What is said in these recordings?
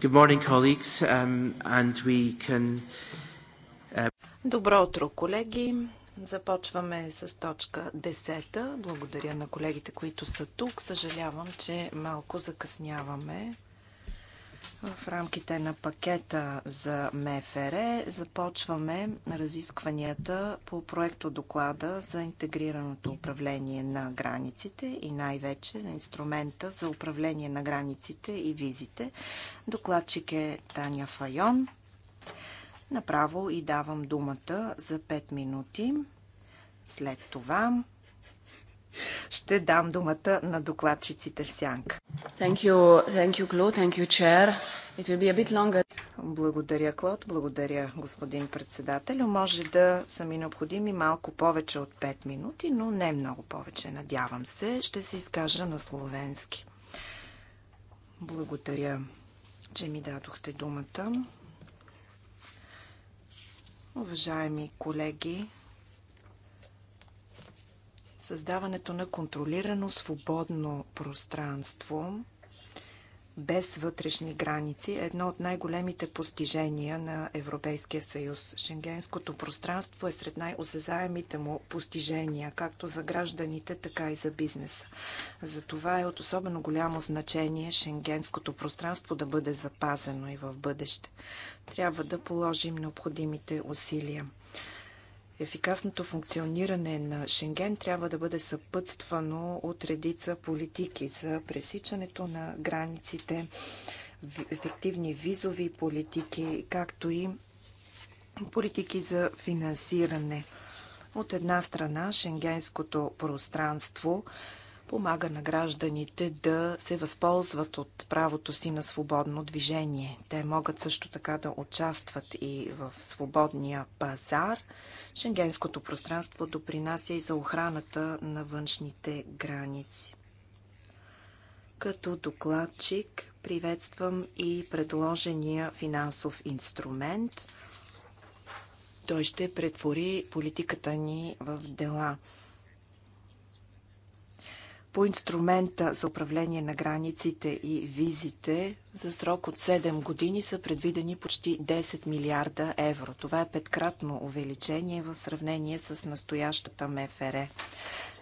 Good morning, colleagues, um, and we can... Uh... Добро утро, колеги! Започваме с точка 10. Благодаря на колегите, които са тук. Съжалявам, че малко закъсняваме. В рамките на пакета за МФР започваме разискванията по проекто доклада за интегрираното управление на границите и най-вече на инструмента за управление на границите и визите. Докладчик е Таня Файон. Направо и давам думата за 5 минути. След това ще дам думата на докладчиците в сянка. Thank you, thank you, Claude. Thank you, Chair. It will be a bit longer. Благодаря, Клод. Благодаря, господин председател. Може да са ми необходими малко повече от 5 минути, но не много повече, надявам се. Ще се изкажа на словенски. Благодаря, че ми дадохте думата. Уважаеми колеги, Създаването на контролирано свободно пространство без вътрешни граници е едно от най-големите постижения на Европейския съюз. Шенгенското пространство е сред най-осезаемите му постижения, както за гражданите, така и за бизнеса. Затова е от особено голямо значение шенгенското пространство да бъде запазено и в бъдеще. Трябва да положим необходимите усилия. Ефикасното функциониране на Шенген трябва да бъде съпътствано от редица политики за пресичането на границите, ефективни визови политики, както и политики за финансиране. От една страна, шенгенското пространство помага на гражданите да се възползват от правото си на свободно движение. Те могат също така да участват и в свободния пазар – Шенгенското пространство допринася и за охраната на външните граници. Като докладчик приветствам и предложения финансов инструмент. Той ще претвори политиката ни в дела по инструмента за управление на границите и визите за срок от 7 години са предвидени почти 10 милиарда евро. Това е петкратно увеличение в сравнение с настоящата МФР.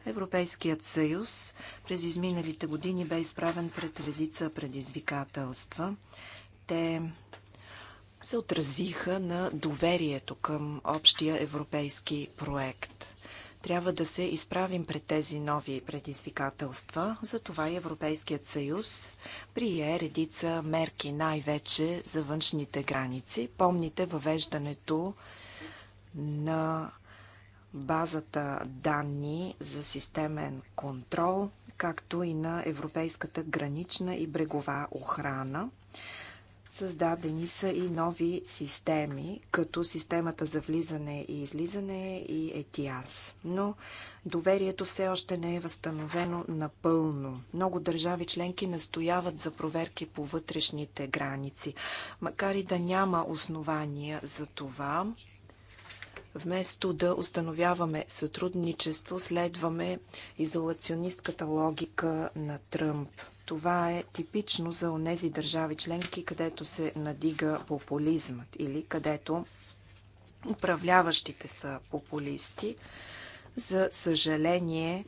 Европейският съюз през изминалите години бе изправен пред редица предизвикателства. Те се отразиха на доверието към общия европейски проект. Трябва да се изправим пред тези нови предизвикателства. Затова и Европейският съюз прие редица мерки, най-вече за външните граници. Помните въвеждането на базата данни за системен контрол, както и на Европейската гранична и брегова охрана – Създадени са и нови системи, като системата за влизане и излизане и ЕТИАС. Но доверието все още не е възстановено напълно. Много държави членки настояват за проверки по вътрешните граници. Макар и да няма основания за това, вместо да установяваме сътрудничество, следваме изолационистката логика на Тръмп – това е типично за онези държави членки, където се надига популизмът или където управляващите са популисти. За съжаление,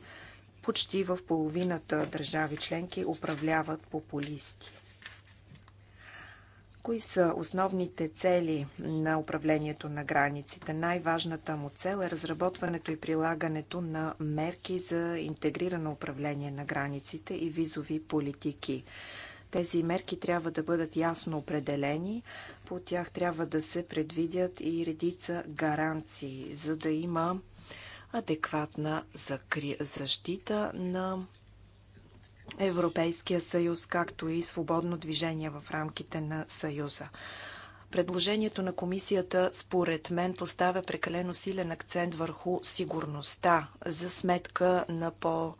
почти в половината държави членки управляват популисти. Кои са основните цели на управлението на границите? Най-важната му цел е разработването и прилагането на мерки за интегрирано управление на границите и визови политики. Тези мерки трябва да бъдат ясно определени. По тях трябва да се предвидят и редица гаранции, за да има адекватна защита на Европейския съюз, както и свободно движение в рамките на съюза. Предложението на комисията, според мен, поставя прекалено силен акцент върху сигурността за сметка на по-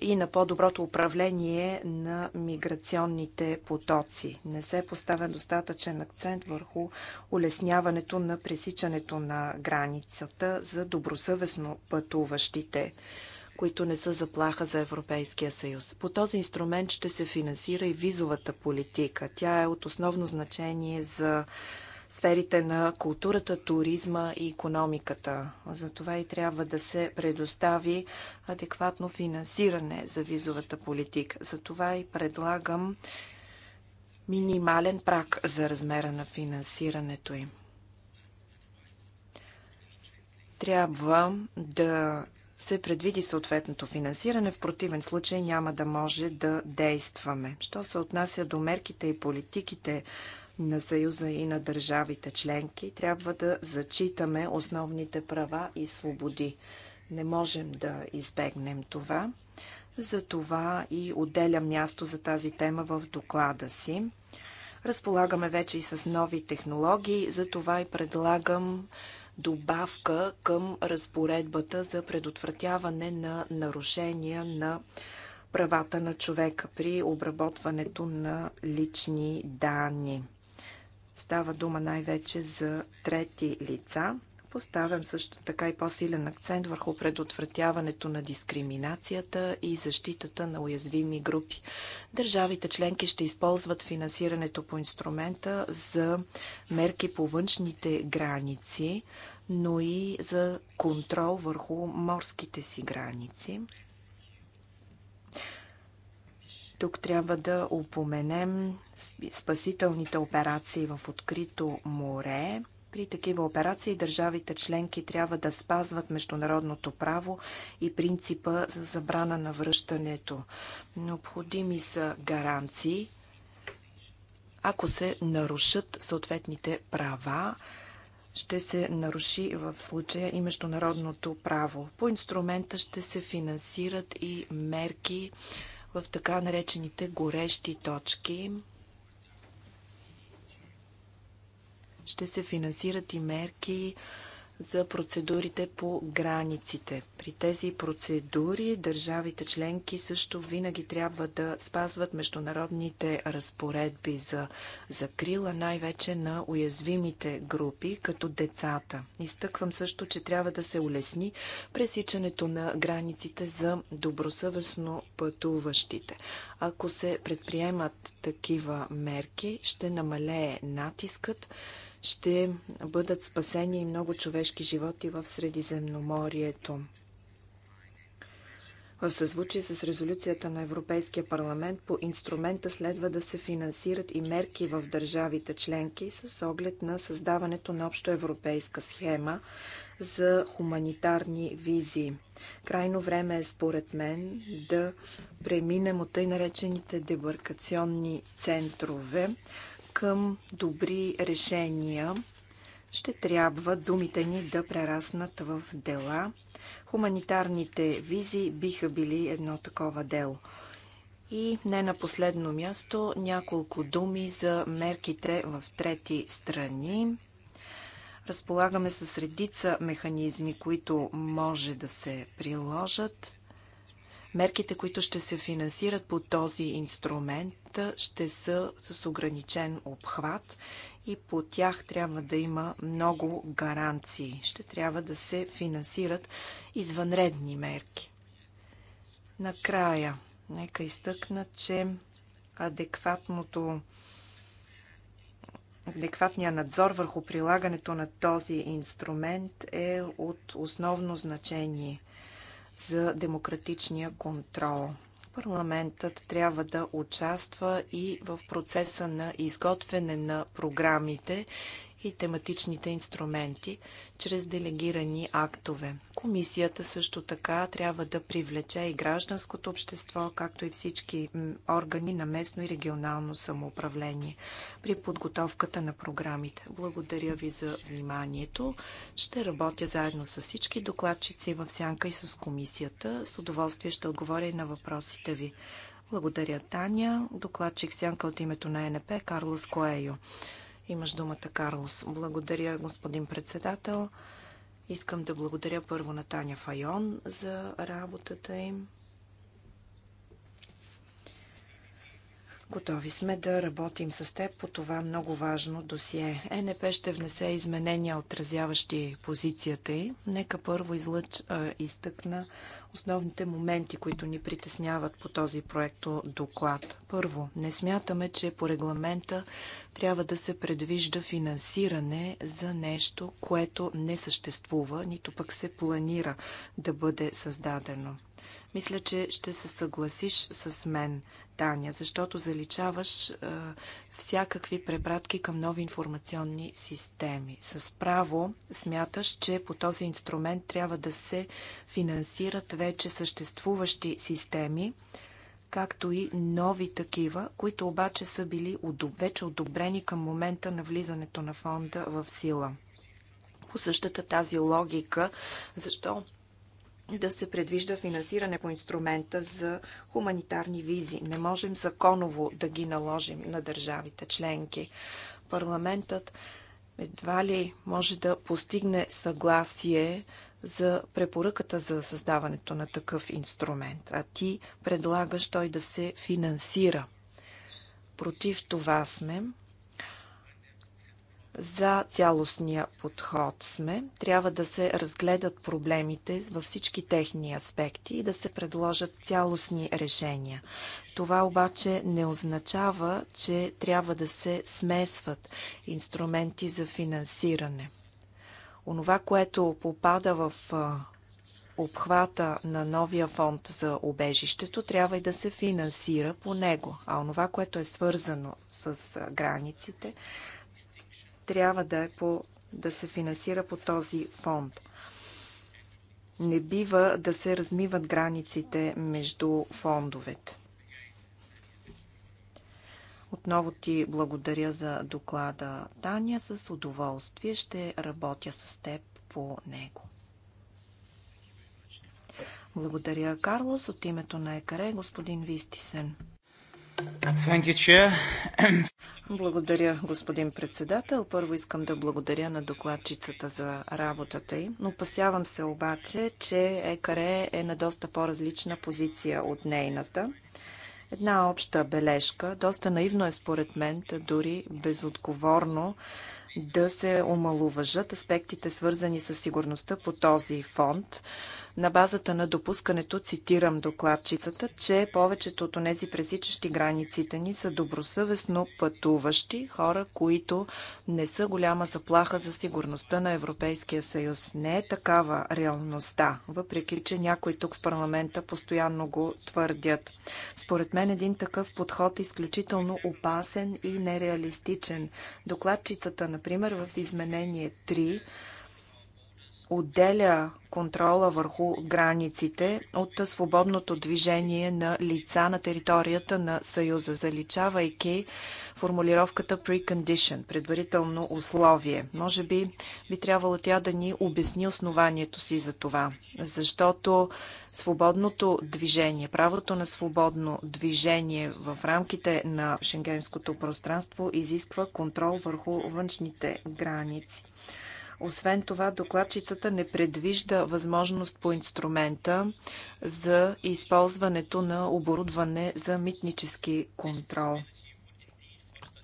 и на по-доброто управление на миграционните потоци. Не се поставя достатъчен акцент върху улесняването на пресичането на границата за добросъвестно пътуващите които не са заплаха за Европейския съюз. По този инструмент ще се финансира и визовата политика. Тя е от основно значение за сферите на културата, туризма и економиката. Затова и трябва да се предостави адекватно финансиране за визовата политика. Затова и предлагам минимален прак за размера на финансирането им. Трябва да се предвиди съответното финансиране. В противен случай няма да може да действаме. Що се отнася до мерките и политиките на Съюза и на държавите членки, трябва да зачитаме основните права и свободи. Не можем да избегнем това. Затова и отделям място за тази тема в доклада си. Разполагаме вече и с нови технологии, затова и предлагам добавка към разпоредбата за предотвратяване на нарушения на правата на човека при обработването на лични данни. Става дума най-вече за трети лица. Поставям също така и по-силен акцент върху предотвратяването на дискриминацията и защитата на уязвими групи. Държавите членки ще използват финансирането по инструмента за мерки по външните граници, но и за контрол върху морските си граници. Тук трябва да упоменем спасителните операции в открито море, при такива операции държавите членки трябва да спазват международното право и принципа за забрана на връщането. Необходими са гаранции, ако се нарушат съответните права, ще се наруши в случая и международното право. По инструмента ще се финансират и мерки в така наречените горещи точки, ще се финансират и мерки за процедурите по границите. При тези процедури държавите членки също винаги трябва да спазват международните разпоредби за закрила, най-вече на уязвимите групи, като децата. Изтъквам също, че трябва да се улесни пресичането на границите за добросъвестно пътуващите. Ако се предприемат такива мерки, ще намалее натискът ще бъдат спасени и много човешки животи в Средиземноморието. В съзвучие с резолюцията на Европейския парламент по инструмента следва да се финансират и мерки в държавите членки с оглед на създаването на общо европейска схема за хуманитарни визии. Крайно време е според мен да преминем от тъй наречените дебаркационни центрове към добри решения, ще трябва думите ни да прераснат в дела. Хуманитарните визи биха били едно такова дело. И не на последно място няколко думи за мерките в трети страни. Разполагаме с редица механизми, които може да се приложат. Мерките, които ще се финансират по този инструмент, ще са с ограничен обхват и по тях трябва да има много гаранции. Ще трябва да се финансират извънредни мерки. Накрая, нека изтъкна, че адекватното адекватния надзор върху прилагането на този инструмент е от основно значение – за демократичния контрол. Парламентът трябва да участва и в процеса на изготвяне на програмите и тематичните инструменти чрез делегирани актове. Комисията също така трябва да привлече и гражданското общество, както и всички органи на местно и регионално самоуправление при подготовката на програмите. Благодаря ви за вниманието. Ще работя заедно с всички докладчици в Сянка и с комисията. С удоволствие ще отговоря и на въпросите ви. Благодаря, Таня. Докладчик Сянка от името на НП е, Карлос Коейо. Имаш думата, Карлос. Благодаря, господин председател. Искам да благодаря първо на Таня Файон за работата им. Готови сме да работим с теб по това много важно досие. ЕНП ще внесе изменения, отразяващи позицията й. Нека първо излъч, а, изтъкна основните моменти, които ни притесняват по този проекто доклад. Първо, не смятаме, че по регламента трябва да се предвижда финансиране за нещо, което не съществува, нито пък се планира да бъде създадено. Мисля, че ще се съгласиш с мен, Таня, защото заличаваш е, всякакви препратки към нови информационни системи. С право смяташ, че по този инструмент трябва да се финансират вече съществуващи системи, както и нови такива, които обаче са били вече одобрени към момента на влизането на фонда в сила. По същата тази логика, защо да се предвижда финансиране по инструмента за хуманитарни визи. Не можем законово да ги наложим на държавите членки. Парламентът едва ли може да постигне съгласие за препоръката за създаването на такъв инструмент, а ти предлагаш той да се финансира. Против това сме за цялостния подход сме. Трябва да се разгледат проблемите във всички техни аспекти и да се предложат цялостни решения. Това обаче не означава, че трябва да се смесват инструменти за финансиране. Онова, което попада в обхвата на новия фонд за обежището трябва и да се финансира по него, а онова, което е свързано с границите, трябва да, е по, да се финансира по този фонд. Не бива да се размиват границите между фондовете. Отново ти благодаря за доклада, Таня. С удоволствие ще работя с теб по него. Благодаря, Карлос. От името на ЕКАРЕ, господин Вистисен. Благодаря, господин председател. Първо искам да благодаря на докладчицата за работата й, опасявам се обаче, че ЕКРЕ е на доста по-различна позиция от нейната. Една обща бележка. Доста наивно е според мен, дори безотговорно да се омалуважат аспектите свързани с сигурността по този фонд на базата на допускането, цитирам докладчицата, че повечето от тези пресичащи границите ни са добросъвестно пътуващи, хора, които не са голяма заплаха за сигурността на Европейския съюз. Не е такава реалността, въпреки че някои тук в парламента постоянно го твърдят. Според мен един такъв подход е изключително опасен и нереалистичен. Докладчицата, например, в изменение 3 отделя контрола върху границите от свободното движение на лица на територията на Съюза, заличавайки формулировката precondition, предварително условие. Може би би трябвало тя да ни обясни основанието си за това, защото свободното движение, правото на свободно движение в рамките на шенгенското пространство изисква контрол върху външните граници. Освен това, докладчицата не предвижда възможност по инструмента за използването на оборудване за митнически контрол.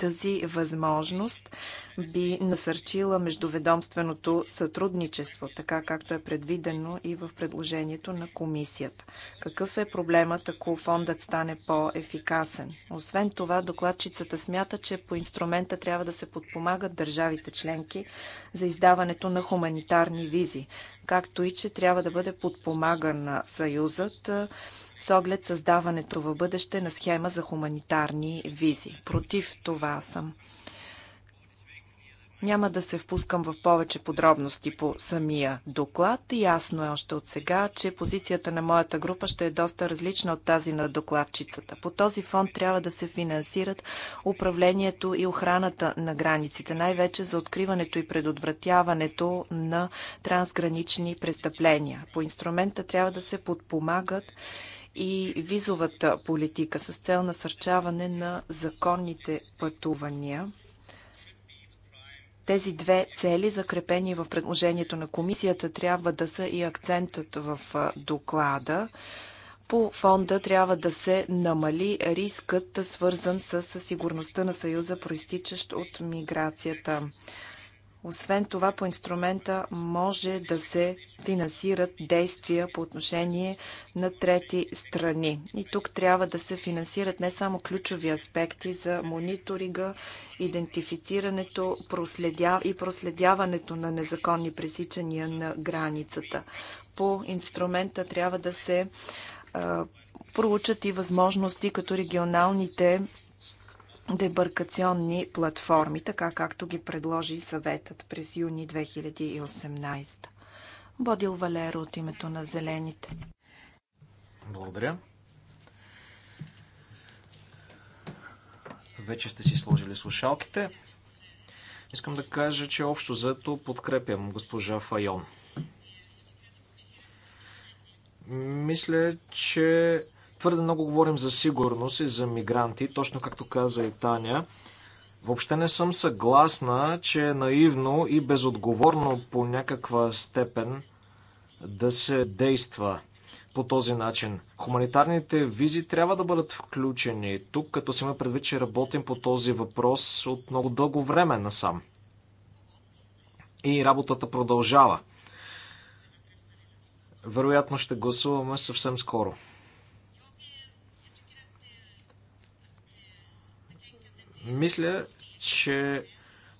Тази възможност би насърчила междуведомственото сътрудничество, така както е предвидено и в предложението на комисията. Какъв е проблемът, ако фондът стане по-ефикасен? Освен това, докладчицата смята, че по инструмента трябва да се подпомагат държавите членки за издаването на хуманитарни визи, както и че трябва да бъде подпомаган Съюзът с оглед създаването в бъдеще на схема за хуманитарни визи. Против това съм. Няма да се впускам в повече подробности по самия доклад. Ясно е още от сега, че позицията на моята група ще е доста различна от тази на докладчицата. По този фонд трябва да се финансират управлението и охраната на границите, най-вече за откриването и предотвратяването на трансгранични престъпления. По инструмента трябва да се подпомагат и визовата политика с цел насърчаване на законните пътувания. Тези две цели, закрепени в предложението на комисията, трябва да са и акцентът в доклада. По фонда трябва да се намали рискът, свързан с сигурността на Съюза, проистичащ от миграцията. Освен това, по инструмента може да се финансират действия по отношение на трети страни. И тук трябва да се финансират не само ключови аспекти за мониторинга, идентифицирането и проследяването на незаконни пресичания на границата. По инструмента трябва да се проучат и възможности като регионалните дебаркационни платформи, така както ги предложи съветът през юни 2018. Бодил Валеро от името на Зелените. Благодаря. Вече сте си сложили слушалките. Искам да кажа, че общо заето подкрепям госпожа Файон. Мисля, че Твърде много говорим за сигурност и за мигранти, точно както каза и Таня. Въобще не съм съгласна, че е наивно и безотговорно по някаква степен да се действа по този начин. Хуманитарните визи трябва да бъдат включени тук, като си има предвид, че работим по този въпрос от много дълго време насам. И работата продължава. Вероятно ще гласуваме съвсем скоро. Мисля, че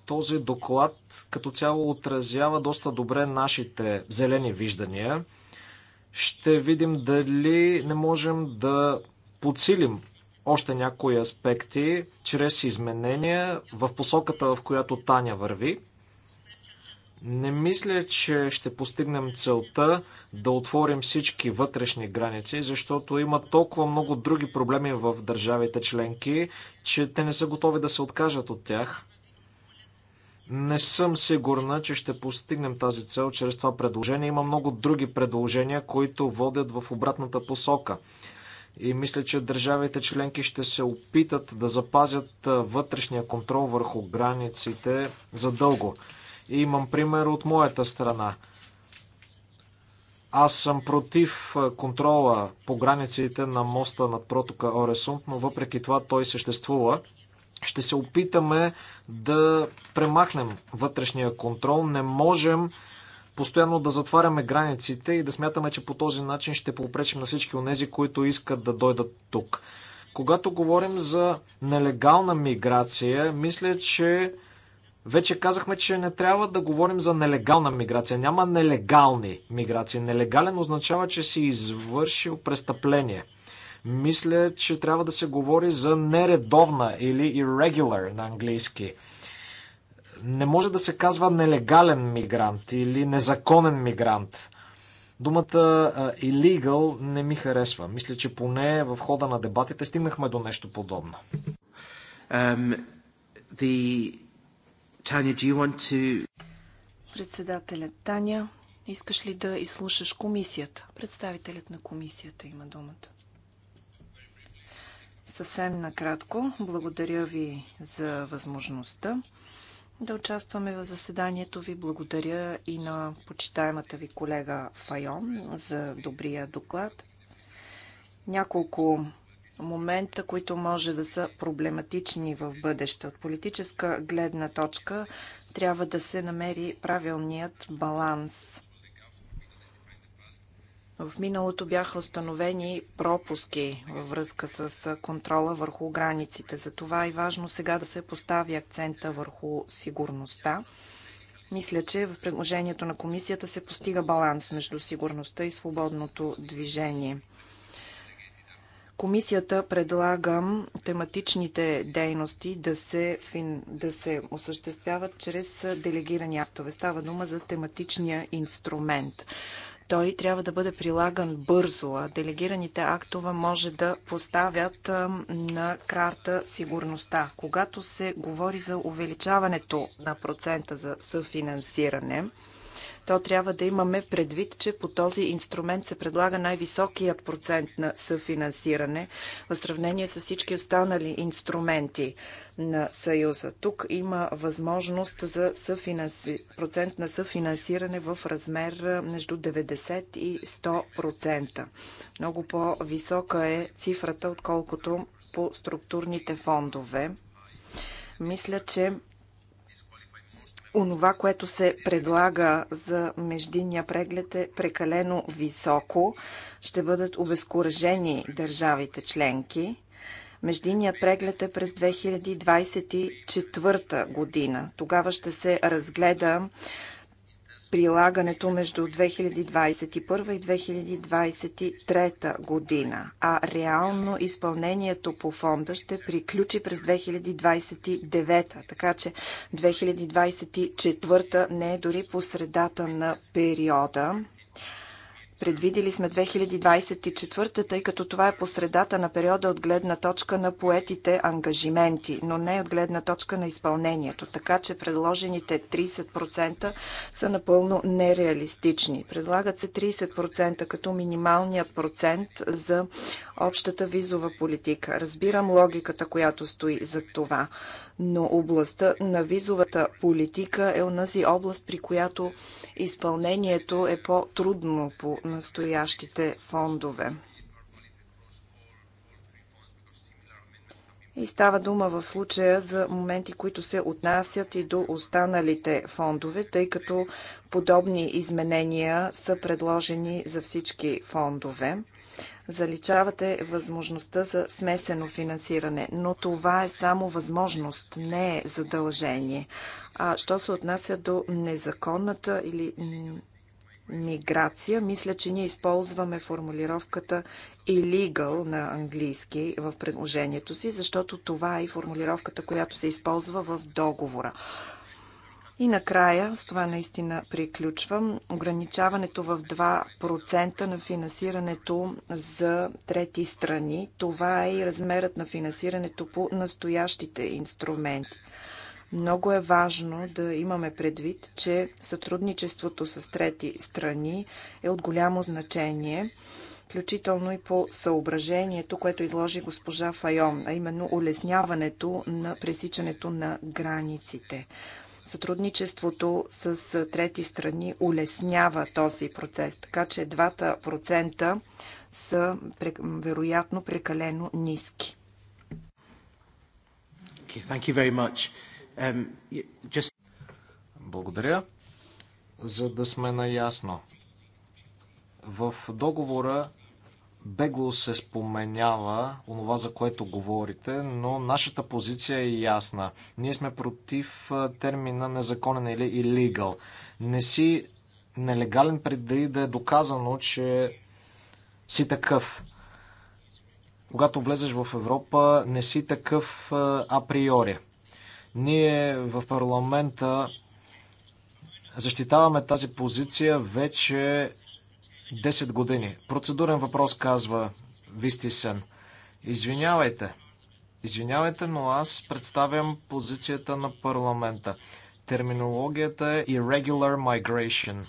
този доклад като цяло отразява доста добре нашите зелени виждания. Ще видим дали не можем да подсилим още някои аспекти чрез изменения в посоката, в която Таня върви. Не мисля, че ще постигнем целта да отворим всички вътрешни граници, защото има толкова много други проблеми в държавите членки, че те не са готови да се откажат от тях. Не съм сигурна, че ще постигнем тази цел чрез това предложение. Има много други предложения, които водят в обратната посока. И мисля, че държавите членки ще се опитат да запазят вътрешния контрол върху границите задълго. дълго Имам пример от моята страна. Аз съм против контрола по границите на моста над протока Оресунт, но въпреки това той съществува. Ще се опитаме да премахнем вътрешния контрол. Не можем постоянно да затваряме границите и да смятаме, че по този начин ще попречим на всички от тези, които искат да дойдат тук. Когато говорим за нелегална миграция, мисля, че вече казахме, че не трябва да говорим за нелегална миграция. Няма нелегални миграции. Нелегален означава, че си извършил престъпление. Мисля, че трябва да се говори за нередовна или irregular на английски. Не може да се казва нелегален мигрант или незаконен мигрант. Думата illegal не ми харесва. Мисля, че поне в хода на дебатите стигнахме до нещо подобно. Um, the Tanya, do you want to... Председателят Таня, искаш ли да изслушаш комисията? Представителят на комисията има думата. Съвсем накратко, благодаря ви за възможността да участваме в заседанието ви. Благодаря и на почитаемата ви колега Файон за добрия доклад. Няколко момента, които може да са проблематични в бъдеще. От политическа гледна точка трябва да се намери правилният баланс. В миналото бяха установени пропуски във връзка с контрола върху границите. Затова е важно сега да се постави акцента върху сигурността. Мисля, че в предложението на комисията се постига баланс между сигурността и свободното движение. Комисията предлага тематичните дейности да се, да се осъществяват чрез делегирани актове. Става дума за тематичния инструмент. Той трябва да бъде прилаган бързо, а делегираните актове може да поставят на карта сигурността. Когато се говори за увеличаването на процента за съфинансиране, то трябва да имаме предвид, че по този инструмент се предлага най-високият процент на съфинансиране в сравнение с всички останали инструменти на Съюза. Тук има възможност за съфинанси... процент на съфинансиране в размер между 90 и 100%. Много по-висока е цифрата, отколкото по структурните фондове. Мисля, че онова, което се предлага за междинния преглед е прекалено високо. Ще бъдат обезкуражени държавите членки. Междинният преглед е през 2024 година. Тогава ще се разгледа прилагането между 2021 и 2023 година, а реално изпълнението по фонда ще приключи през 2029, така че 2024 не е дори по средата на периода. Предвидили сме 2024, тъй като това е посредата на периода от гледна точка на поетите ангажименти, но не от гледна точка на изпълнението. Така че предложените 30% са напълно нереалистични. Предлагат се 30% като минималният процент за общата визова политика. Разбирам логиката, която стои за това, но областта на визовата политика е онази област, при която изпълнението е по-трудно по настоящите фондове. И става дума в случая за моменти, които се отнасят и до останалите фондове, тъй като подобни изменения са предложени за всички фондове заличавате възможността за смесено финансиране, но това е само възможност, не е задължение. А що се отнася до незаконната или миграция, мисля, че ние използваме формулировката illegal на английски в предложението си, защото това е и формулировката, която се използва в договора. И накрая, с това наистина приключвам, ограничаването в 2% на финансирането за трети страни. Това е и размерът на финансирането по настоящите инструменти. Много е важно да имаме предвид, че сътрудничеството с трети страни е от голямо значение включително и по съображението, което изложи госпожа Файон, а именно улесняването на пресичането на границите. Сътрудничеството с трети страни улеснява този процес, така че 2% са вероятно прекалено ниски. Um, Благодаря. За да сме наясно, в договора бегло се споменява онова, за което говорите, но нашата позиция е ясна. Ние сме против термина незаконен или illegal. Не си нелегален преди да е доказано, че си такъв. Когато влезеш в Европа, не си такъв априори. Ние в парламента защитаваме тази позиция вече 10 години. Процедурен въпрос казва Вистисен. Извинявайте. Извинявайте, но аз представям позицията на парламента. Терминологията е irregular migration.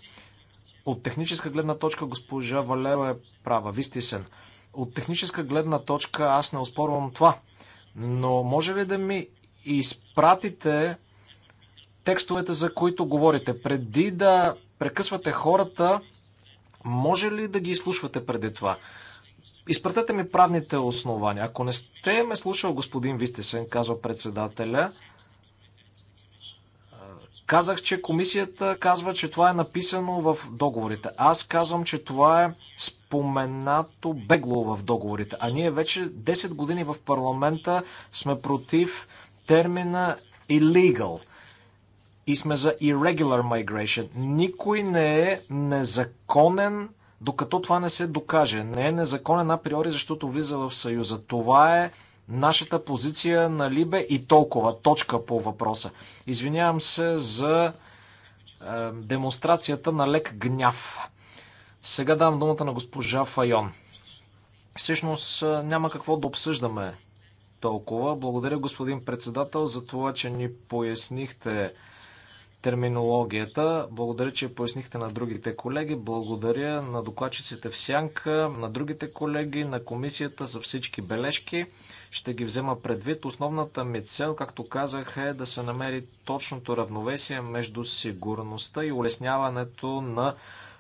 От техническа гледна точка госпожа Валеро е права. Вистисен. От техническа гледна точка аз не оспорвам това. Но може ли да ми изпратите текстовете, за които говорите? Преди да прекъсвате хората, може ли да ги изслушвате преди това? Изпратете ми правните основания. Ако не сте ме слушал, господин Вистесен, казва председателя, Казах, че комисията казва, че това е написано в договорите. Аз казвам, че това е споменато бегло в договорите. А ние вече 10 години в парламента сме против термина illegal и сме за irregular migration. Никой не е незаконен, докато това не се докаже. Не е незаконен априори, защото влиза в Съюза. Това е нашата позиция на Либе и толкова. Точка по въпроса. Извинявам се за е, демонстрацията на лек гняв. Сега давам думата на госпожа Файон. Всъщност е, няма какво да обсъждаме толкова. Благодаря, господин председател, за това, че ни пояснихте терминологията. Благодаря, че пояснихте на другите колеги. Благодаря на докладчиците в Сянка, на другите колеги, на комисията за всички бележки. Ще ги взема предвид. Основната ми цел, както казах, е да се намери точното равновесие между сигурността и улесняването на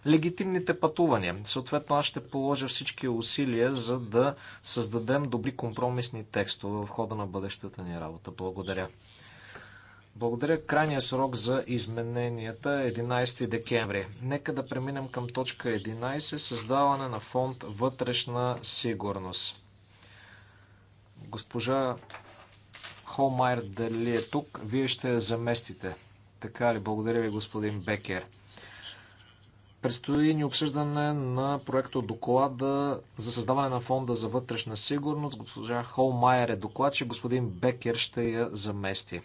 легитимните пътувания. Съответно, аз ще положа всички усилия, за да създадем добри компромисни текстове в хода на бъдещата ни работа. Благодаря. Благодаря. Крайният срок за измененията 11 е декември. Нека да преминем към точка 11 създаване на фонд вътрешна сигурност. Госпожа Холмайер, дали е тук? Вие ще я заместите. Така ли? Благодаря ви, господин Бекер. Предстои ни обсъждане на проекто доклада за създаване на фонда за вътрешна сигурност. Госпожа Холмайер е докладчик, господин Бекер ще я замести.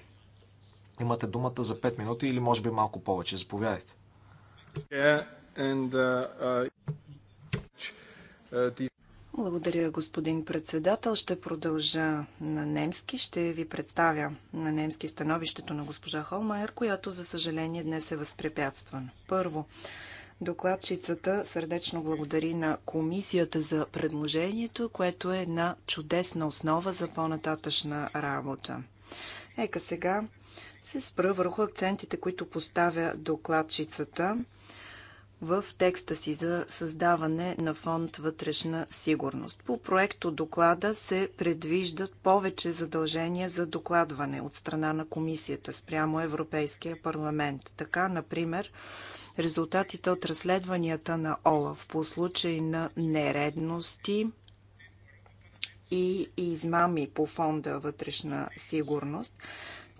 Имате думата за 5 минути или може би малко повече. Заповядайте. Благодаря, господин председател. Ще продължа на немски. Ще ви представя на немски становището на госпожа Холмайер, която, за съжаление, днес е възпрепятствана. Първо, докладчицата сърдечно благодари на комисията за предложението, което е една чудесна основа за по-нататъчна работа. Ека сега се спра върху акцентите, които поставя докладчицата в текста си за създаване на фонд вътрешна сигурност. По проекто доклада се предвиждат повече задължения за докладване от страна на комисията спрямо Европейския парламент. Така, например, резултатите от разследванията на ОЛАВ по случай на нередности и измами по фонда вътрешна сигурност –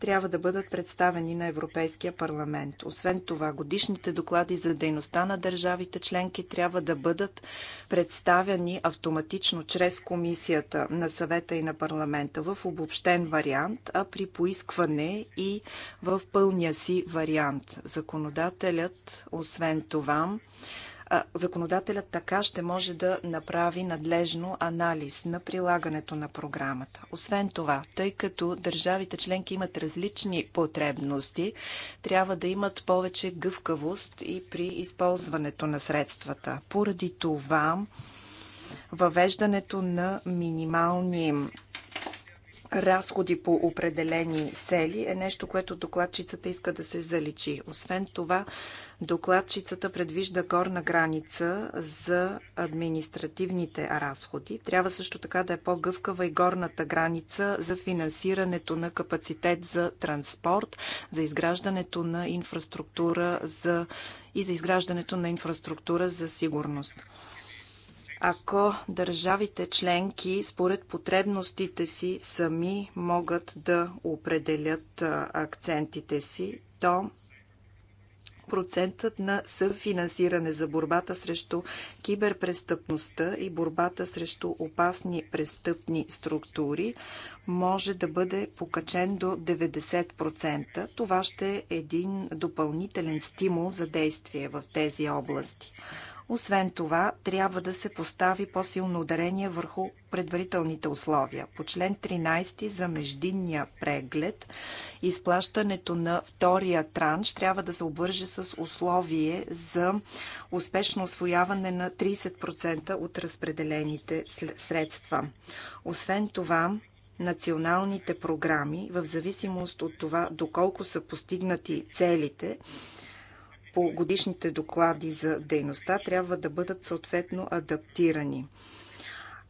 трябва да бъдат представени на Европейския парламент. Освен това, годишните доклади за дейността на държавите членки трябва да бъдат представени автоматично чрез комисията на съвета и на парламента в обобщен вариант, а при поискване и в пълния си вариант. Законодателят, освен това, законодателят така ще може да направи надлежно анализ на прилагането на програмата. Освен това, тъй като държавите членки имат различни потребности, трябва да имат повече гъвкавост и при използването на средствата. Поради това, въвеждането на минимални разходи по определени цели е нещо, което докладчицата иска да се заличи. Освен това, Докладчицата предвижда горна граница за административните разходи. Трябва също така да е по-гъвкава и горната граница за финансирането на капацитет за транспорт, за изграждането на инфраструктура за... и за изграждането на инфраструктура за сигурност ако държавите членки според потребностите си сами могат да определят акцентите си, то процентът на съфинансиране за борбата срещу киберпрестъпността и борбата срещу опасни престъпни структури може да бъде покачен до 90%. Това ще е един допълнителен стимул за действие в тези области. Освен това, трябва да се постави по-силно ударение върху предварителните условия. По член 13 за междинния преглед, изплащането на втория транш трябва да се обвърже с условие за успешно освояване на 30% от разпределените средства. Освен това, националните програми, в зависимост от това доколко са постигнати целите, по годишните доклади за дейността трябва да бъдат съответно адаптирани.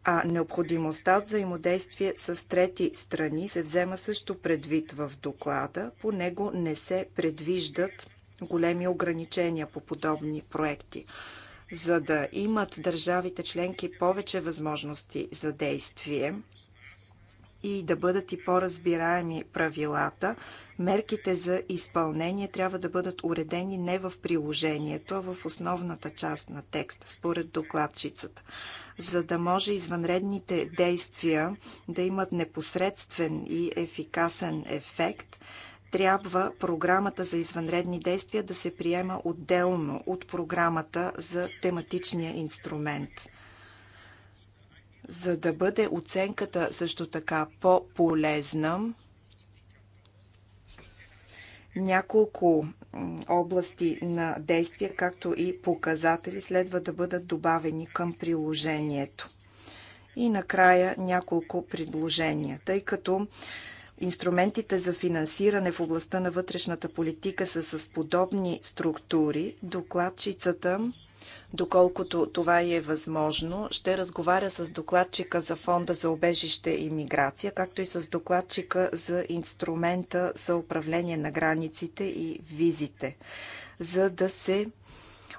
А необходимостта от взаимодействие с трети страни се взема също предвид в доклада. По него не се предвиждат големи ограничения по подобни проекти. За да имат държавите членки повече възможности за действие, и да бъдат и по-разбираеми правилата, мерките за изпълнение трябва да бъдат уредени не в приложението, а в основната част на текста, според докладчицата. За да може извънредните действия да имат непосредствен и ефикасен ефект, трябва програмата за извънредни действия да се приема отделно от програмата за тематичния инструмент – за да бъде оценката също така по-полезна, няколко области на действие, както и показатели следва да бъдат добавени към приложението. И накрая няколко предложения, тъй като инструментите за финансиране в областта на вътрешната политика са с подобни структури, докладчицата доколкото това и е възможно. Ще разговаря с докладчика за Фонда за обежище и миграция, както и с докладчика за инструмента за управление на границите и визите, за да се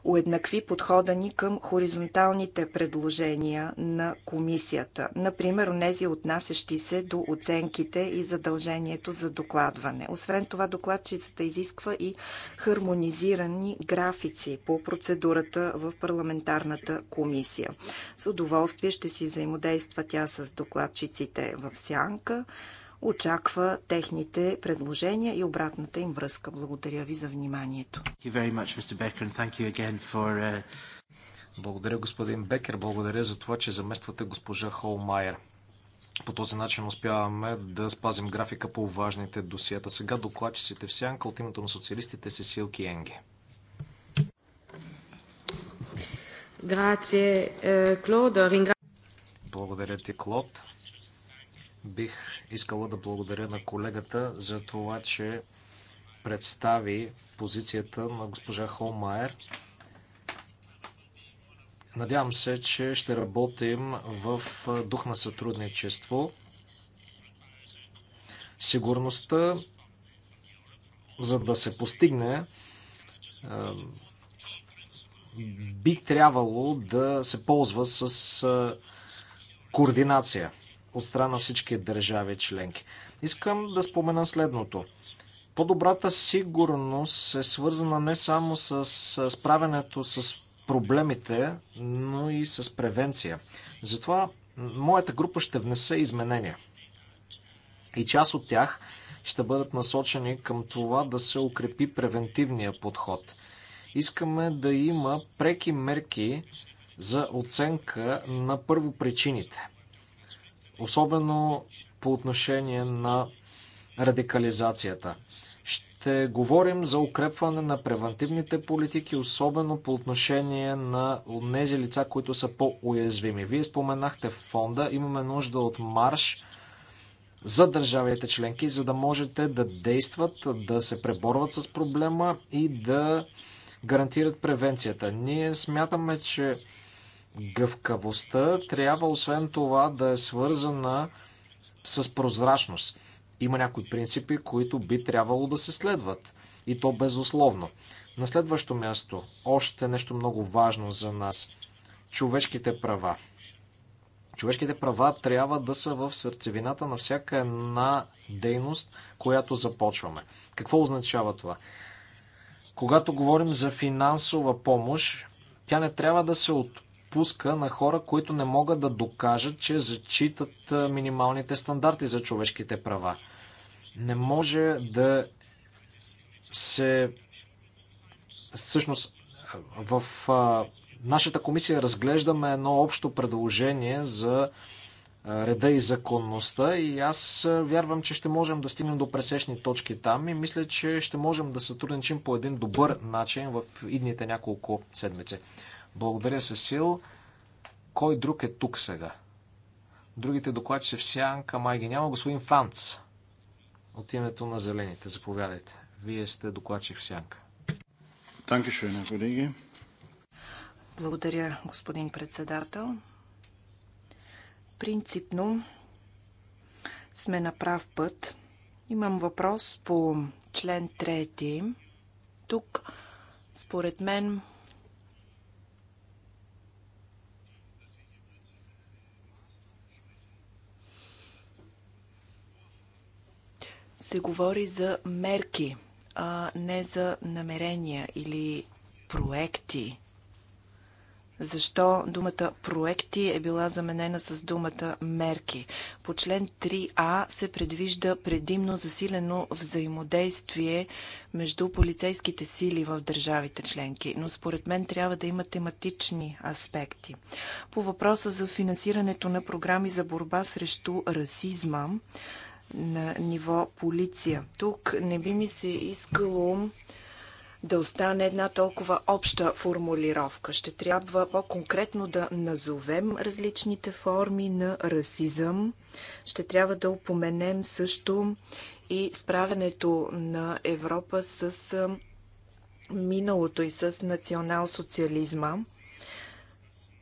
уеднакви подхода ни към хоризонталните предложения на комисията, например онези отнасящи се до оценките и задължението за докладване. Освен това, докладчицата изисква и хармонизирани графици по процедурата в парламентарната комисия. С удоволствие ще си взаимодейства тя с докладчиците в сянка очаква техните предложения и обратната им връзка. Благодаря ви за вниманието. Uh, Благодаря, господин Бекер. Благодаря за това, че замествате госпожа Холмайер. По този начин успяваме да спазим графика по важните досията. Сега докладчиците в сянка от името на социалистите Сесил Енге. Е, Благодаря ти, Клод. Бих искала да благодаря на колегата за това, че представи позицията на госпожа Холмайер. Надявам се, че ще работим в дух на сътрудничество. Сигурността, за да се постигне, би трябвало да се ползва с координация от страна на всички държави членки. Искам да спомена следното. По-добрата сигурност е свързана не само с справянето с проблемите, но и с превенция. Затова моята група ще внесе изменения. И част от тях ще бъдат насочени към това да се укрепи превентивния подход. Искаме да има преки мерки за оценка на първопричините особено по отношение на радикализацията. Ще говорим за укрепване на превентивните политики, особено по отношение на тези лица, които са по-уязвими. Вие споменахте фонда, имаме нужда от марш за държавите членки, за да можете да действат, да се преборват с проблема и да гарантират превенцията. Ние смятаме, че гъвкавостта трябва освен това да е свързана с прозрачност. Има някои принципи, които би трябвало да се следват. И то безусловно. На следващо място, още нещо много важно за нас човешките права. Човешките права трябва да са в сърцевината на всяка една дейност, която започваме. Какво означава това? Когато говорим за финансова помощ, тя не трябва да се от отпуска на хора, които не могат да докажат, че зачитат минималните стандарти за човешките права. Не може да се. Всъщност, в нашата комисия разглеждаме едно общо предложение за реда и законността и аз вярвам, че ще можем да стигнем до пресечни точки там и мисля, че ще можем да сътрудничим по един добър начин в идните няколко седмици. Благодаря, Сесил. Кой друг е тук сега? Другите докладчици в сянка май ги няма. Господин Фанц, от името на Зелените, заповядайте. Вие сте докладчик в сянка. Благодаря, господин председател. Принципно сме на прав път. Имам въпрос по член 3. Тук, според мен, се говори за мерки, а не за намерения или проекти. Защо думата проекти е била заменена с думата мерки? По член 3а се предвижда предимно засилено взаимодействие между полицейските сили в държавите членки, но според мен трябва да има тематични аспекти. По въпроса за финансирането на програми за борба срещу расизма, на ниво полиция. Тук не би ми се искало да остане една толкова обща формулировка. Ще трябва по-конкретно да назовем различните форми на расизъм. Ще трябва да упоменем също и справянето на Европа с миналото и с национал-социализма.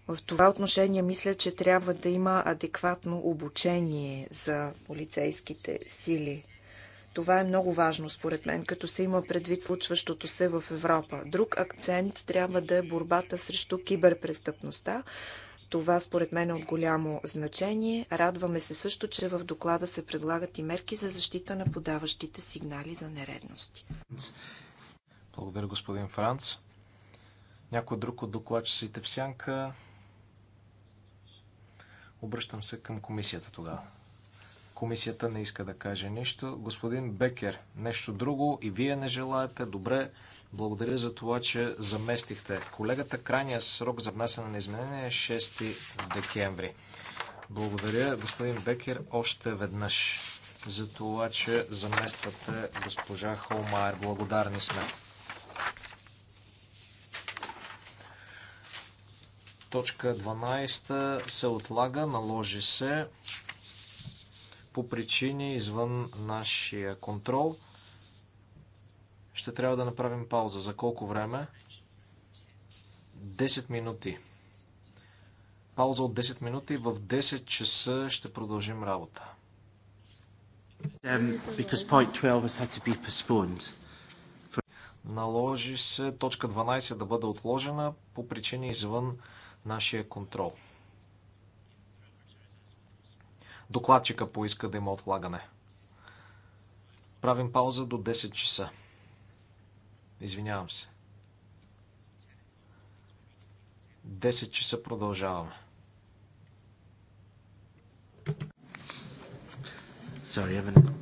В това отношение мисля, че трябва да има адекватно обучение за полицейските сили. Това е много важно, според мен, като се има предвид случващото се в Европа. Друг акцент трябва да е борбата срещу киберпрестъпността. Това, според мен, е от голямо значение. Радваме се също, че в доклада се предлагат и мерки за защита на подаващите сигнали за нередности. Благодаря, господин Франц. Някой друг от докладчиците в сянка Обръщам се към комисията тогава. Комисията не иска да каже нищо. Господин Бекер, нещо друго и вие не желаете. Добре, благодаря за това, че заместихте. Колегата, крайния срок за внасяне на изменение е 6 декември. Благодаря, господин Бекер, още веднъж за това, че замествате госпожа Холмайер. Благодарни сме. Точка 12 се отлага, наложи се по причини извън нашия контрол. Ще трябва да направим пауза. За колко време? 10 минути. Пауза от 10 минути. В 10 часа ще продължим работа. Um, наложи се точка 12 да бъде отложена по причини извън нашия контрол. Докладчика поиска да има отлагане. Правим пауза до 10 часа. Извинявам се. 10 часа продължаваме. Sorry, I an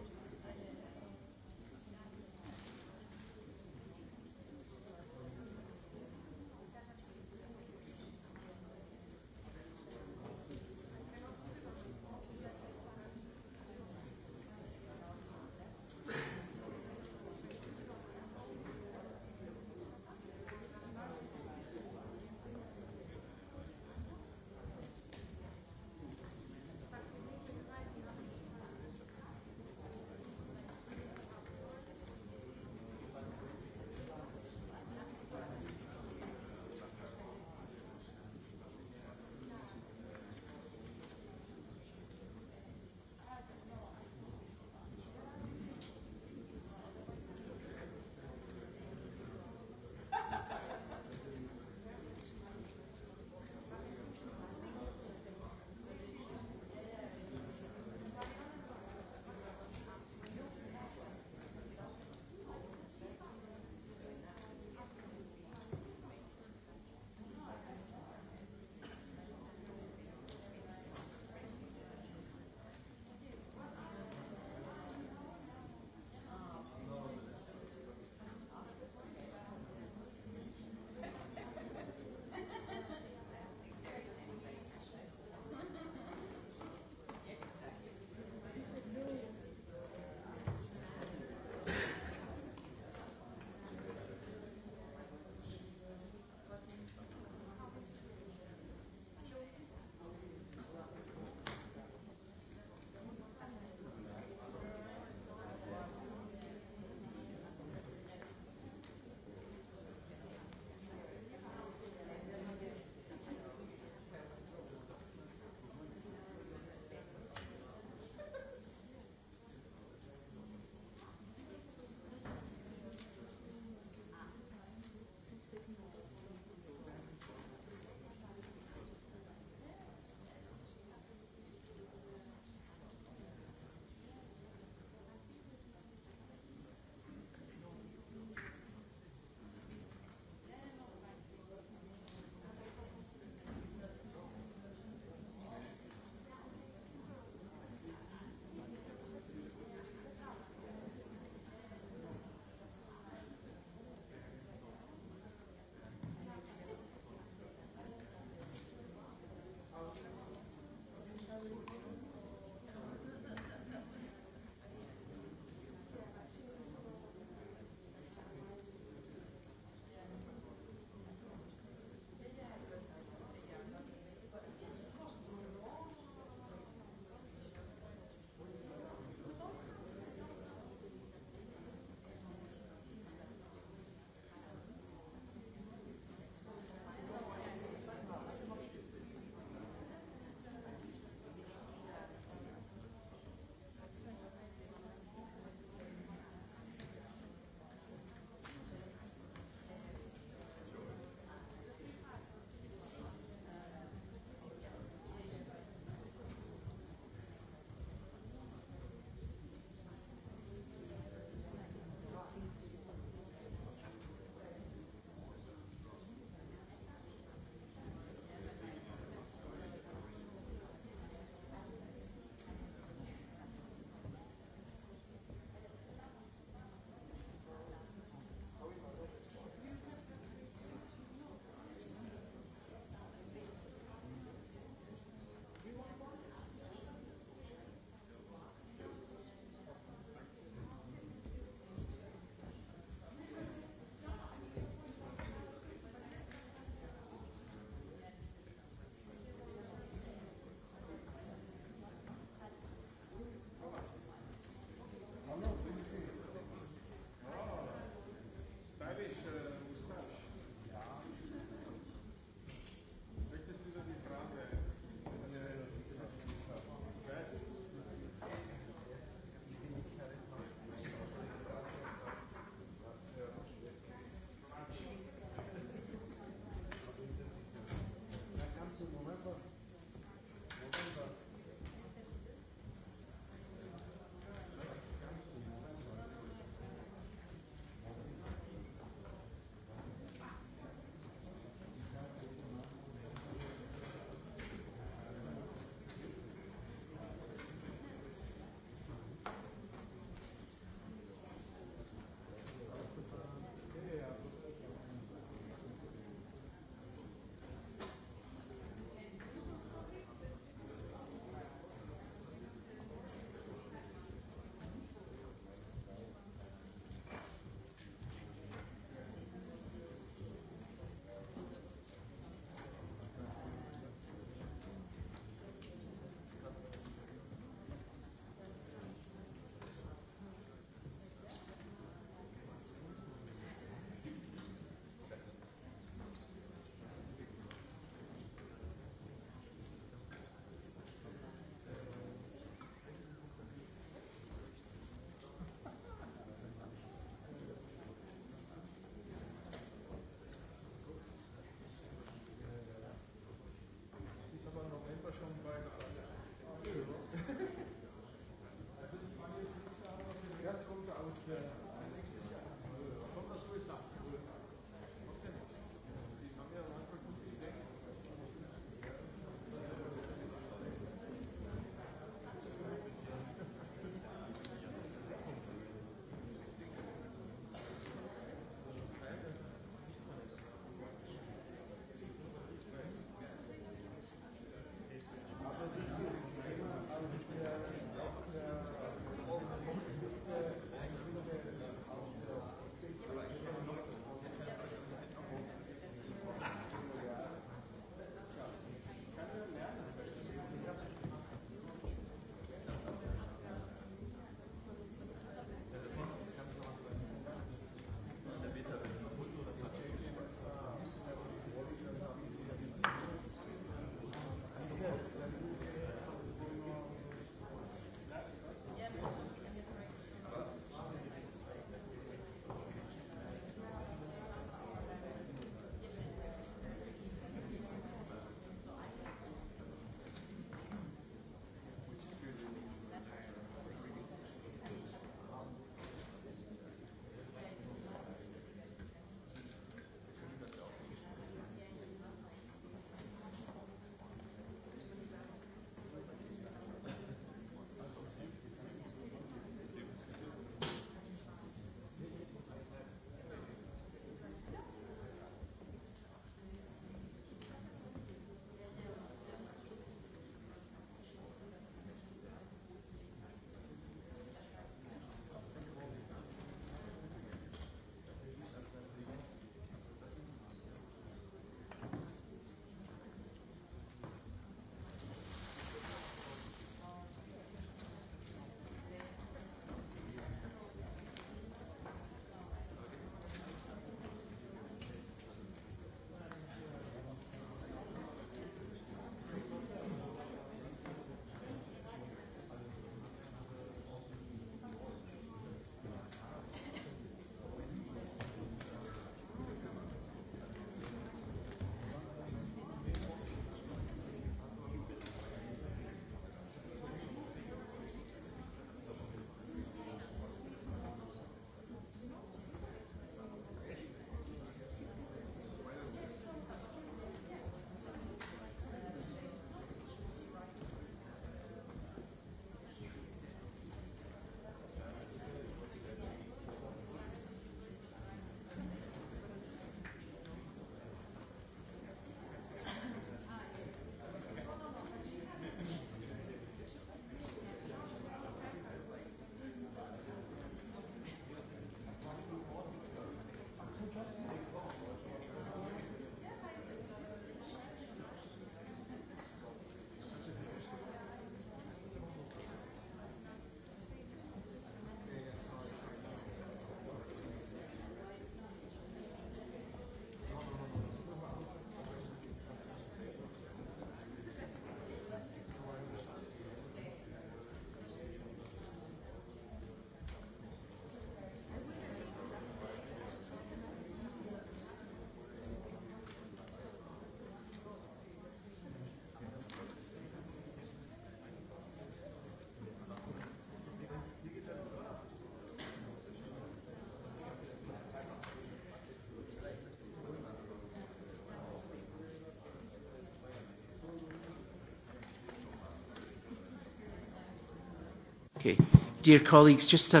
Okay. Dear colleagues, just a...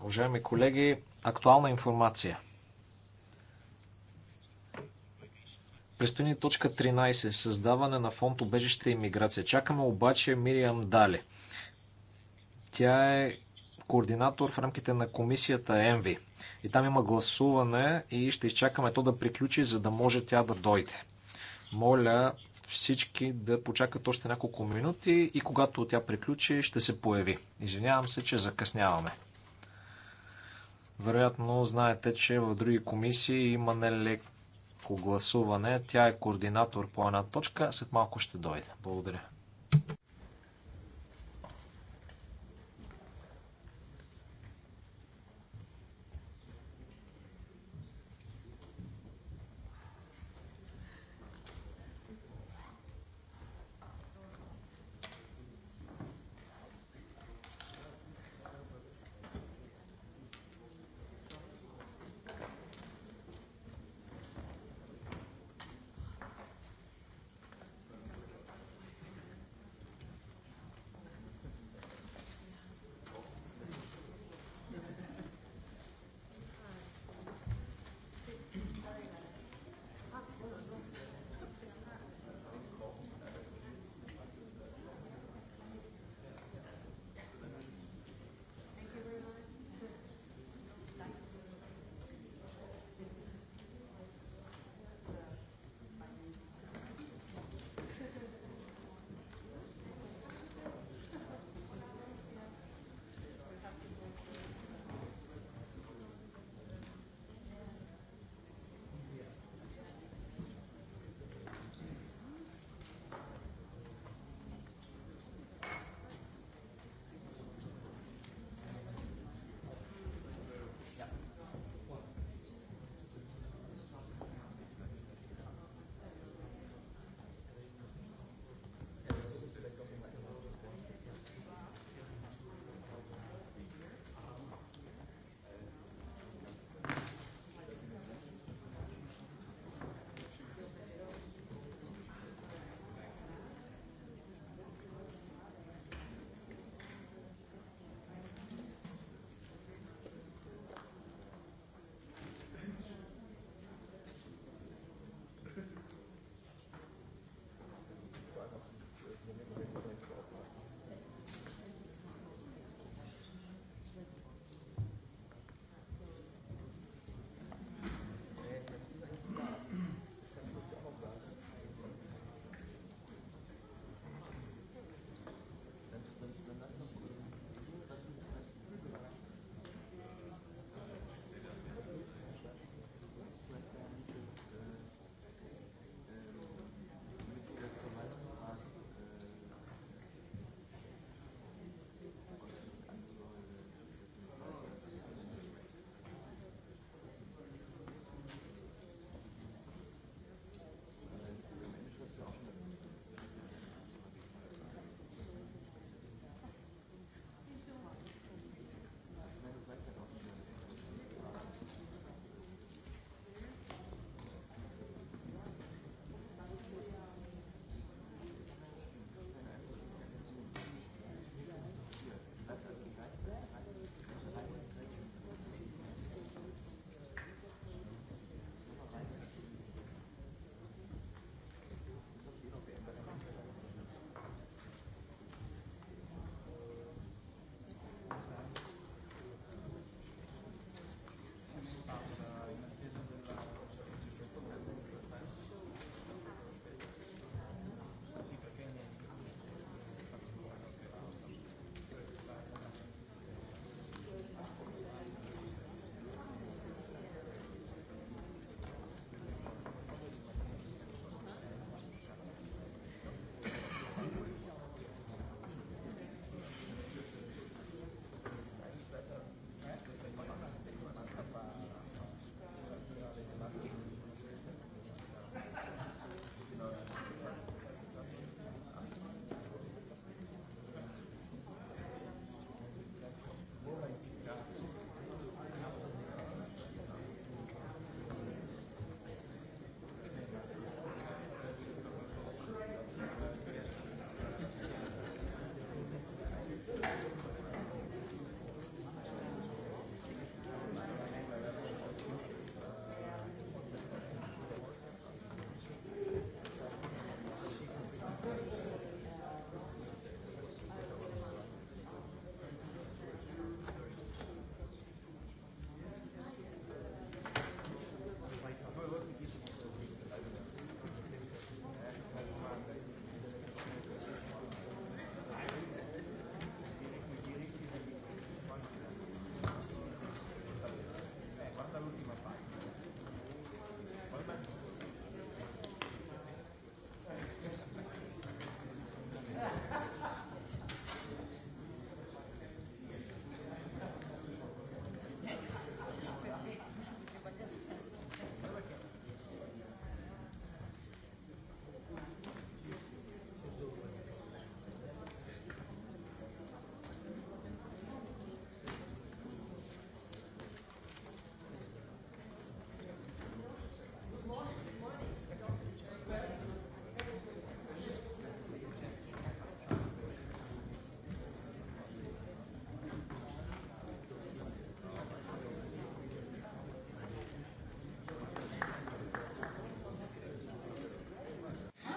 Уважаеми колеги, актуална информация. Престои точка 13. Създаване на фонд обежище и миграция. Чакаме обаче Мириам Дали. Тя е координатор в рамките на комисията МВИ. И там има гласуване и ще изчакаме то да приключи, за да може тя да дойде. Моля, всички да почакат още няколко минути и когато тя приключи, ще се появи. Извинявам се, че закъсняваме. Вероятно знаете, че в други комисии има нелеко гласуване. Тя е координатор по една точка. След малко ще дойде. Благодаря.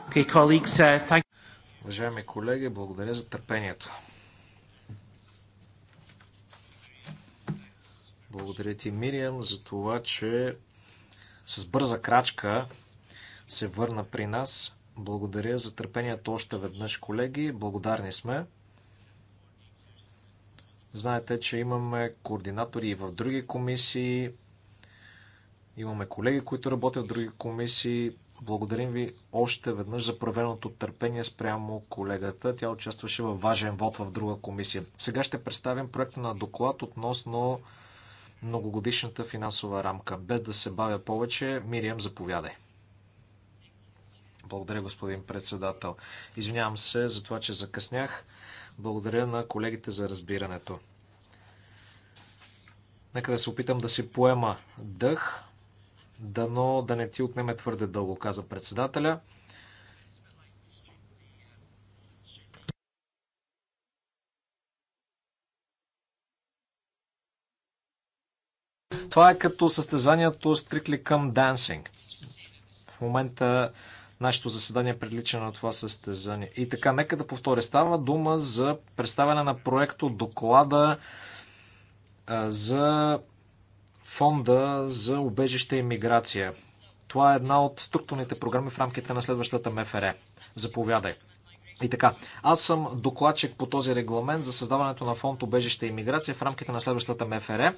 Uh, Уважаеми колеги, благодаря за търпението. Благодаря ти, Мириам, за това, че с бърза крачка се върна при нас. Благодаря за търпението още веднъж, колеги. Благодарни сме. Знаете, че имаме координатори и в други комисии. Имаме колеги, които работят в други комисии. Благодарим ви още веднъж за проведеното търпение спрямо колегата. Тя участваше във важен вод в друга комисия. Сега ще представим проекта на доклад относно многогодишната финансова рамка. Без да се бавя повече, Мирием, заповядай. Благодаря, господин председател. Извинявам се за това, че закъснях. Благодаря на колегите за разбирането. Нека да се опитам да си поема дъх. Дано да не ти отнеме твърде дълго, каза председателя. Това е като състезанието Strictly към Dancing. В момента нашето заседание прилича на това състезание. И така, нека да повторя. Става дума за представяне на проекто доклада за фонда за убежище и миграция. Това е една от структурните програми в рамките на следващата МФР. Заповядай. И така, аз съм докладчик по този регламент за създаването на фонд убежище и миграция в рамките на следващата МФР. Е,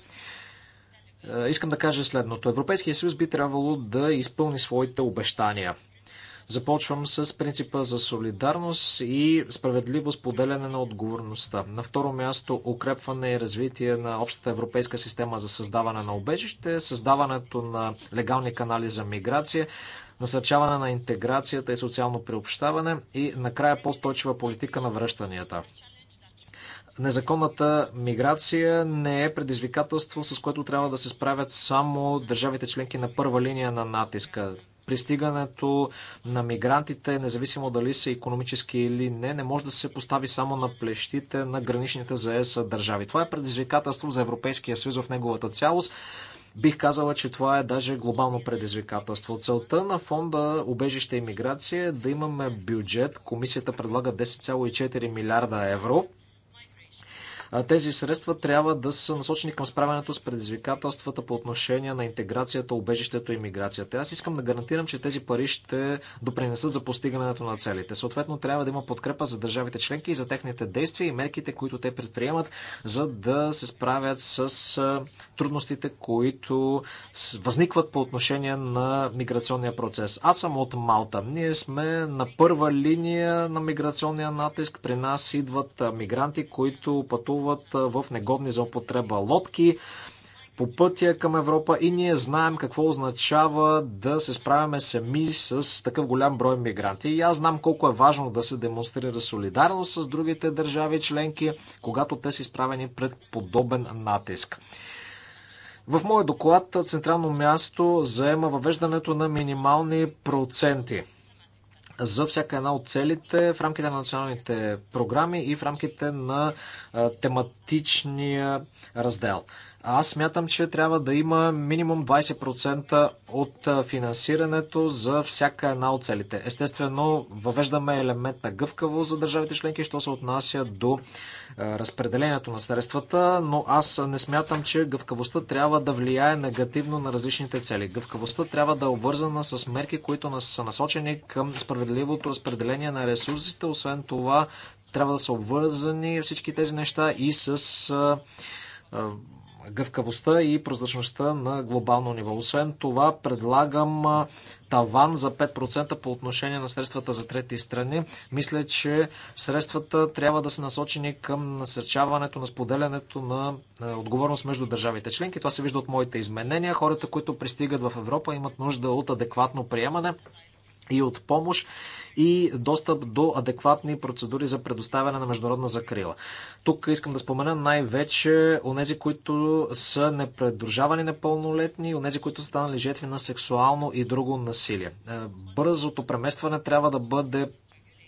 искам да кажа следното. Европейския съюз би трябвало да изпълни своите обещания. Започвам с принципа за солидарност и справедливо споделяне на отговорността. На второ място укрепване и развитие на общата европейска система за създаване на обежище, създаването на легални канали за миграция, насърчаване на интеграцията и социално приобщаване и накрая по-стойчива политика на връщанията. Незаконната миграция не е предизвикателство, с което трябва да се справят само държавите членки на първа линия на натиска пристигането на мигрантите, независимо дали са економически или не, не може да се постави само на плещите на граничните за ЕС държави. Това е предизвикателство за Европейския съюз в неговата цялост. Бих казала, че това е даже глобално предизвикателство. Целта на фонда Обежище и миграция е да имаме бюджет. Комисията предлага 10,4 милиарда евро тези средства трябва да са насочени към справянето с предизвикателствата по отношение на интеграцията, убежището и миграцията. Аз искам да гарантирам, че тези пари ще допринесат за постигането на целите. Съответно, трябва да има подкрепа за държавите членки и за техните действия и мерките, които те предприемат, за да се справят с трудностите, които възникват по отношение на миграционния процес. Аз съм от Малта. Ние сме на първа линия на миграционния натиск. При нас идват мигранти, които пътуват плават в негодни за употреба лодки по пътя към Европа и ние знаем какво означава да се справяме сами с такъв голям брой мигранти. И аз знам колко е важно да се демонстрира солидарност с другите държави членки, когато те са изправени пред подобен натиск. В моят доклад централно място заема въвеждането на минимални проценти за всяка една от целите в рамките на националните програми и в рамките на тематичния раздел. Аз смятам, че трябва да има минимум 20% от финансирането за всяка една от целите. Естествено, въвеждаме елемент на гъвкаво за държавите членки, що се отнася до разпределението на средствата, но аз не смятам, че гъвкавостта трябва да влияе негативно на различните цели. Гъвкавостта трябва да е обвързана с мерки, които са насочени към справедливото разпределение на ресурсите. Освен това, трябва да са обвързани всички тези неща и с гъвкавостта и прозрачността на глобално ниво. Освен това, предлагам таван за 5% по отношение на средствата за трети страни. Мисля, че средствата трябва да са насочени към насърчаването на споделянето на отговорност между държавите членки. Това се вижда от моите изменения. Хората, които пристигат в Европа, имат нужда от адекватно приемане и от помощ и достъп до адекватни процедури за предоставяне на международна закрила. Тук искам да спомена най-вече онези, които са непредружавани непълнолетни, онези, които са станали жертви на сексуално и друго насилие. Е, бързото преместване трябва да бъде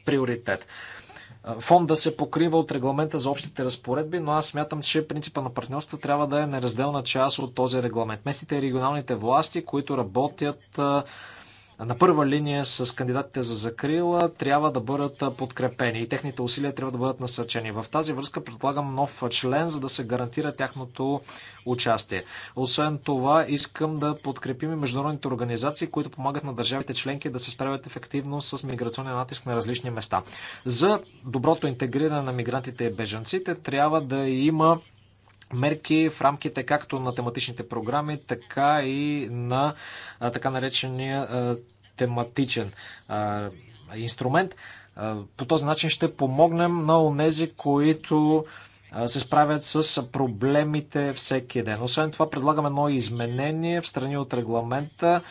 приоритет. Е, Фонда се покрива от регламента за общите разпоредби, но аз смятам, че принципа на партньорство трябва да е неразделна част от този регламент. Местните и регионалните власти, които работят е, на първа линия с кандидатите за закрила трябва да бъдат подкрепени и техните усилия трябва да бъдат насърчени. В тази връзка предлагам нов член, за да се гарантира тяхното участие. Освен това, искам да подкрепим и международните организации, които помагат на държавите членки да се справят ефективно с миграционния натиск на различни места. За доброто интегриране на мигрантите и бежанците трябва да има мерки в рамките както на тематичните програми, така и на така наречения тематичен инструмент. По този начин ще помогнем на онези, които се справят с проблемите всеки ден. Освен това, предлагаме едно изменение в страни от регламента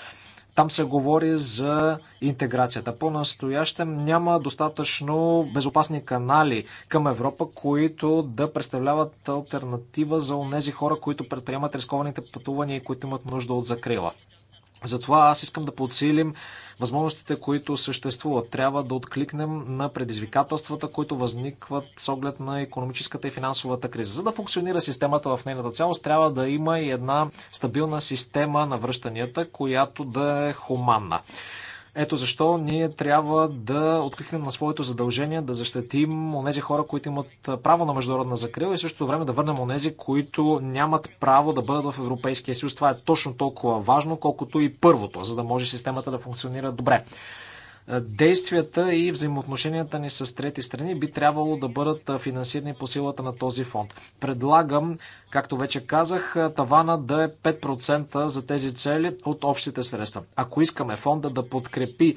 там се говори за интеграцията. По-настоящем няма достатъчно безопасни канали към Европа, които да представляват альтернатива за онези хора, които предприемат рискованите пътувания и които имат нужда от закрила. Затова аз искам да подсилим възможностите, които съществуват. Трябва да откликнем на предизвикателствата, които възникват с оглед на економическата и финансовата криза. За да функционира системата в нейната цялост, трябва да има и една стабилна система на връщанията, която да е хуманна. Ето защо ние трябва да откликнем на своето задължение, да защитим онези хора, които имат право на международна закрила и също време да върнем онези, които нямат право да бъдат в Европейския съюз. Това е точно толкова важно, колкото и първото, за да може системата да функционира добре действията и взаимоотношенията ни с трети страни би трябвало да бъдат финансирани по силата на този фонд. Предлагам, както вече казах, тавана да е 5% за тези цели от общите средства. Ако искаме фонда да подкрепи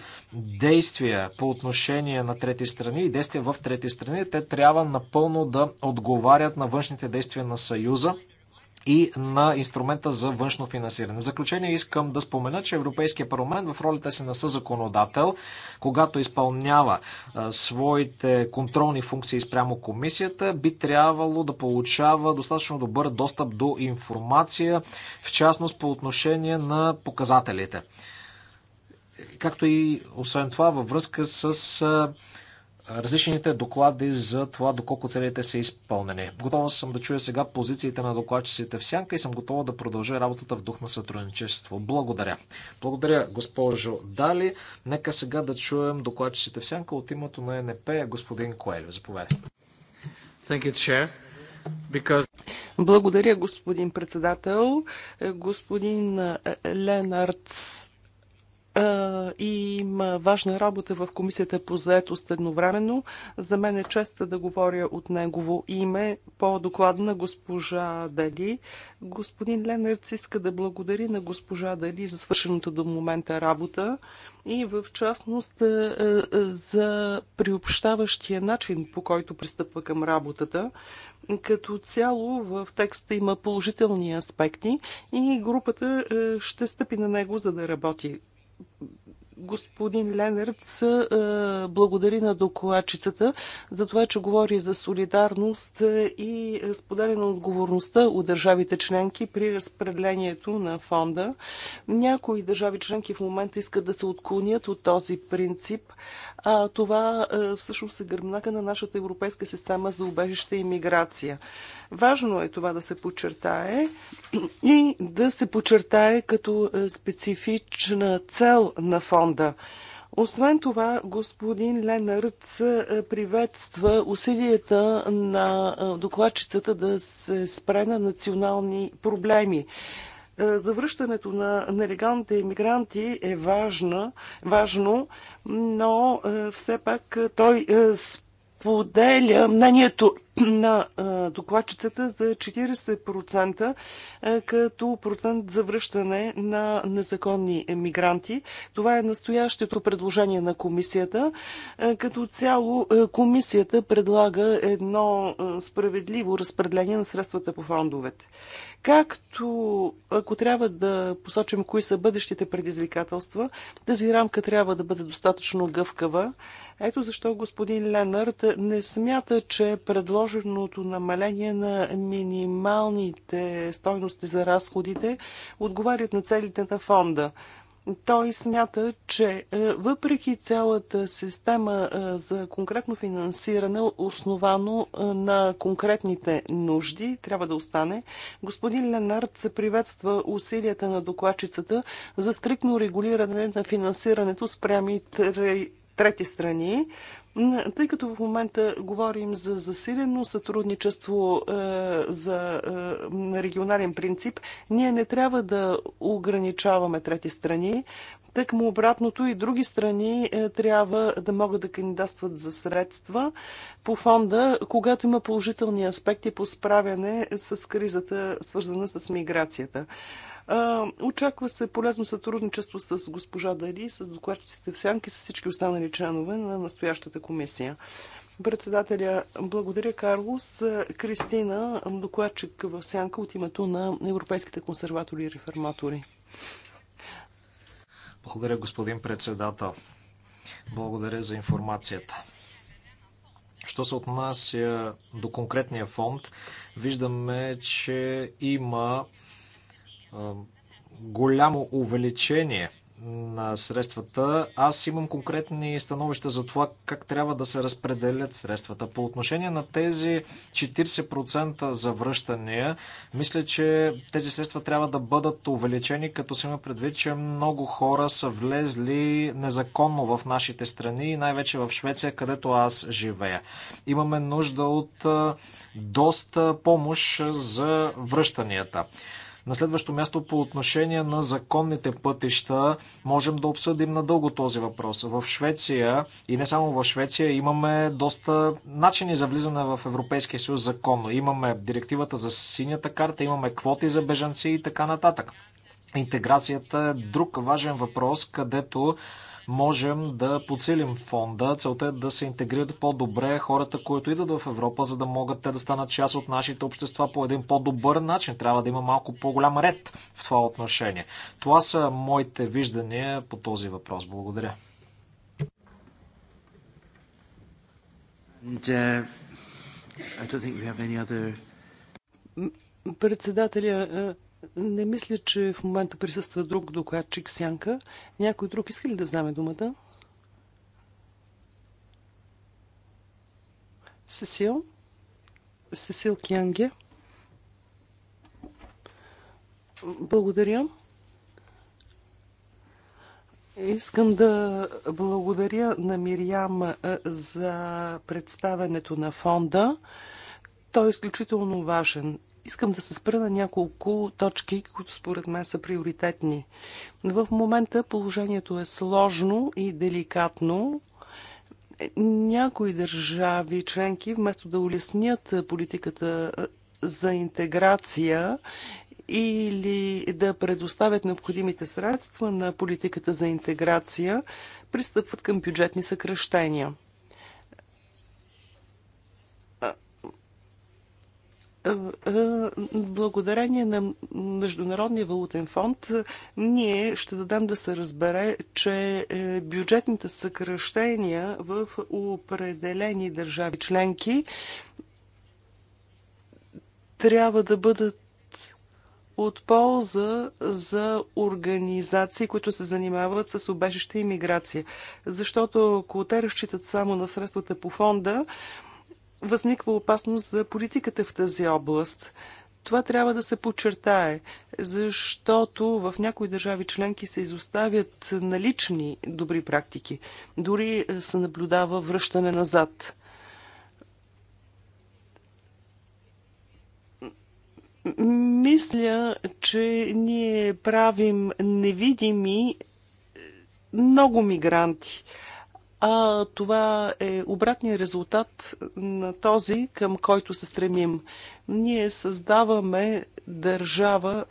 действия по отношение на трети страни и действия в трети страни, те трябва напълно да отговарят на външните действия на Съюза и на инструмента за външно финансиране. В заключение искам да спомена, че Европейския парламент в ролята си на съзаконодател, когато изпълнява своите контролни функции спрямо комисията, би трябвало да получава достатъчно добър достъп до информация, в частност по отношение на показателите. Както и освен това във връзка с а, различните доклади за това доколко целите са изпълнени. Готова съм да чуя сега позициите на докладчиците в сянка и съм готова да продължа работата в дух на сътрудничество. Благодаря. Благодаря, госпожо Дали. Нека сега да чуем докладчиците в сянка от името на НП господин Коелев, Заповядайте. Because... Благодаря, господин председател. Господин Ленардс и има важна работа в Комисията по заетост едновременно. За мен е чест да говоря от негово име по доклада на госпожа Дали. Господин Ленерц иска да благодари на госпожа Дали за свършената до момента работа и в частност за приобщаващия начин, по който пристъпва към работата. Като цяло в текста има положителни аспекти и групата ще стъпи на него, за да работи господин Ленърц е, благодари на докладчицата за това, че говори за солидарност е, и споделена отговорността от държавите членки при разпределението на фонда. Някои държави членки в момента искат да се отклонят от този принцип, а това е, всъщност е гръбнака на нашата европейска система за убежище и миграция. Важно е това да се подчертае и да се подчертае като е, специфична цел на фонда. Освен това, господин Ленърц е, приветства усилията на е, докладчицата да се спре на национални проблеми. Завръщането на нелегалните иммигранти е важно, но все пак той споделя мнението на докладчицата за 40% като процент за връщане на незаконни мигранти. Това е настоящето предложение на комисията. Като цяло комисията предлага едно справедливо разпределение на средствата по фондовете. Както ако трябва да посочим кои са бъдещите предизвикателства, тази рамка трябва да бъде достатъчно гъвкава. Ето защо господин Ленард не смята, че предложеното намаление на минималните стойности за разходите отговарят на целите на фонда. Той смята, че е, въпреки цялата система е, за конкретно финансиране, основано е, на конкретните нужди, трябва да остане. Господин Ленард се приветства усилията на докладчицата за стрикно регулиране на финансирането спрямо трети страни. Тъй като в момента говорим за засилено сътрудничество е, за е, регионален принцип, ние не трябва да ограничаваме трети страни. Тък му обратното и други страни е, трябва да могат да кандидатстват за средства по фонда, когато има положителни аспекти по справяне с кризата, свързана с миграцията. Очаква се полезно сътрудничество с госпожа Дали, с докладчиците в сянки, с всички останали членове на настоящата комисия. Председателя, благодаря Карлос. Кристина, докладчик в сянка от името на европейските консерватори и реформатори. Благодаря, господин председател. Благодаря за информацията. Що се отнася до конкретния фонд, виждаме, че има голямо увеличение на средствата. Аз имам конкретни становища за това как трябва да се разпределят средствата. По отношение на тези 40% за връщания, мисля, че тези средства трябва да бъдат увеличени, като се има предвид, че много хора са влезли незаконно в нашите страни и най-вече в Швеция, където аз живея. Имаме нужда от доста помощ за връщанията. На следващо място по отношение на законните пътища можем да обсъдим надълго този въпрос. В Швеция и не само в Швеция имаме доста начини за влизане в Европейския съюз законно. Имаме директивата за синята карта, имаме квоти за бежанци и така нататък. Интеграцията е друг важен въпрос, където можем да подсилим фонда. Целта е да се интегрират по-добре хората, които идват в Европа, за да могат те да станат част от нашите общества по един по-добър начин. Трябва да има малко по-голям ред в това отношение. Това са моите виждания по този въпрос. Благодаря. Uh, председателя, не мисля, че в момента присъства друг докладчик Сянка. Някой друг иска ли да вземе думата? Сесил? Сесил Кянге? Благодаря. Искам да благодаря на Мириам за представенето на фонда. Той е изключително важен Искам да се спра на няколко точки, които според мен са приоритетни. В момента положението е сложно и деликатно. Е, някои държави членки, вместо да улеснят политиката е, за интеграция или да предоставят необходимите средства на политиката за интеграция, пристъпват към бюджетни съкръщения. благодарение на Международния валутен фонд ние ще дадем да се разбере, че е, бюджетните съкръщения в определени държави членки трябва да бъдат от полза за организации, които се занимават с обежище и миграция. Защото ако те разчитат само на средствата по фонда, възниква опасност за политиката в тази област. Това трябва да се подчертае, защото в някои държави членки се изоставят налични добри практики. Дори е, се наблюдава връщане назад. Мисля, че ние правим невидими е, много мигранти – а това е обратният резултат на този, към който се стремим. Ние създаваме държава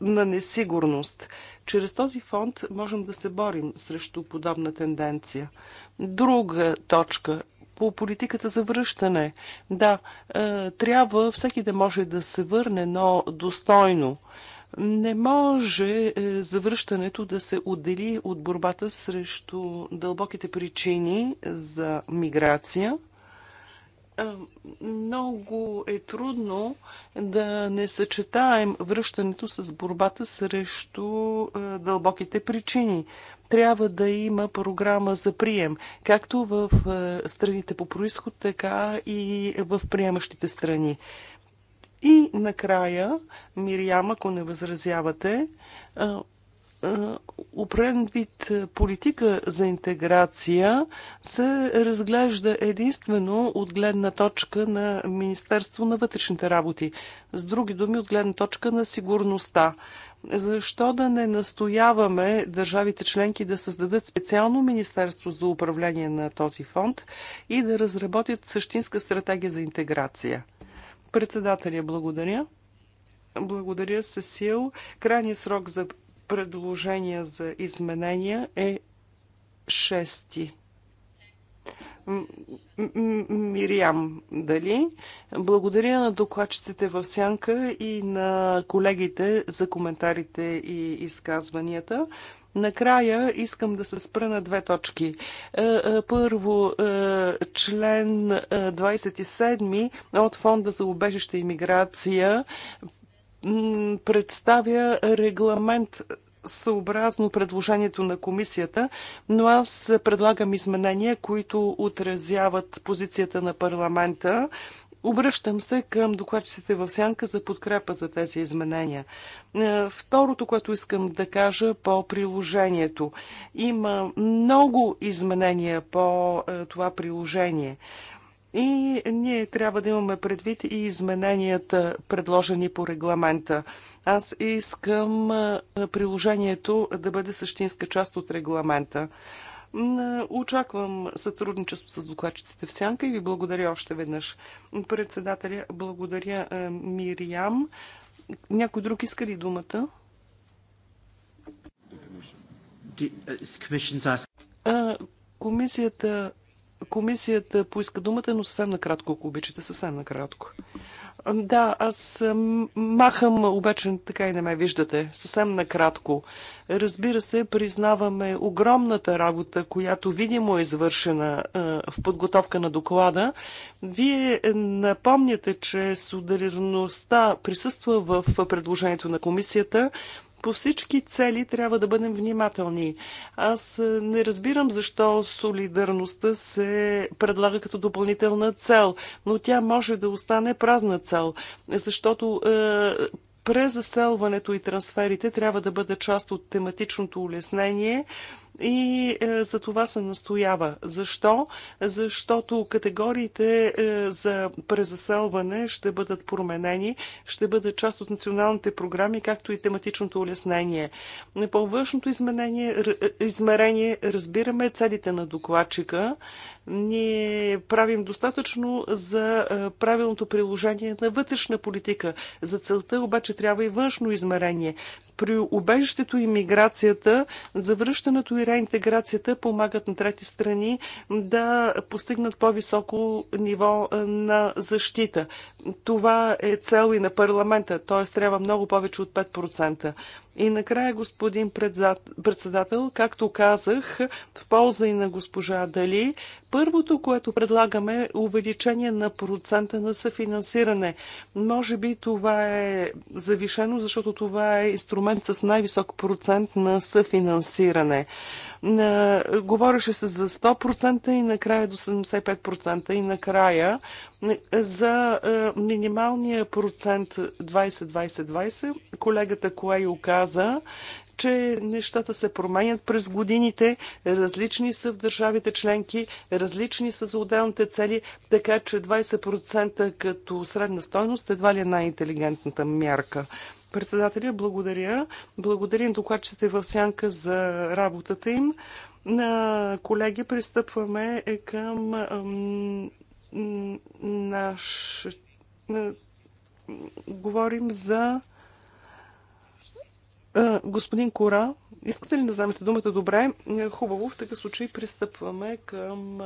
на несигурност. Чрез този фонд можем да се борим срещу подобна тенденция. Друга точка по политиката за връщане. Да, е, трябва всеки да може да се върне, но достойно. Не може е, завръщането да се отдели от борбата срещу дълбоките причини за миграция е, много е трудно да не съчетаем връщането с борбата срещу е, дълбоките причини. Трябва да има програма за прием, както в страните по происход, така и в приемащите страни. И накрая, Мириам, ако не възразявате, определен вид политика за интеграция се разглежда единствено от гледна точка на Министерство на вътрешните работи. С други думи, от гледна точка на сигурността. Защо да не настояваме държавите членки да създадат специално Министерство за управление на този фонд и да разработят същинска стратегия за интеграция? Председателя, благодаря. Благодаря, Сесил. Крайния срок за предложения за изменения е 6. Мириам Дали. Благодаря на докладчиците в Сянка и на колегите за коментарите и изказванията. Накрая искам да се спра на две точки. Е, е, първо, е, член 27 от Фонда за убежище и миграция представя регламент съобразно предложението на комисията, но аз предлагам изменения, които отразяват позицията на парламента Обръщам се към докладчиците в сянка за подкрепа за тези изменения. Е, второто, което искам да кажа по приложението. Има много изменения по е, това приложение. И ние трябва да имаме предвид и измененията, предложени по регламента. Аз искам е, приложението да бъде същинска част от регламента. Очаквам сътрудничество с докладчиците в Сянка и ви благодаря още веднъж. Председателя, благодаря е, Мириам. Някой друг иска ли думата? Е, е, комисията, комисията поиска думата, но съвсем накратко, ако обичате, съвсем накратко. Да, аз махам, обаче така и не ме виждате. Съвсем накратко. Разбира се, признаваме огромната работа, която видимо е извършена в подготовка на доклада. Вие е, напомняте, че солидарността присъства в предложението на комисията по всички цели трябва да бъдем внимателни. Аз е, не разбирам защо солидарността се предлага като допълнителна цел, но тя може да остане празна цел, защото е, през заселването и трансферите трябва да бъде част от тематичното улеснение и е, за това се настоява. Защо? Защото категориите е, за презаселване ще бъдат променени, ще бъдат част от националните програми, както и тематичното улеснение. По външното е, измерение разбираме целите на докладчика. Ние правим достатъчно за е, правилното приложение на вътрешна политика. За целта обаче трябва и външно измерение. При убежището и миграцията, завръщането и реинтеграцията помагат на трети страни да постигнат по-високо ниво на защита. Това е цел и на парламента, т.е. трябва много повече от 5%. И накрая, господин председател, както казах, в полза и на госпожа Дали, първото, което предлагаме е увеличение на процента на съфинансиране. Може би това е завишено, защото това е инструмент с най-висок процент на съфинансиране. Говореше се за 100% и накрая до 75% и накрая за е, минималния процент 20-20-20 колегата Коейо каза, че нещата се променят през годините, различни са в държавите членки, различни са за отделните цели, така че 20% като средна стойност едва ли е най-интелигентната мярка. Председателя, благодаря. Благодаря на докладчите в сянка за работата им. На колеги пристъпваме е към наш... Говорим за господин Кора. Искате ли да вземете думата? Добре. Хубаво. В такъв случай пристъпваме към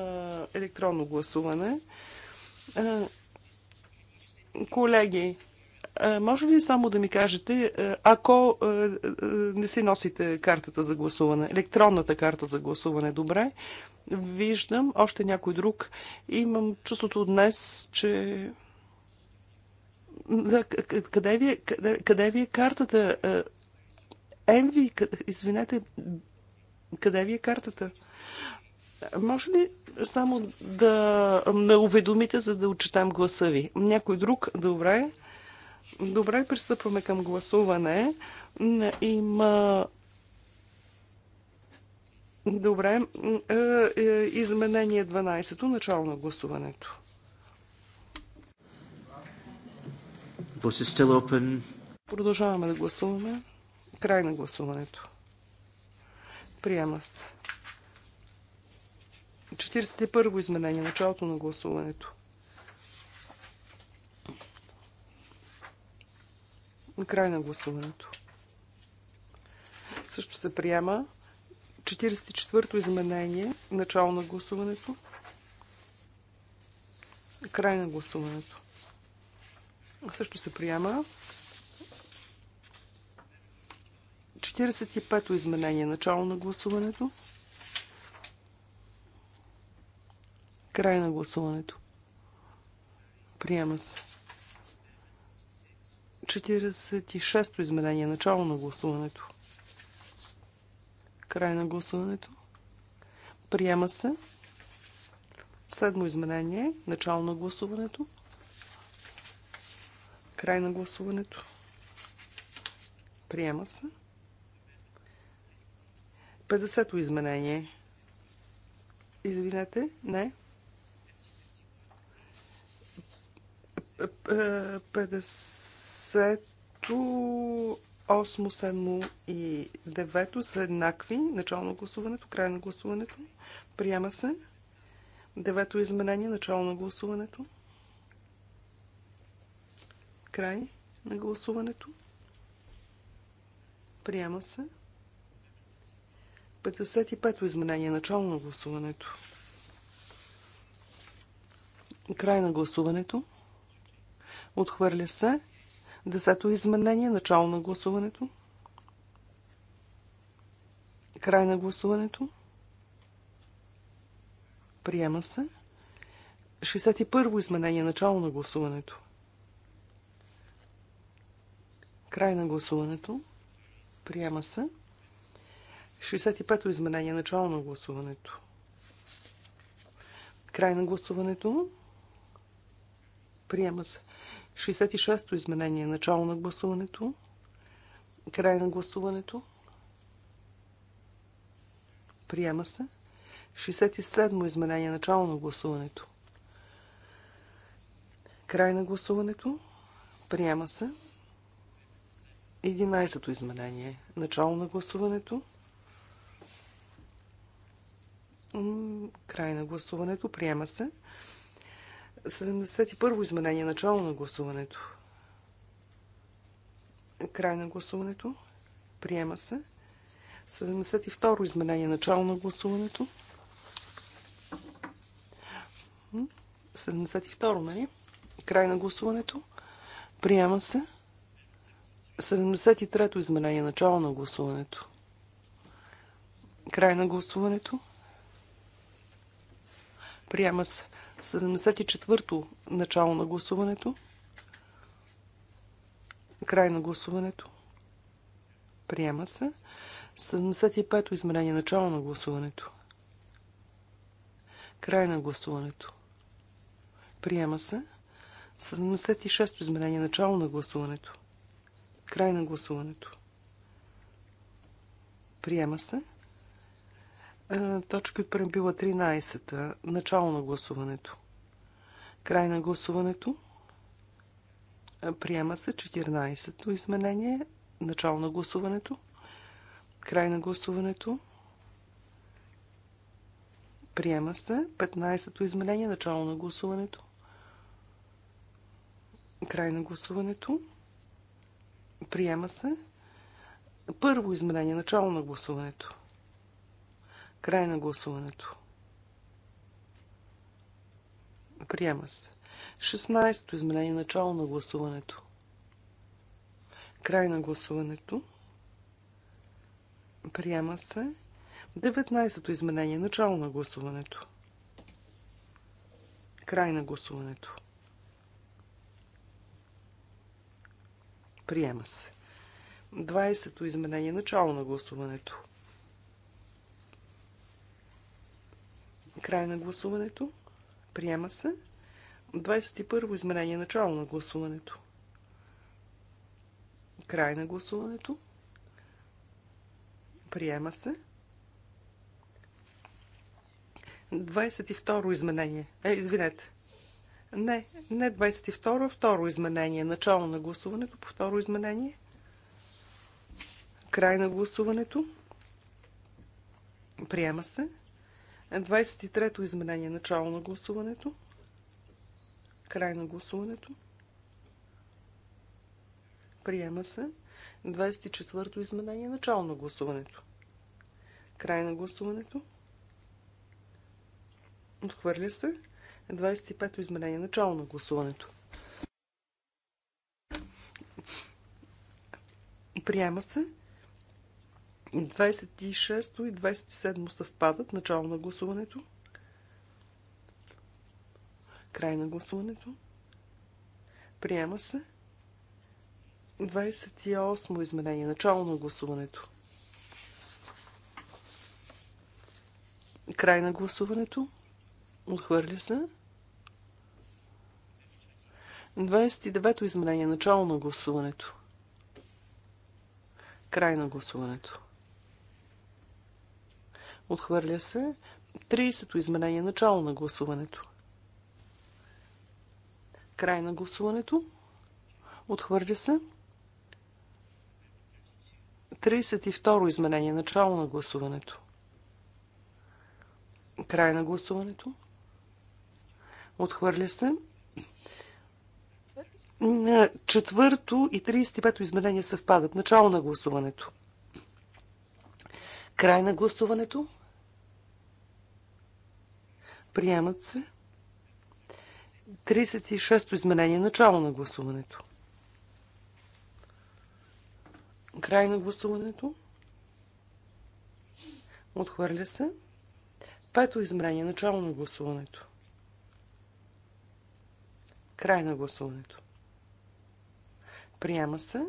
електронно гласуване. Колеги, може ли само да ми кажете, ако не си носите картата за гласуване, електронната карта за гласуване, добре, виждам още някой друг. Имам чувството днес, че къде, ви е, къде, къде ви е картата? Енви, извинете, къде ви е картата? Може ли само да ме уведомите, за да отчитам гласа ви? Някой друг? Добре. Добре, пристъпваме към гласуване. Има Добре. Е, е, изменение 12-то, начало на гласуването. Продължаваме да гласуваме. Край на гласуването. Приема се. 41-во изменение, началото на гласуването. Край на гласуването. Също се приема 44-то изменение, начало на гласуването. Край на гласуването. Също се приема 45-то изменение, начало на гласуването. Край на гласуването. Приема се. 46-то изменение. Начало на гласуването. Край на гласуването. Приема се. Седмо изменение. Начало на гласуването. Край на гласуването. Приема се. 50-то изменение. Извинете, не. 50 сърцето 8, 7 и 9 са еднакви. Начало на гласуването, край на гласуването. Приема се. Девето изменение, начало на гласуването. Край на гласуването. Приема се. 55-то изменение, начало на гласуването. Край на гласуването. Отхвърля се. Десето изменение, начало на гласуването. Край на гласуването. Приема се. 61-во изменение, начало на гласуването. Край на гласуването. Приема се. 65-то изменение, начало на гласуването. Край на гласуването. Приема се. 66-то изменение. Начало на гласуването. Край на гласуването. Приема се. 67-мо изменение. Начало на гласуването. Край на гласуването. Приема се. 11-то изменение. Начало на гласуването. Край на гласуването. Приема се. 71 изменение, начало на гласуването. Край на гласуването. Приема се. 72 изменение, начало на гласуването. 72, нали? Край на гласуването. Приема се. 73-то изменение, начало на гласуването. Край на гласуването. Приема се. 74-то начало на гласуването. Край на гласуването. Приема се. 75-то измерение начало на гласуването. Край на гласуването. Приема се. 76-то измерение начало на гласуването. Край на гласуването. Приема се. Е, точка от преамбила 13. Начало на гласуването. Край на гласуването. Е, приема се 14-то изменение. Начало на гласуването. Край на гласуването. Приема се 15-то изменение. Начало на гласуването. Край на гласуването. Приема се първо изменение. Начало на гласуването. Край на гласуването. Приема се. 16-то изменение. Начало на гласуването. Край на гласуването. Приема се. 19-то изменение. Начало на гласуването. Край на гласуването. Приема се. 20-то изменение. Начало на гласуването. Край на гласуването. Приема се. 21 изменение. Начало на гласуването. Край на гласуването. Приема се. 22 изменение. Е, извинете. Не, не 22, второ изменение. Начало на гласуването по второ изменение. Край на гласуването. Приема се. 23-то изменение. Начало на гласуването. Край на гласуването. Приема се. 24-то изменение. Начало на гласуването. Край на гласуването. Отхвърля се. 25-то изменение. Начало на гласуването. Приема се. 26 и 27 съвпадат. Начало на гласуването. Край на гласуването. Приема се. 28 изменение. Начало на гласуването. Край на гласуването. Отхвърля се. 29 изменение. Начало на гласуването. Край на гласуването. Отхвърля се. 30-то изменение. Начало на гласуването. Край на гласуването. Отхвърля се. 32-ро изменение. Начало на гласуването. Край на гласуването. Отхвърля се. На четвърто и 35-то изменение съвпадат. Начало на гласуването. Край на гласуването. Приемат се. 36-то изменение. Начало на гласуването. Край на гласуването. Отхвърля се. Пето измерение. Начало на гласуването. Край на гласуването. Приема се.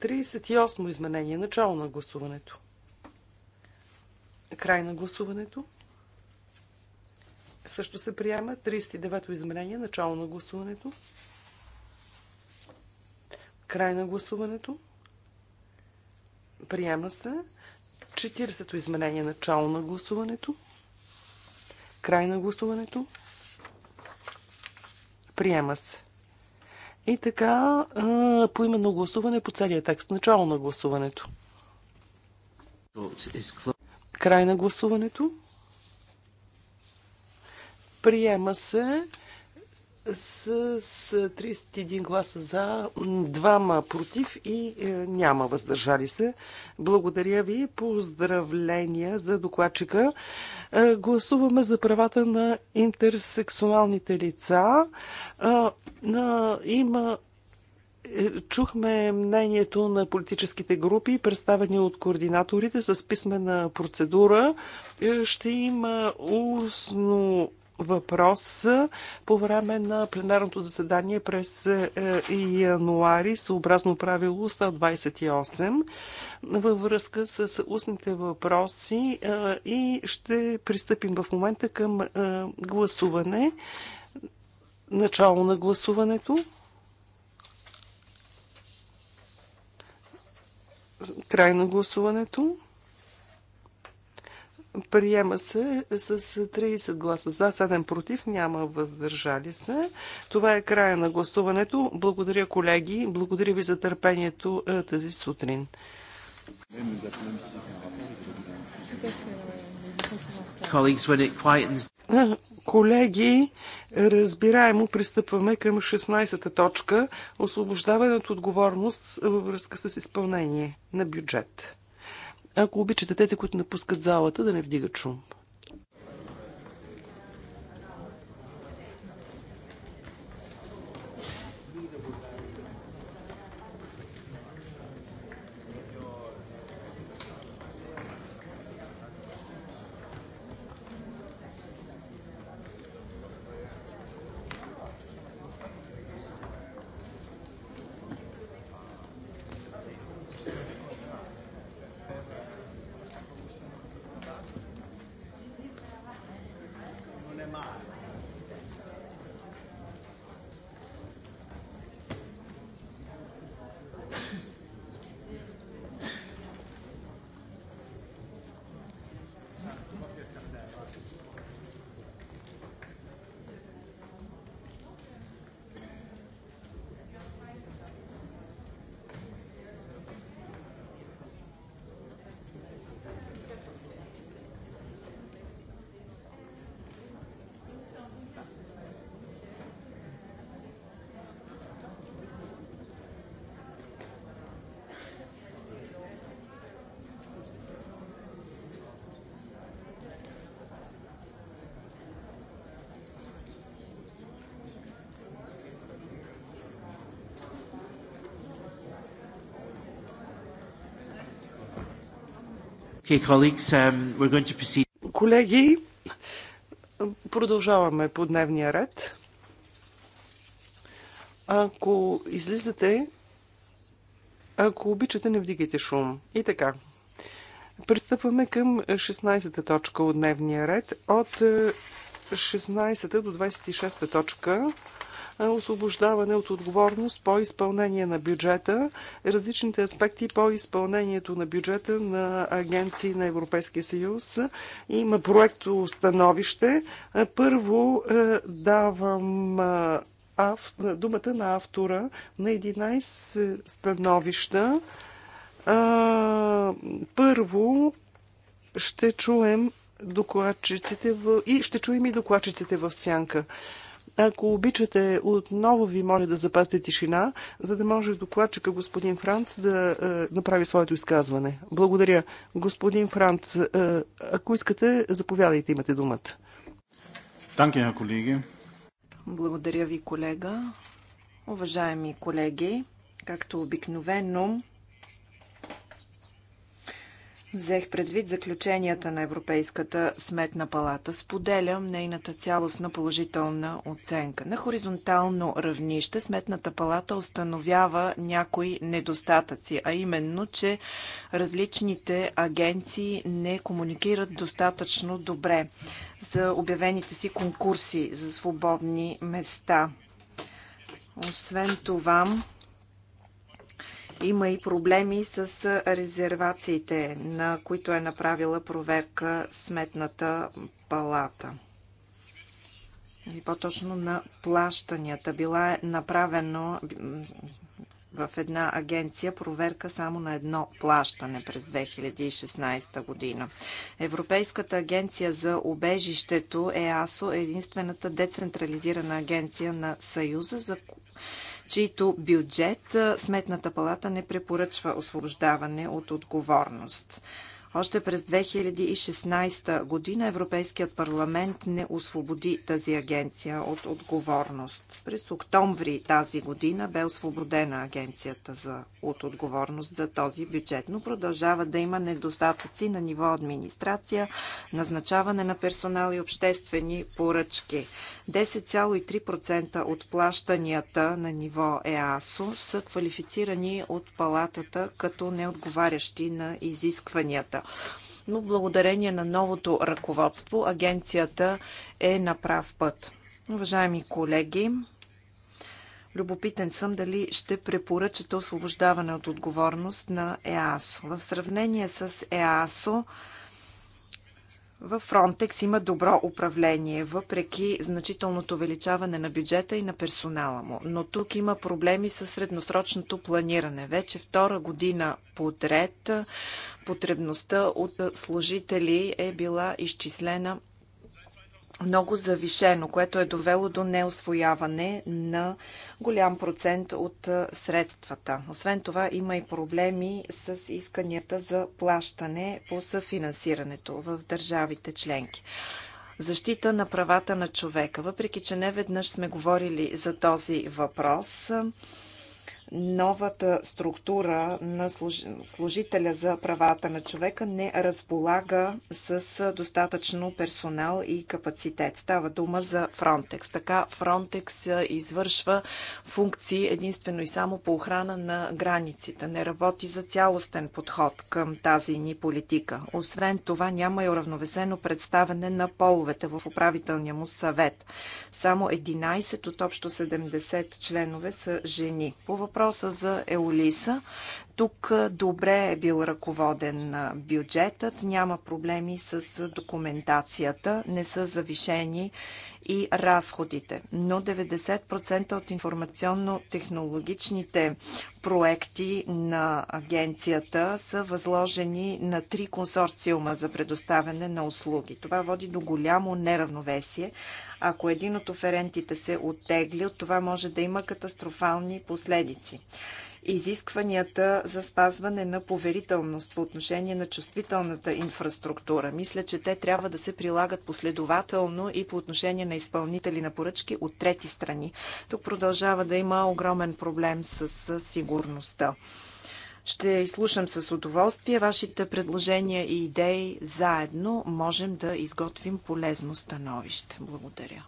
38 изменение. Начало на гласуването. Край на гласуването също се приема. 39-то изменение, начало на гласуването. Край на гласуването. Приема се. 40-то изменение, начало на гласуването. Край на гласуването. Приема се. И така, по именно гласуване по целия текст. Начало на гласуването. Край на гласуването. Приема се с, с 31 гласа за, двама против и е, няма въздържали се. Благодаря ви. Поздравления за докладчика. Е, гласуваме за правата на интерсексуалните лица. Е, на, има е, Чухме мнението на политическите групи, представени от координаторите с писмена процедура. Е, ще има устно въпрос по време на пленарното заседание през е, януари, съобразно правило 128, във връзка с устните въпроси е, и ще пристъпим в момента към е, гласуване. Начало на гласуването. Край на гласуването. Приема се с 30 гласа за, 7 против, няма въздържали се. Това е края на гласуването. Благодаря, колеги. Благодаря ви за търпението е, тази сутрин. Е, колеги, разбираемо пристъпваме към 16-та точка освобождаване от отговорност във връзка с изпълнение на бюджет. Ако обичате тези, които напускат залата, да не вдигат шум. Okay, um, Колеги, продължаваме по дневния ред. Ако излизате, ако обичате, не вдигайте шум. И така. Пристъпваме към 16-та точка от дневния ред. От 16-та е, до 26-та точка е, освобождаване от отговорност по изпълнение на бюджета, различните аспекти по изпълнението на бюджета на агенции на Европейския съюз. Има проекто становище. Е, първо е, давам ав... думата на автора на 11 становища. Първо ще чуем докладчиците в... и ще чуем и докладчиците в сянка. Ако обичате, отново ви моля да запазите тишина, за да може докладчика господин Франц да е, направи своето изказване. Благодаря. Господин Франц, е, ако искате, заповядайте, имате думата. Данке, колеги. Благодаря ви, колега. Уважаеми колеги, както обикновено, Взех предвид заключенията на Европейската сметна палата. Споделям нейната цялостна положителна оценка. На хоризонтално равнище сметната палата установява някои недостатъци, а именно, че различните агенции не комуникират достатъчно добре за обявените си конкурси за свободни места. Освен това, има и проблеми с резервациите, на които е направила проверка Сметната палата. Или по-точно на плащанията. Била е направено в една агенция проверка само на едно плащане през 2016 година. Европейската агенция за обежището ЕАСО е единствената децентрализирана агенция на Съюза, за чийто бюджет Сметната палата не препоръчва освобождаване от отговорност. Още през 2016 година Европейският парламент не освободи тази агенция от отговорност. През октомври тази година бе освободена агенцията за, от отговорност за този бюджет, но продължава да има недостатъци на ниво администрация, назначаване на персонал и обществени поръчки. 10,3% от плащанията на ниво ЕАСО са квалифицирани от палатата като неотговарящи на изискванията. Но благодарение на новото ръководство агенцията е на прав път. Уважаеми колеги, Любопитен съм дали ще препоръчате освобождаване от отговорност на ЕАСО. В сравнение с ЕАСО, в Фронтекс има добро управление, въпреки значителното увеличаване на бюджета и на персонала му. Но тук има проблеми с средносрочното планиране. Вече втора година подред потребността от служители е била изчислена много завишено, което е довело до неосвояване на голям процент от средствата. Освен това има и проблеми с исканията за плащане по съфинансирането в държавите членки защита на правата на човека. Въпреки, че не веднъж сме говорили за този въпрос, новата структура на служителя за правата на човека не разполага с достатъчно персонал и капацитет. Става дума за Фронтекс. Така Фронтекс извършва функции единствено и само по охрана на границите. Не работи за цялостен подход към тази ни политика. Освен това няма и уравновесено представене на половете в управителния му съвет. Само 11 от общо 70 членове са жени. По въпрос въпроса за Еолиса. Тук добре е бил ръководен бюджетът, няма проблеми с документацията, не са завишени и разходите. Но 90% от информационно-технологичните проекти на агенцията са възложени на три консорциума за предоставяне на услуги. Това води до голямо неравновесие. Ако един от оферентите се оттегли, от това може да има катастрофални последици изискванията за спазване на поверителност по отношение на чувствителната инфраструктура. Мисля, че те трябва да се прилагат последователно и по отношение на изпълнители на поръчки от трети страни. Тук продължава да има огромен проблем с, сигурността. Ще изслушам с удоволствие вашите предложения и идеи. Заедно можем да изготвим полезно становище. Благодаря.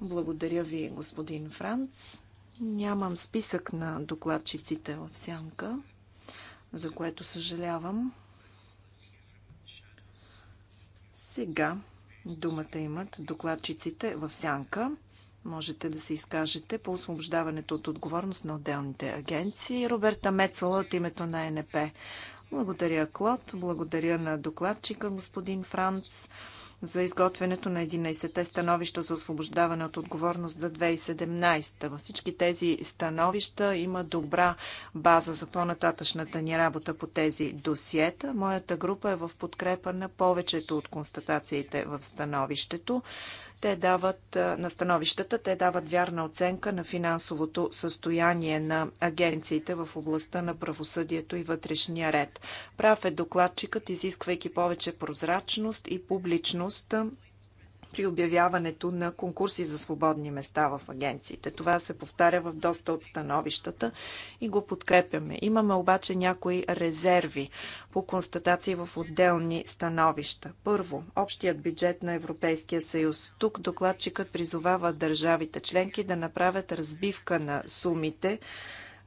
Благодаря ви, господин Франц. Нямам списък на докладчиците в сянка, за което съжалявам. Сега думата имат докладчиците в сянка. Можете да се изкажете по освобождаването от отговорност на отделните агенции. Роберта Мецола от името на НП. Благодаря, Клод. Благодаря на докладчика, господин Франц за изготвянето на 11-те становища за освобождаване от отговорност за 2017. Във всички тези становища има добра база за по-нататъчната ни работа по тези досиета. Моята група е в подкрепа на повечето от констатациите в становището. Те дават на становищата, те дават вярна оценка на финансовото състояние на агенциите в областта на правосъдието и вътрешния ред. Прав е докладчикът, изисквайки повече прозрачност и публичност при обявяването на конкурси за свободни места в агенциите. Това се повтаря в доста от становищата и го подкрепяме. Имаме обаче някои резерви по констатации в отделни становища. Първо, общият бюджет на Европейския съюз. Тук докладчикът призовава държавите членки да направят разбивка на сумите,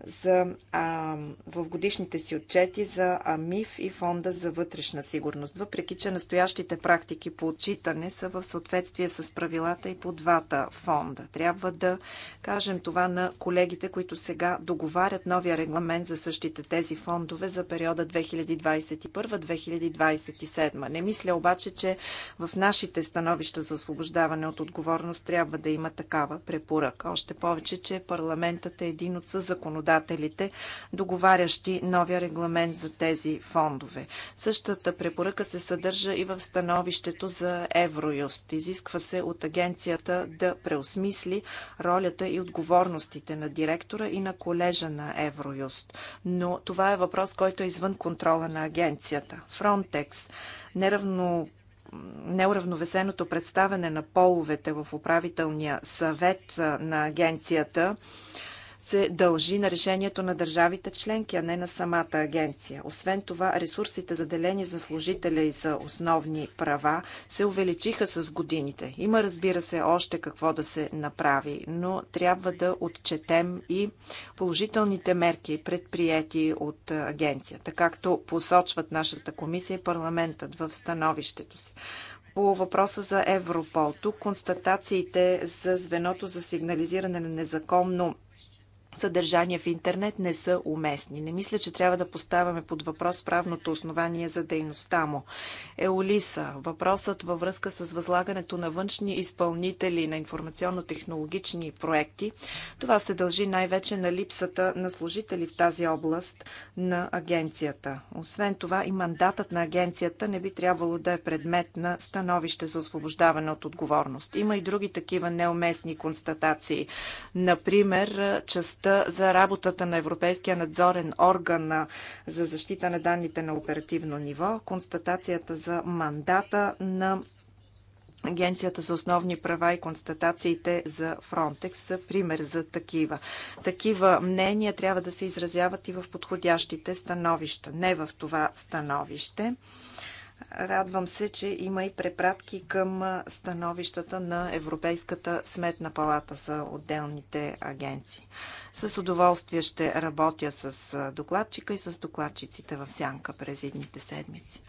за, а, в годишните си отчети за АМИФ и Фонда за вътрешна сигурност, въпреки че настоящите практики по отчитане са в съответствие с правилата и по двата фонда. Трябва да кажем това на колегите, които сега договарят новия регламент за същите тези фондове за периода 2021-2027. Не мисля обаче, че в нашите становища за освобождаване от отговорност трябва да има такава препоръка. Още повече, че парламентът е един от съзаконодателите работодателите, договарящи новия регламент за тези фондове. Същата препоръка се съдържа и в становището за Евроюст. Изисква се от агенцията да преосмисли ролята и отговорностите на директора и на колежа на Евроюст. Но това е въпрос, който е извън контрола на агенцията. Фронтекс неравно неуравновесеното представяне на половете в управителния съвет на агенцията се дължи на решението на държавите членки, а не на самата агенция. Освен това, ресурсите заделени за служителя и за основни права се увеличиха с годините. Има, разбира се, още какво да се направи, но трябва да отчетем и положителните мерки, предприяти от агенцията, както посочват нашата комисия и парламентът в становището си по въпроса за Европол. Тук констатациите за звеното за сигнализиране на незаконно Съдържания в интернет не са уместни. Не мисля, че трябва да поставяме под въпрос правното основание за дейността му. Еолиса, въпросът във връзка с възлагането на външни изпълнители на информационно-технологични проекти, това се дължи най-вече на липсата на служители в тази област на агенцията. Освен това и мандатът на агенцията не би трябвало да е предмет на становище за освобождаване от отговорност. Има и други такива неуместни констатации. Например, част Регламента за работата на Европейския надзорен орган за защита на данните на оперативно ниво, констатацията за мандата на Агенцията за основни права и констатациите за Фронтекс са пример за такива. Такива мнения трябва да се изразяват и в подходящите становища, не в това становище. Радвам се, че има и препратки към становищата на Европейската сметна палата за отделните агенции. С удоволствие ще работя с докладчика и с докладчиците в сянка през едните седмици.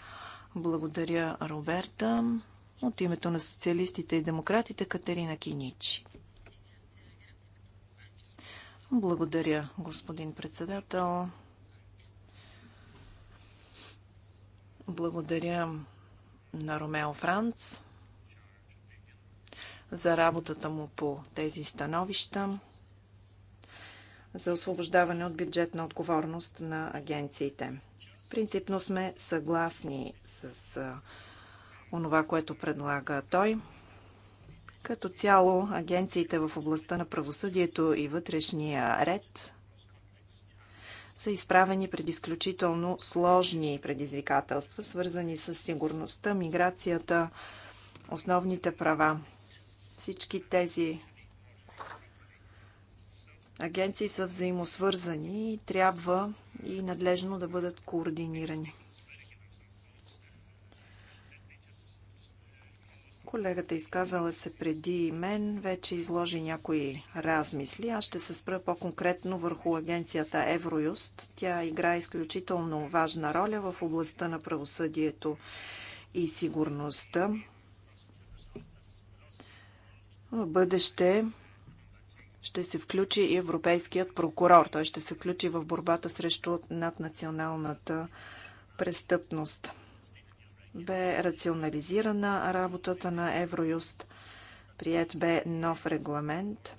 Благодаря, Роберта. От името на социалистите и демократите Катерина Киничи. Благодаря, господин председател. Благодаря на Ромео Франц за работата му по тези становища за освобождаване от бюджетна отговорност на агенциите. Принципно сме съгласни с онова, което предлага той. Като цяло, агенциите в областта на правосъдието и вътрешния ред са изправени пред изключително сложни предизвикателства, свързани с сигурността, миграцията, основните права. Всички тези агенции са взаимосвързани и трябва и надлежно да бъдат координирани. Колегата изказала се преди мен, вече изложи някои размисли. Аз ще се спра по-конкретно върху агенцията Евроюст. Тя играе изключително важна роля в областта на правосъдието и сигурността. В бъдеще ще се включи и европейският прокурор. Той ще се включи в борбата срещу наднационалната престъпност бе рационализирана работата на Евроюст. Прият бе нов регламент.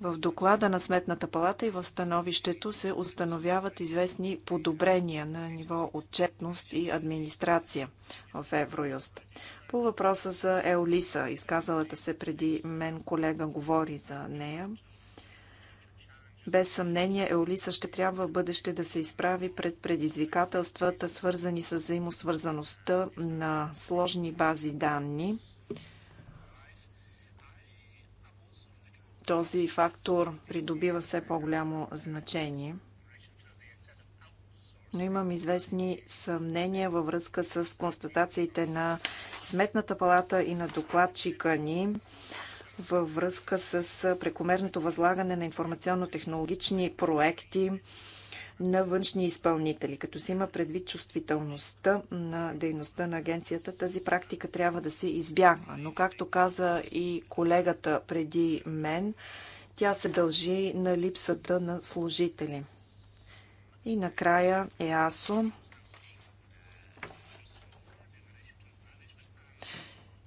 В доклада на Сметната палата и в становището се установяват известни подобрения на ниво отчетност и администрация в Евроюст. По въпроса за Еолиса, изказалата се преди мен колега говори за нея. Без съмнение Еолиса ще трябва в бъдеще да се изправи пред предизвикателствата, свързани с взаимосвързаността на сложни бази данни. Този фактор придобива все по-голямо значение но имам известни съмнения във връзка с констатациите на Сметната палата и на докладчика ни във връзка с прекомерното възлагане на информационно-технологични проекти на външни изпълнители. Като се има предвид чувствителността на дейността на агенцията, тази практика трябва да се избягва. Но както каза и колегата преди мен, тя се дължи на липсата на служители. И накрая ЕАСО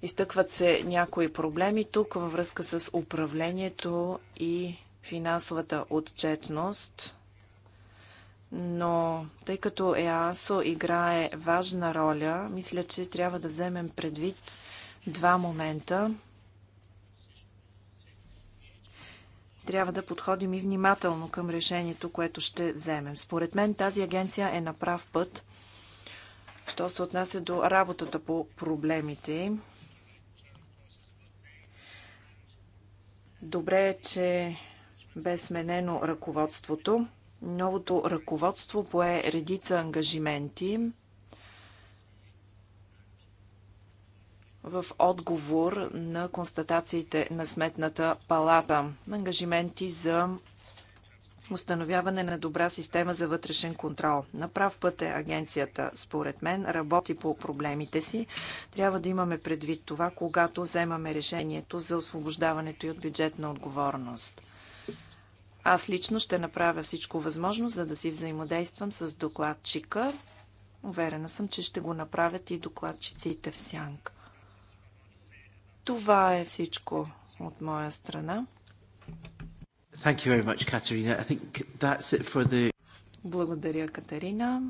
Изтъкват се някои проблеми тук във връзка с управлението и финансовата отчетност, но тъй като ЕАСО играе важна роля, мисля, че трябва да вземем предвид два момента. Трябва да подходим и внимателно към решението, което ще вземем. Според мен тази агенция е на прав път, що се отнася до работата по проблемите им Добре е, че бе сменено ръководството. Новото ръководство пое редица ангажименти в отговор на констатациите на Сметната палата. Ангажименти за установяване на добра система за вътрешен контрол. На прав път е агенцията, според мен, работи по проблемите си. Трябва да имаме предвид това, когато вземаме решението за освобождаването и от бюджетна отговорност. Аз лично ще направя всичко възможно, за да си взаимодействам с докладчика. Уверена съм, че ще го направят и докладчиците в сянг. Това е всичко от моя страна. Thank you very much, Katerina. I think that's it for the... Благодаря, Катерина.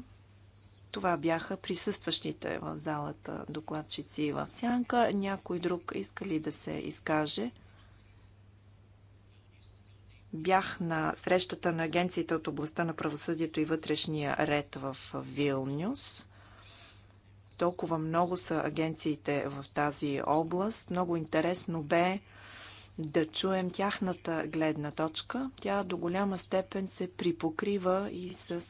Това бяха присъстващите в залата докладчици в Сянка. Някой друг иска ли да се изкаже? Бях на срещата на агенциите от областта на правосъдието и вътрешния ред в Вилнюс. Толкова много са агенциите в тази област. Много интересно бе да чуем тяхната гледна точка. Тя до голяма степен се припокрива и с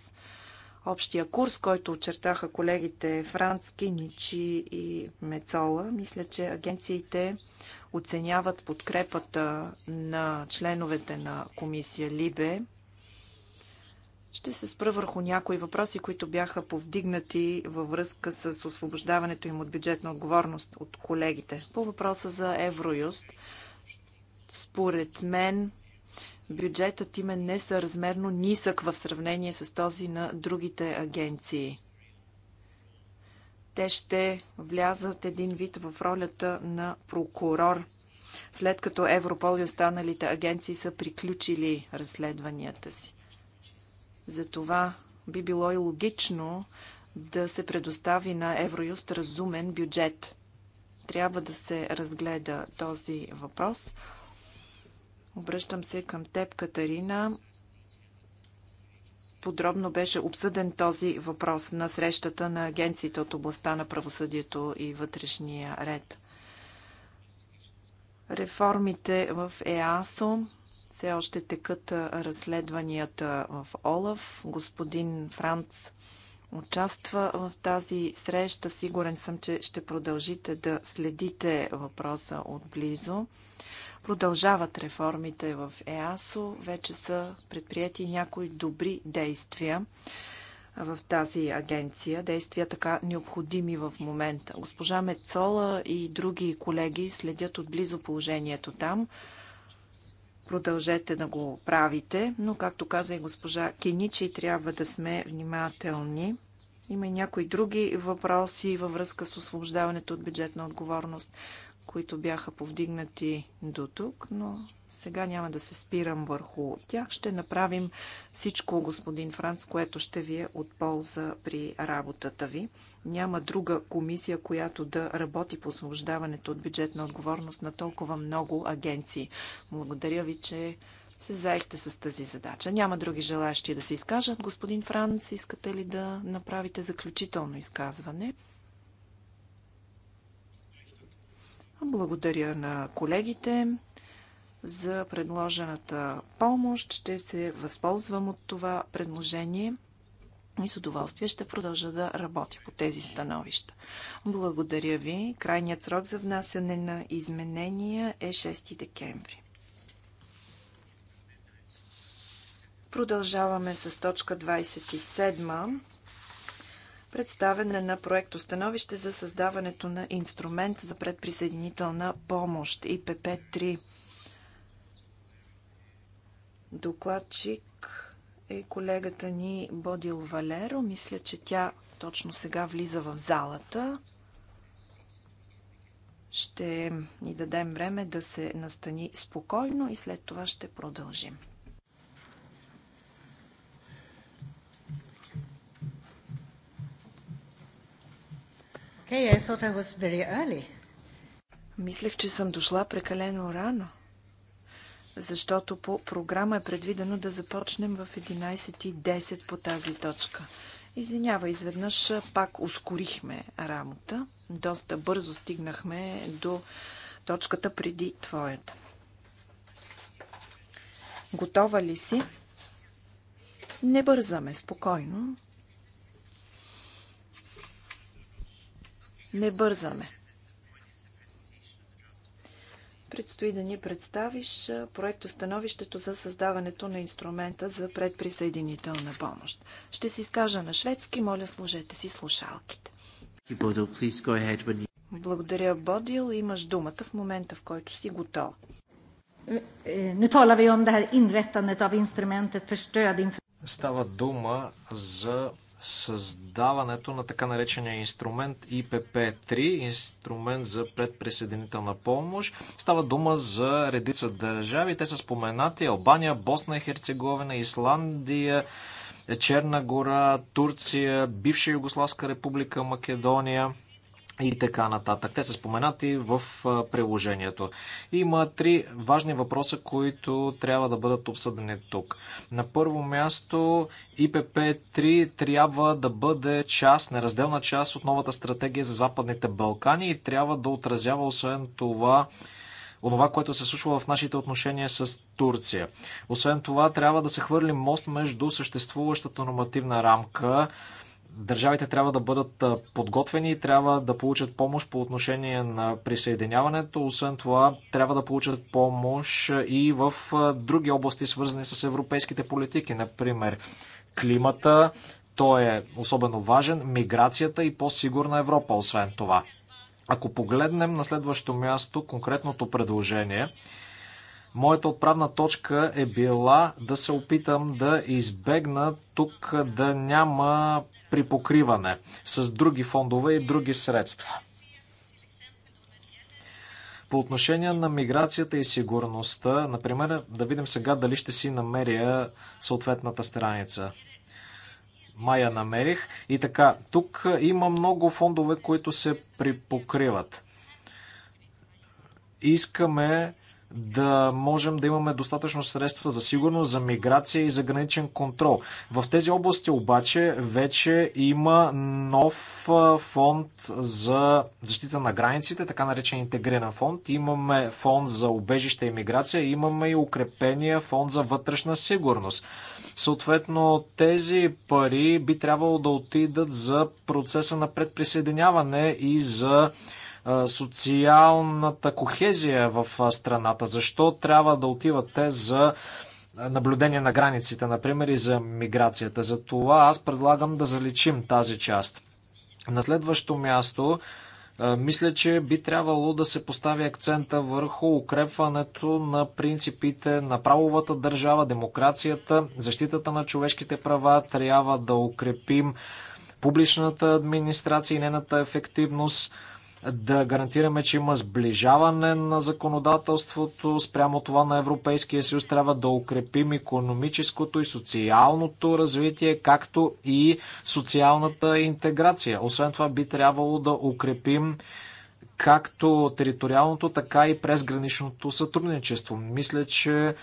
общия курс, който очертаха колегите Францки, Ничи и Мецола. Мисля, че агенциите оценяват подкрепата на членовете на комисия Либе. Ще се спра върху някои въпроси, които бяха повдигнати във връзка с освобождаването им от бюджетна отговорност от колегите. По въпроса за Евроюст – според мен, бюджетът им е несъразмерно нисък в сравнение с този на другите агенции. Те ще влязат един вид в ролята на прокурор, след като Европол и останалите агенции са приключили разследванията си. Затова би било и логично да се предостави на Евроюст разумен бюджет. Трябва да се разгледа този въпрос – Обръщам се към теб, Катарина. Подробно беше обсъден този въпрос на срещата на агенциите от областта на правосъдието и вътрешния ред. Реформите в ЕАСО все още текат разследванията в ОЛАФ. Господин Франц участва в тази среща. Сигурен съм, че ще продължите да следите въпроса отблизо. Продължават реформите в ЕАСО. Вече са предприяти някои добри действия в тази агенция. Действия така необходими в момента. Госпожа Мецола и други колеги следят отблизо положението там. Продължете да го правите, но както каза и госпожа Киничи, трябва да сме внимателни. Има и някои други въпроси във връзка с освобождаването от бюджетна отговорност които бяха повдигнати до тук, но сега няма да се спирам върху тях. Ще направим всичко, господин Франц, което ще ви е от полза при работата ви. Няма друга комисия, която да работи по освобождаването от бюджетна отговорност на толкова много агенции. Благодаря ви, че се заехте с тази задача. Няма други желаящи да се изкажат. Господин Франц, искате ли да направите заключително изказване? Благодаря на колегите за предложената помощ. Ще се възползвам от това предложение и с удоволствие ще продължа да работя по тези становища. Благодаря ви. Крайният срок за внасяне на изменения е 6 декември. Продължаваме с точка 27 представене на проекто становище за създаването на инструмент за предприсъединителна помощ ИПП-3. Докладчик е колегата ни Бодил Валеро. Мисля, че тя точно сега влиза в залата. Ще ни дадем време да се настани спокойно и след това ще продължим. Okay, I thought I was very early. Мислех, че съм дошла прекалено рано, защото по програма е предвидено да започнем в 11.10 по тази точка. Извинява, изведнъж пак ускорихме работа. Доста бързо стигнахме до точката преди твоята. Готова ли си? Не бързаме, спокойно. Не бързаме. Предстои да ни представиш проекто становището за създаването на инструмента за предприсъединителна помощ. Ще се изкажа на шведски, моля сложете си слушалките. Благодаря, Бодил. Имаш думата в момента, в който си готов. Nu talar vi om det här inrättandet av instrumentet för stöd inför... Става дума за създаването на така наречения инструмент ИПП-3, инструмент за предприсъединителна помощ. Става дума за редица държави. Те са споменати Албания, Босна и Херцеговина, Исландия, Черна гора, Турция, бивша Югославска република Македония – и така нататък. Те са споменати в приложението. Има три важни въпроса, които трябва да бъдат обсъдени тук. На първо място ИПП-3 трябва да бъде част, неразделна част от новата стратегия за Западните Балкани и трябва да отразява освен това онова, което се случва в нашите отношения с Турция. Освен това, трябва да се хвърли мост между съществуващата нормативна рамка, държавите трябва да бъдат подготвени и трябва да получат помощ по отношение на присъединяването. Освен това, трябва да получат помощ и в други области, свързани с европейските политики. Например, климата, той е особено важен, миграцията и по-сигурна Европа, освен това. Ако погледнем на следващо място конкретното предложение, Моята отправна точка е била да се опитам да избегна тук да няма припокриване с други фондове и други средства. По отношение на миграцията и сигурността, например, да видим сега дали ще си намеря съответната страница. Майя намерих. И така, тук има много фондове, които се припокриват. Искаме да можем да имаме достатъчно средства за сигурност, за миграция и за граничен контрол. В тези области обаче вече има нов фонд за защита на границите, така наречен интегриран фонд. Имаме фонд за убежище и миграция, имаме и укрепения фонд за вътрешна сигурност. Съответно, тези пари би трябвало да отидат за процеса на предприсъединяване и за социалната кохезия в страната? Защо трябва да отиват те за наблюдение на границите, например, и за миграцията? За това аз предлагам да заличим тази част. На следващо място, мисля, че би трябвало да се постави акцента върху укрепването на принципите на правовата държава, демокрацията, защитата на човешките права. Трябва да укрепим публичната администрация и нената ефективност да гарантираме, че има сближаване на законодателството спрямо това на Европейския съюз. Трябва да укрепим економическото и социалното развитие, както и социалната интеграция. Освен това би трябвало да укрепим както териториалното, така и през граничното сътрудничество. Мисля, че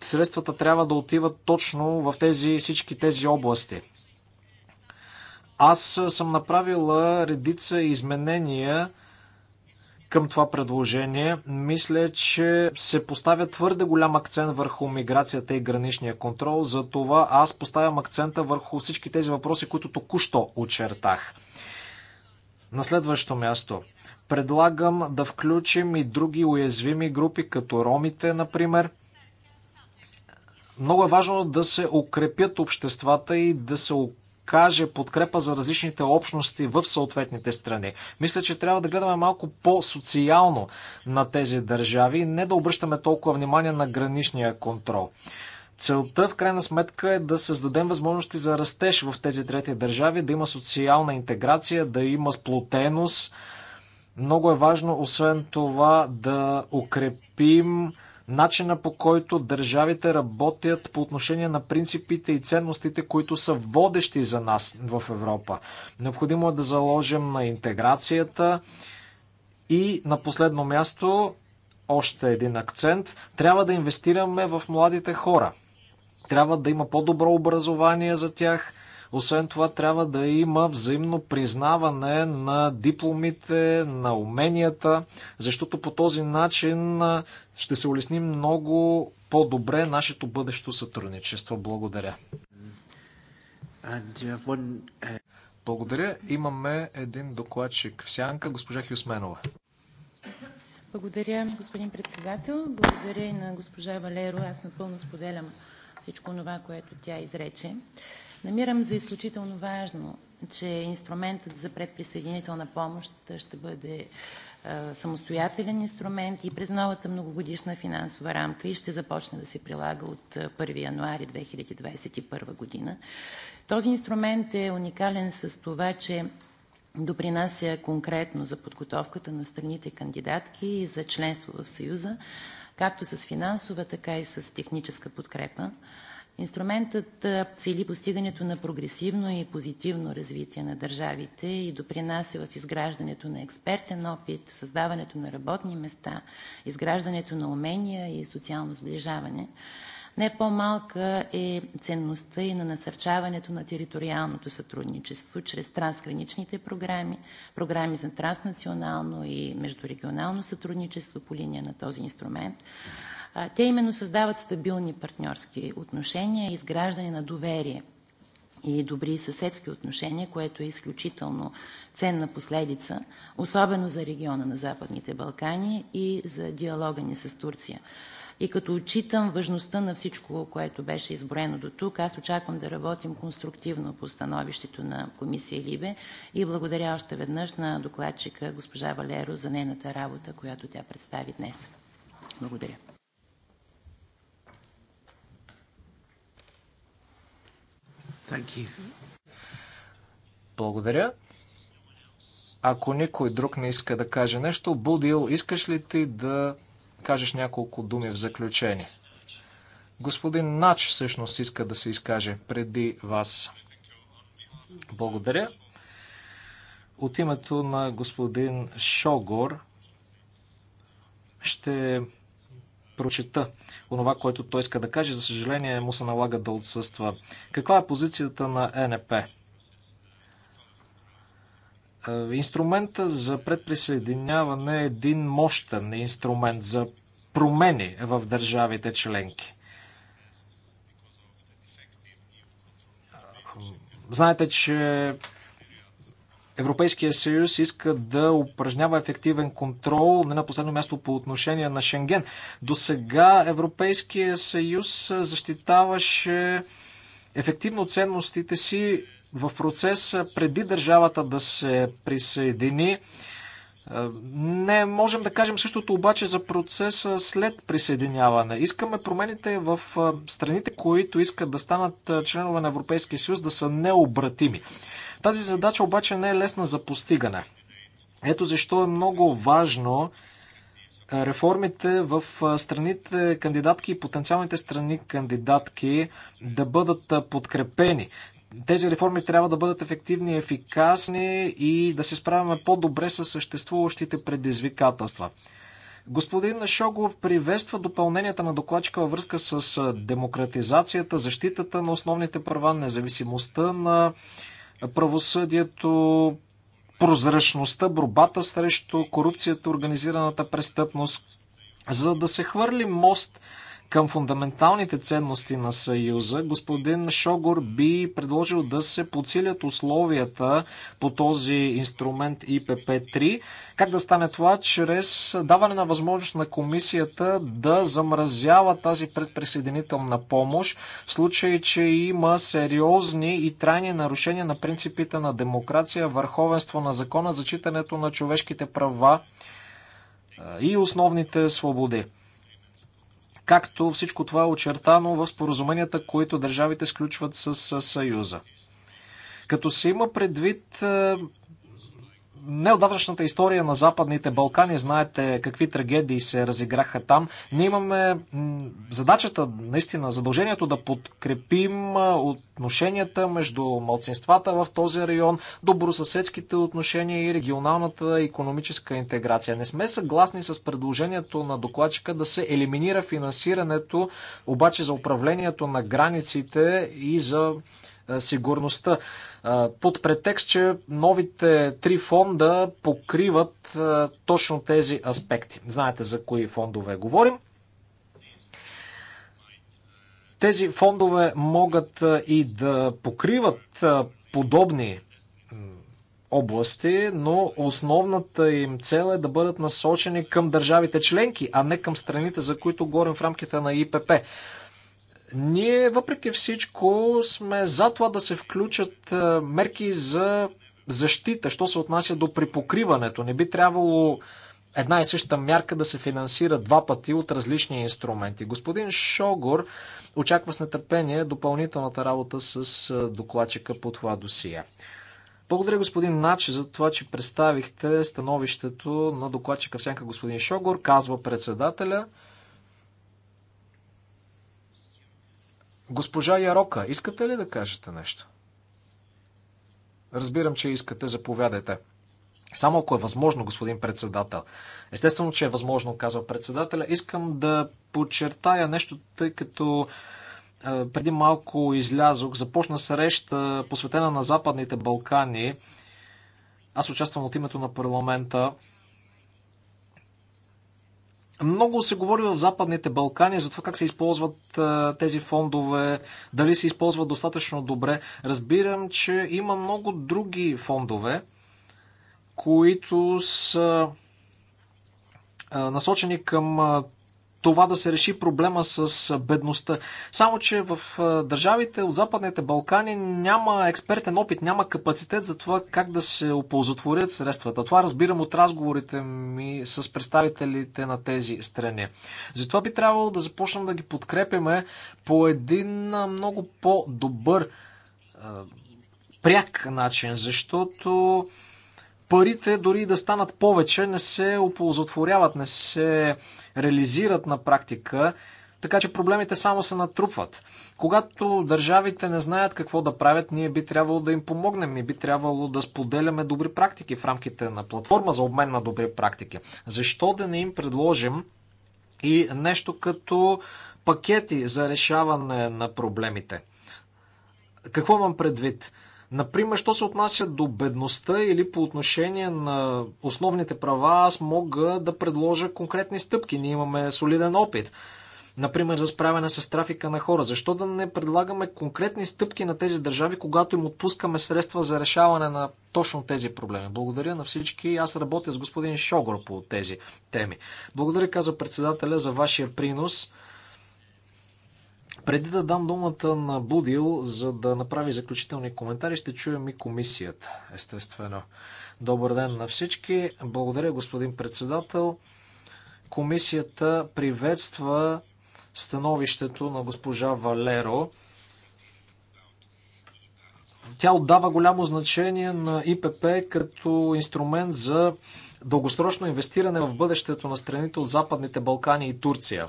средствата трябва да отиват точно в тези, всички тези области. Аз съм направила редица изменения към това предложение. Мисля, че се поставя твърде голям акцент върху миграцията и граничния контрол. Затова аз поставям акцента върху всички тези въпроси, които току-що очертах. На следващо място. Предлагам да включим и други уязвими групи, като ромите, например. Много е важно да се укрепят обществата и да се каже подкрепа за различните общности в съответните страни. Мисля, че трябва да гледаме малко по-социално на тези държави не да обръщаме толкова внимание на граничния контрол. Целта, в крайна сметка, е да създадем възможности за растеж в тези трети държави, да има социална интеграция, да има сплотеност. Много е важно, освен това, да укрепим начина по който държавите работят по отношение на принципите и ценностите, които са водещи за нас в Европа. Необходимо е да заложим на интеграцията и на последно място, още един акцент, трябва да инвестираме в младите хора. Трябва да има по-добро образование за тях – освен това, трябва да има взаимно признаване на дипломите, на уменията, защото по този начин ще се улесни много по-добре нашето бъдещо сътрудничество. Благодаря. Uh, Благодаря. Имаме един докладчик в сянка, госпожа Хюсменова. Благодаря, господин председател. Благодаря и на госпожа Валеро. Аз напълно споделям всичко това, което тя изрече. Намирам за изключително важно, че инструментът за предприсъединителна помощ ще бъде е, самостоятелен инструмент и през новата многогодишна финансова рамка и ще започне да се прилага от 1 е, януари 2021 година. Този инструмент е уникален с това, че допринася конкретно за подготовката на страните кандидатки и за членство в Съюза както с финансова, така и с техническа подкрепа. Инструментът цели постигането на прогресивно и позитивно развитие на държавите и допринася в изграждането на експертен опит, създаването на работни места, изграждането на умения и социално сближаване. Не по-малка е ценността и на насърчаването на териториалното сътрудничество чрез трансграничните програми, програми за транснационално и междурегионално сътрудничество по линия на този инструмент, те именно създават стабилни партньорски отношения, изграждане на доверие и добри съседски отношения, което е изключително ценна последица, особено за региона на Западните Балкани и за диалога ни с Турция. И като отчитам важността на всичко, което беше изброено тук, аз очаквам да работим конструктивно по становището на комисия ЛИБЕ и благодаря още веднъж на докладчика госпожа Валеро за нейната работа, която тя представи днес. Благодаря. Благодаря. Ако никой друг не иска да каже нещо, Будил, искаш ли ти да кажеш няколко думи в заключение? Господин Нач всъщност иска да се изкаже преди вас. Благодаря. От името на господин Шогор ще прочета онова, което той иска да каже. За съжаление му се налага да отсъства. Каква е позицията на НП? Е, инструмента за предприсъединяване е един мощен инструмент за промени в държавите членки. Знаете, че Европейския съюз иска да упражнява ефективен контрол, не на последно място по отношение на Шенген. До сега Европейския съюз защитаваше ефективно ценностите си в процес преди държавата да се присъедини. Не можем да кажем същото обаче за процеса след присъединяване. Искаме промените в страните, които искат да станат членове на Европейския съюз, да са необратими. Тази задача обаче не е лесна за постигане. Ето защо е много важно реформите в страните кандидатки и потенциалните страни кандидатки да бъдат подкрепени тези реформи трябва да бъдат ефективни, ефикасни и да се справяме по-добре с съществуващите предизвикателства. Господин Шогов приветства допълненията на докладчика във връзка с демократизацията, защитата на основните права, независимостта на правосъдието, прозрачността, борбата срещу корупцията, организираната престъпност, за да се хвърли мост към фундаменталните ценности на Съюза, господин Шогор би предложил да се подсилят условията по този инструмент ИПП-3. Как да стане това? Чрез даване на възможност на комисията да замразява тази предприсъединителна помощ в случай, че има сериозни и трайни нарушения на принципите на демокрация, върховенство на закона, зачитането на човешките права и основните свободи както всичко това е очертано в споразуменията, които държавите сключват с Съюза. Като се има предвид е, неодавнашната история на Западните Балкани, знаете какви трагедии се разиграха там. Ние имаме задачата, наистина, задължението да подкрепим отношенията между малцинствата в този район, добросъседските отношения и регионалната економическа интеграция. Не сме съгласни с предложението на докладчика да се елиминира финансирането, обаче за управлението на границите и за сигурността под претекст, че новите три фонда покриват точно тези аспекти. Знаете за кои фондове говорим. Тези фондове могат и да покриват подобни области, но основната им цел е да бъдат насочени към държавите членки, а не към страните, за които говорим в рамките на ИПП. Ние, въпреки всичко, сме за това да се включат е, мерки за защита, що се отнася до припокриването. Не би трябвало една и съща мярка да се финансира два пъти от различни инструменти. Господин Шогор очаква с нетърпение допълнителната работа с е, докладчика по това досия. Благодаря господин Нач за това, че представихте становището на докладчика всяка господин Шогор, казва председателя. Госпожа Ярока, искате ли да кажете нещо? Разбирам, че искате, заповядайте. Само ако е възможно, господин председател. Естествено, че е възможно, казва председателя. Искам да подчертая нещо, тъй като е, преди малко излязох, започна среща посветена на Западните Балкани. Аз участвам от името на парламента. Много се говори в Западните Балкани за това как се използват тези фондове, дали се използват достатъчно добре. Разбирам, че има много други фондове, които са насочени към това да се реши проблема с бедността. Само, че в държавите от Западните Балкани няма експертен опит, няма капацитет за това как да се оползотворят средствата. Това разбирам от разговорите ми с представителите на тези страни. Затова би трябвало да започнем да ги подкрепяме по един много по-добър пряк начин, защото парите дори да станат повече не се оползотворяват, не се реализират на практика, така че проблемите само се натрупват. Когато държавите не знаят какво да правят, ние би трябвало да им помогнем и би трябвало да споделяме добри практики в рамките на платформа за обмен на добри практики. Защо да не им предложим и нещо като пакети за решаване на проблемите? Какво имам предвид? Например, що се отнася до бедността или по отношение на основните права, аз мога да предложа конкретни стъпки. Ние имаме солиден опит. Например, за справяне с трафика на хора. Защо да не предлагаме конкретни стъпки на тези държави, когато им отпускаме средства за решаване на точно тези проблеми? Благодаря на всички. Аз работя с господин Шогор по тези теми. Благодаря, каза председателя, за вашия принос. Преди да дам думата на Будил, за да направи заключителни коментари, ще чуем и комисията, естествено. Добър ден на всички. Благодаря, господин председател. Комисията приветства становището на госпожа Валеро. Тя отдава голямо значение на ИПП като инструмент за дългосрочно инвестиране в бъдещето на страните от Западните Балкани и Турция.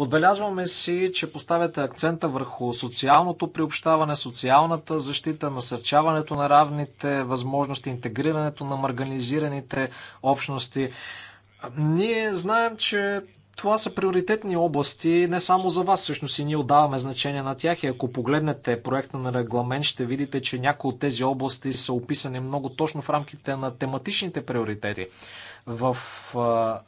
Отбелязваме си, че поставяте акцента върху социалното приобщаване, социалната защита, насърчаването на равните възможности, интегрирането на марганизираните общности. Ние знаем, че това са приоритетни области не само за вас, всъщност и ние отдаваме значение на тях и ако погледнете проекта на регламент, ще видите, че някои от тези области са описани много точно в рамките на тематичните приоритети. В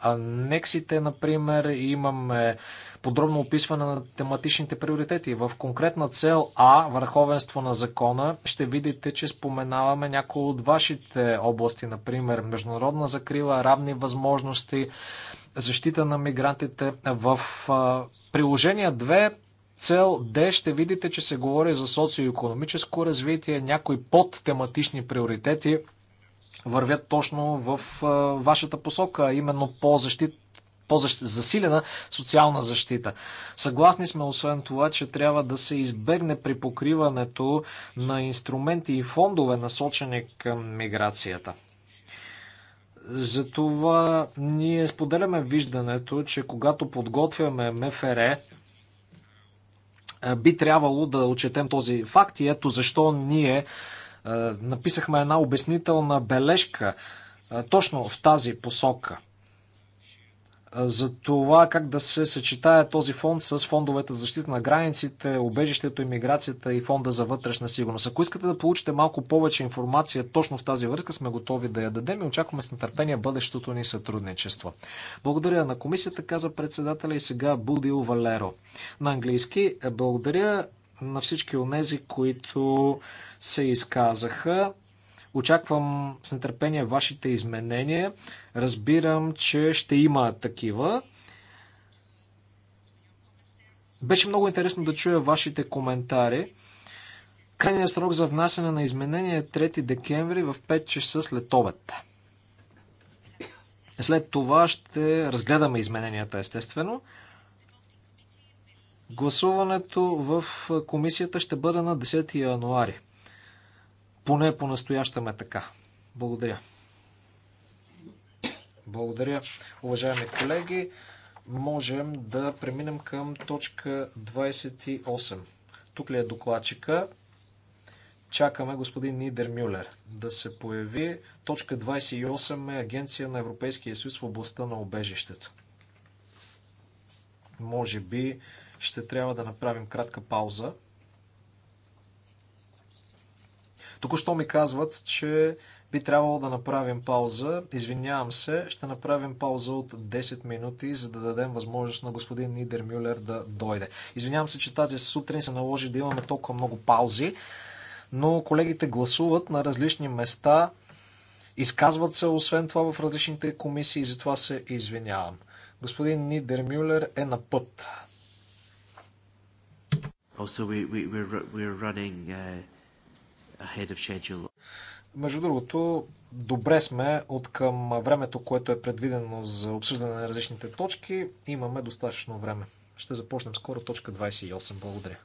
анексите, например, имаме подробно описване на тематичните приоритети. В конкретна цел А, върховенство на закона, ще видите, че споменаваме някои от вашите области, например международна закрила, равни възможности, защита на мигрантите. В приложение 2 цел Д ще видите, че се говори за социо-економическо развитие, някои подтематични приоритети вървят точно в вашата посока, именно по защита по-засилена социална защита. Съгласни сме освен това, че трябва да се избегне при покриването на инструменти и фондове насочени към миграцията. Затова ние споделяме виждането, че когато подготвяме МФР, е, би трябвало да отчетем този факт и ето защо ние е, написахме една обяснителна бележка е, точно в тази посока – за това как да се съчетая този фонд с фондовете за защита на границите, обежището, иммиграцията и фонда за вътрешна сигурност. Ако искате да получите малко повече информация точно в тази връзка, сме готови да я дадем и очакваме с нетърпение бъдещото ни сътрудничество. Благодаря на комисията, каза председателя и сега Будил Валеро. На английски е, благодаря на всички онези, които се изказаха. Очаквам с нетърпение вашите изменения. Разбирам, че ще има такива. Беше много интересно да чуя вашите коментари. Крайният срок за внасяне на изменения е 3 декември в 5 часа след обед. След това ще разгледаме измененията, естествено. Гласуването в комисията ще бъде на 10 януари. Поне по-настоящем е така. Благодаря. Благодаря, уважаеми колеги. Можем да преминем към точка 28. Тук ли е докладчика? Чакаме господин Нидер Мюлер да се появи. Точка 28 е Агенция на Европейския съюз в областта на обежището. Може би ще трябва да направим кратка пауза. Току-що ми казват, че би трябвало да направим пауза. Извинявам се, ще направим пауза от 10 минути, за да дадем възможност на господин Нидер Мюлер да дойде. Извинявам се, че тази сутрин се наложи да имаме толкова много паузи, но колегите гласуват на различни места, изказват се освен това в различните комисии, затова се извинявам. Господин Нидер Мюлер е на път. Also, we, we, we're, we're running uh, между другото, добре сме от към времето, което е предвидено за обсъждане на различните точки. Имаме достатъчно време. Ще започнем скоро точка 28. Благодаря.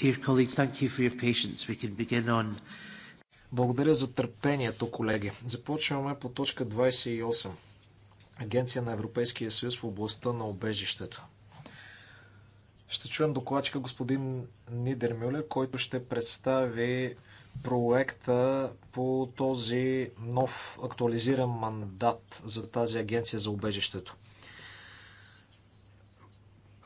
Dear colleagues, thank you for your patience. We can begin on... Благодаря за търпението, колеги. Започваме по точка 28. Агенция на Европейския съюз в областта на обежището. Ще чуем докладчика господин Нидермюлер, който ще представи проекта по този нов актуализиран мандат за тази агенция за обежището.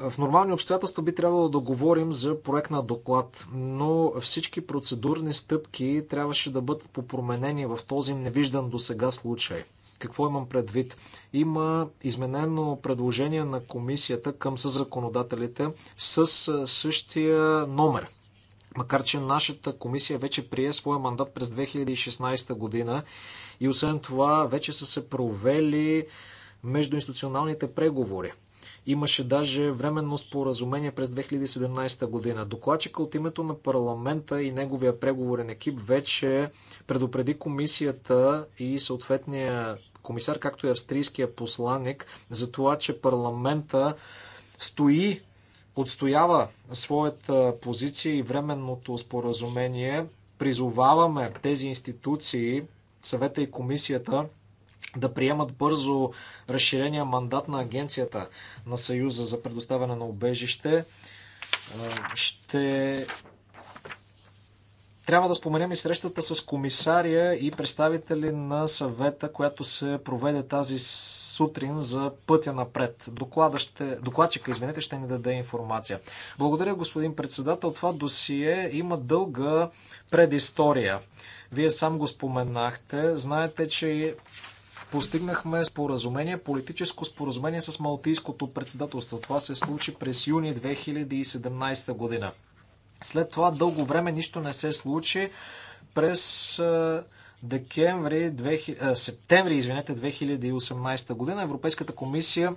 В нормални обстоятелства би трябвало да говорим за проект на доклад, но всички процедурни стъпки трябваше да бъдат попроменени в този невиждан до сега случай. Какво имам предвид? Има изменено предложение на комисията към съзаконодателите с същия номер. Макар, че нашата комисия вече прие своя мандат през 2016 година и освен това вече са се провели междуинституционалните преговори. Имаше даже временно споразумение през 2017 година. Докладчика от името на парламента и неговия преговорен екип вече предупреди комисията и съответния комисар, както и австрийския посланник, за това, че парламента стои, отстоява своята позиция и временното споразумение. Призоваваме тези институции, съвета и комисията, да приемат бързо разширения мандат на Агенцията на Съюза за предоставяне на обежище. Е, ще трябва да споменем и срещата с комисария и представители на съвета, която се проведе тази сутрин за пътя напред. Доклада ще, докладчика, извинете, ще ни даде информация. Благодаря, господин председател. Това досие има дълга предистория. Вие сам го споменахте. Знаете, че постигнахме споразумение, политическо споразумение с Малтийското председателство. Това се случи през юни 2017 година. След това дълго време нищо не се случи. През декември, 2000, септември, извинете, 2018 година Европейската комисия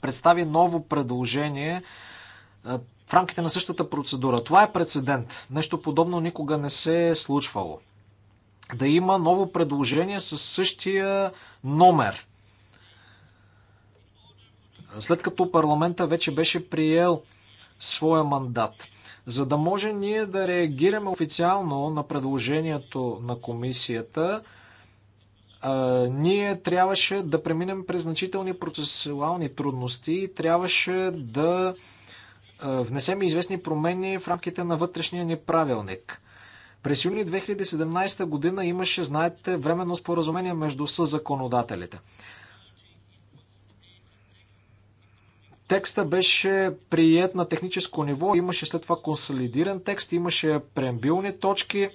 представи ново предложение в рамките на същата процедура. Това е прецедент. Нещо подобно никога не се е случвало да има ново предложение със същия номер. След като парламента вече беше приел своя мандат. За да може ние да реагираме официално на предложението на комисията, ние трябваше да преминем през значителни процесуални трудности и трябваше да внесем известни промени в рамките на вътрешния ни правилник – през юни 2017 година имаше, знаете, временно споразумение между законодателите. Текста беше прият на техническо ниво, имаше след това консолидиран текст, имаше преамбилни точки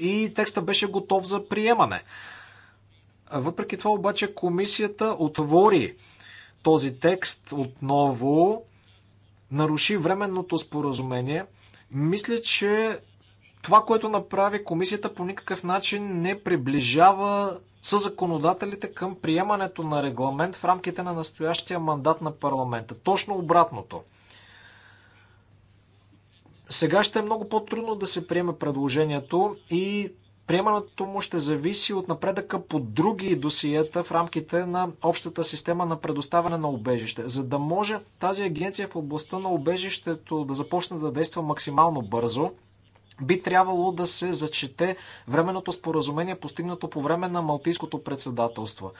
и текста беше готов за приемане. Въпреки това обаче комисията отвори този текст отново, наруши временното споразумение – мисля, че това, което направи комисията по никакъв начин не приближава са законодателите към приемането на регламент в рамките на настоящия мандат на парламента. Точно обратното. Сега ще е много по-трудно да се приеме предложението и приемането му ще зависи от напредъка по други досиета в рамките на общата система на предоставяне на обежище, за да може тази агенция в областта на обежището да започне да действа максимално бързо. Би трябвало да се зачете временното споразумение, постигнато по време на Малтийското председателство.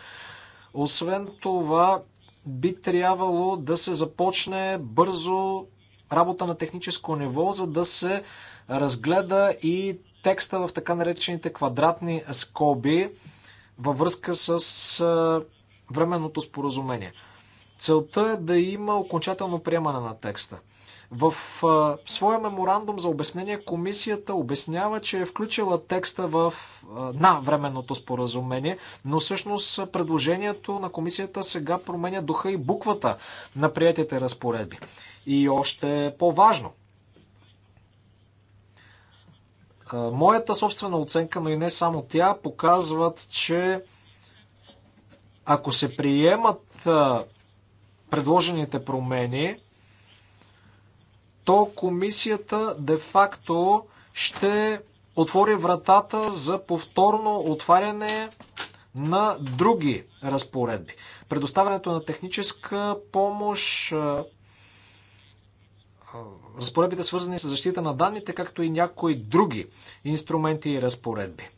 Освен това, би трябвало да се започне бързо работа на техническо ниво, за да се разгледа и текста в така наречените квадратни скоби във връзка с временното споразумение. Целта е да има окончателно приемане на текста. В а, своя меморандум за обяснение комисията обяснява, че е включила текста в, а, на временното споразумение, но всъщност предложението на комисията сега променя духа и буквата на приятите разпоредби. И още по-важно, Е, моята собствена оценка, но и не само тя, показват, че ако се приемат е, предложените промени, то комисията де-факто ще отвори вратата за повторно отваряне на други разпоредби. Предоставянето на техническа помощ, е, разпоредбите свързани с защита на данните, както и някои други инструменти и разпоредби.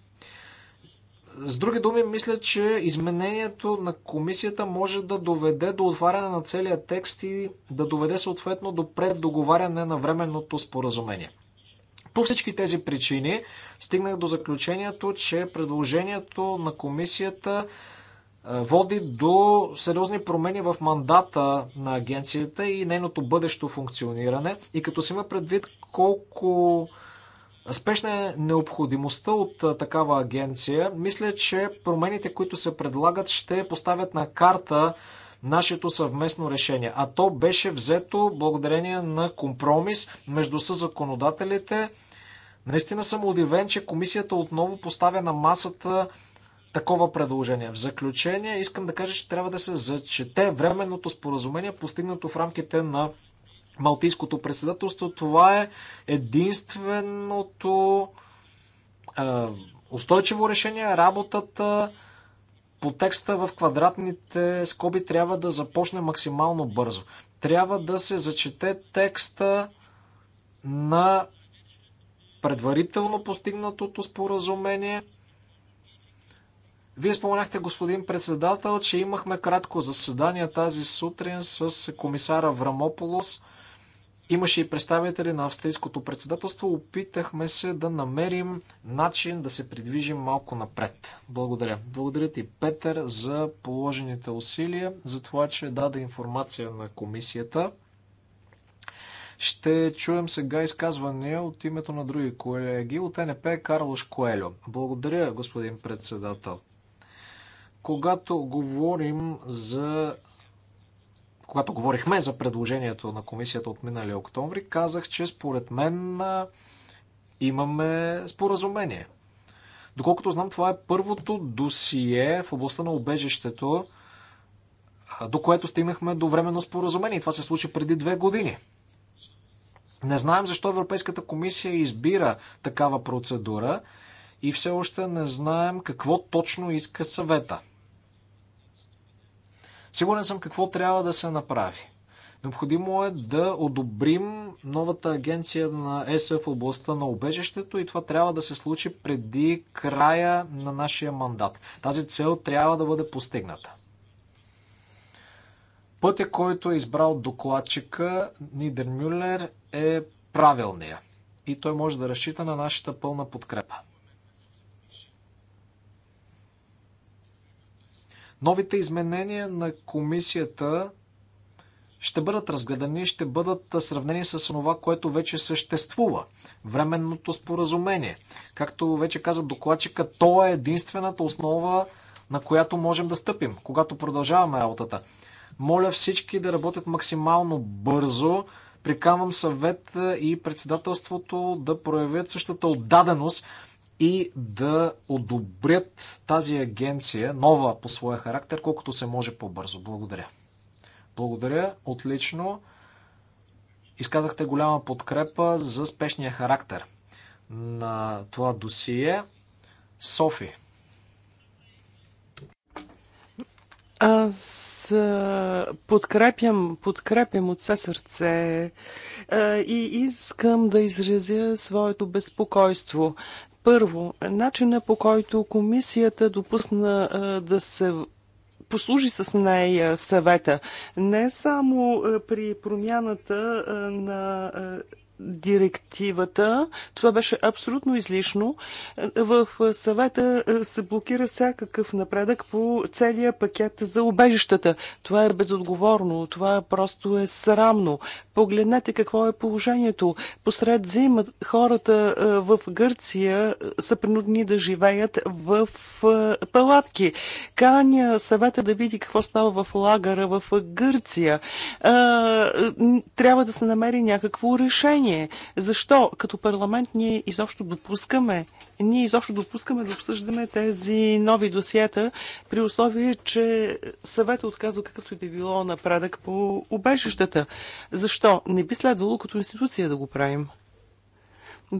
С други думи, мисля, че изменението на комисията може да доведе до отваряне на целия текст и да доведе съответно до преддоговаряне на временното споразумение. По всички тези причини стигнах до заключението, че предложението на комисията води до сериозни промени в мандата на агенцията и нейното бъдещо функциониране. И като си има предвид колко спешна е необходимостта от такава агенция, мисля, че промените, които се предлагат, ще поставят на карта нашето съвместно решение. А то беше взето благодарение на компромис между съзаконодателите. Наистина съм удивен, че комисията отново поставя на масата такова предложение. В заключение искам да кажа, че трябва да се зачете временното споразумение, постигнато в рамките на Малтийското председателство. Това е единственото е, устойчиво решение. Работата по текста в квадратните скоби трябва да започне максимално бързо. Трябва да се зачете текста на предварително постигнатото споразумение – вие споменахте, господин председател, че имахме кратко заседание тази сутрин с комисара Врамополос. Имаше и представители на австрийското председателство. Опитахме се да намерим начин да се придвижим малко напред. Благодаря. Благодаря ти, Петър, за положените усилия, за това, че даде информация на комисията. Ще чуем сега изказвания от името на други колеги от НП е Карлош Коелю. Благодаря, господин председател. Когато говорим за когато говорихме за предложението на комисията от миналия октомври, казах, че според мен имаме споразумение. Доколкото знам, това е първото досие в областта на обежището, до което стигнахме до временно споразумение. Това се случи преди две години. Не знаем защо Европейската комисия избира такава процедура и все още не знаем какво точно иска съвета. Сигурен съм какво трябва да се направи. Необходимо е да одобрим новата агенция на ЕС в областта на обежището и това трябва да се случи преди края на нашия мандат. Тази цел трябва да бъде постигната. Пътя, който е избрал докладчика Нидер Мюллер е правилния и той може да разчита на нашата пълна подкрепа. Новите изменения на комисията ще бъдат разгледани, ще бъдат сравнени с това, което вече съществува. Временното споразумение. Както вече каза докладчика, то е единствената основа, на която можем да стъпим, когато продължаваме работата. Моля всички да работят максимално бързо. Прикавам съвет и председателството да проявят същата отдаденост и да одобрят тази агенция, нова по своя характер, колкото се може по-бързо. Благодаря. Благодаря, отлично. Изказахте голяма подкрепа за спешния характер на това досие. Софи. Аз подкрепям, подкрепям от все сърце и искам да изразя своето безпокойство. Първо, начина по който комисията допусна да се послужи с нея съвета. Не само при промяната на директивата. Това беше абсолютно излишно. В съвета е, се блокира всякакъв напредък по целия пакет за обежищата. Това е безотговорно, това просто е срамно. Погледнете какво е положението. Посред зима хората е, в Гърция е, са принудни да живеят в палатки. Каня съвета да види какво става в лагера в Гърция. Трябва да се намери някакво решение изменение. Защо като парламент ние изобщо допускаме ние изобщо допускаме да обсъждаме тези нови досиета при условие, че съветът отказва какъвто и да е било напредък по убежищата. Защо? Не би следвало като институция да го правим.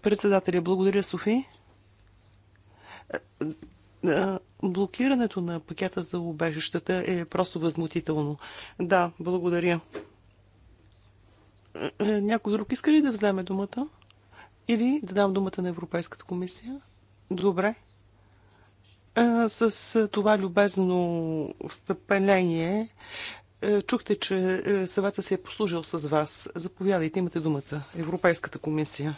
Председателя, благодаря, Софи. Е, е, блокирането на пакета за убежищата е просто възмутително. Да, благодаря. Някой друг иска ли да вземе думата? Или да дам думата на Европейската комисия? Добре. С това любезно встъпление чухте, че съвета се е послужил с вас. Заповядайте, имате думата. Европейската комисия.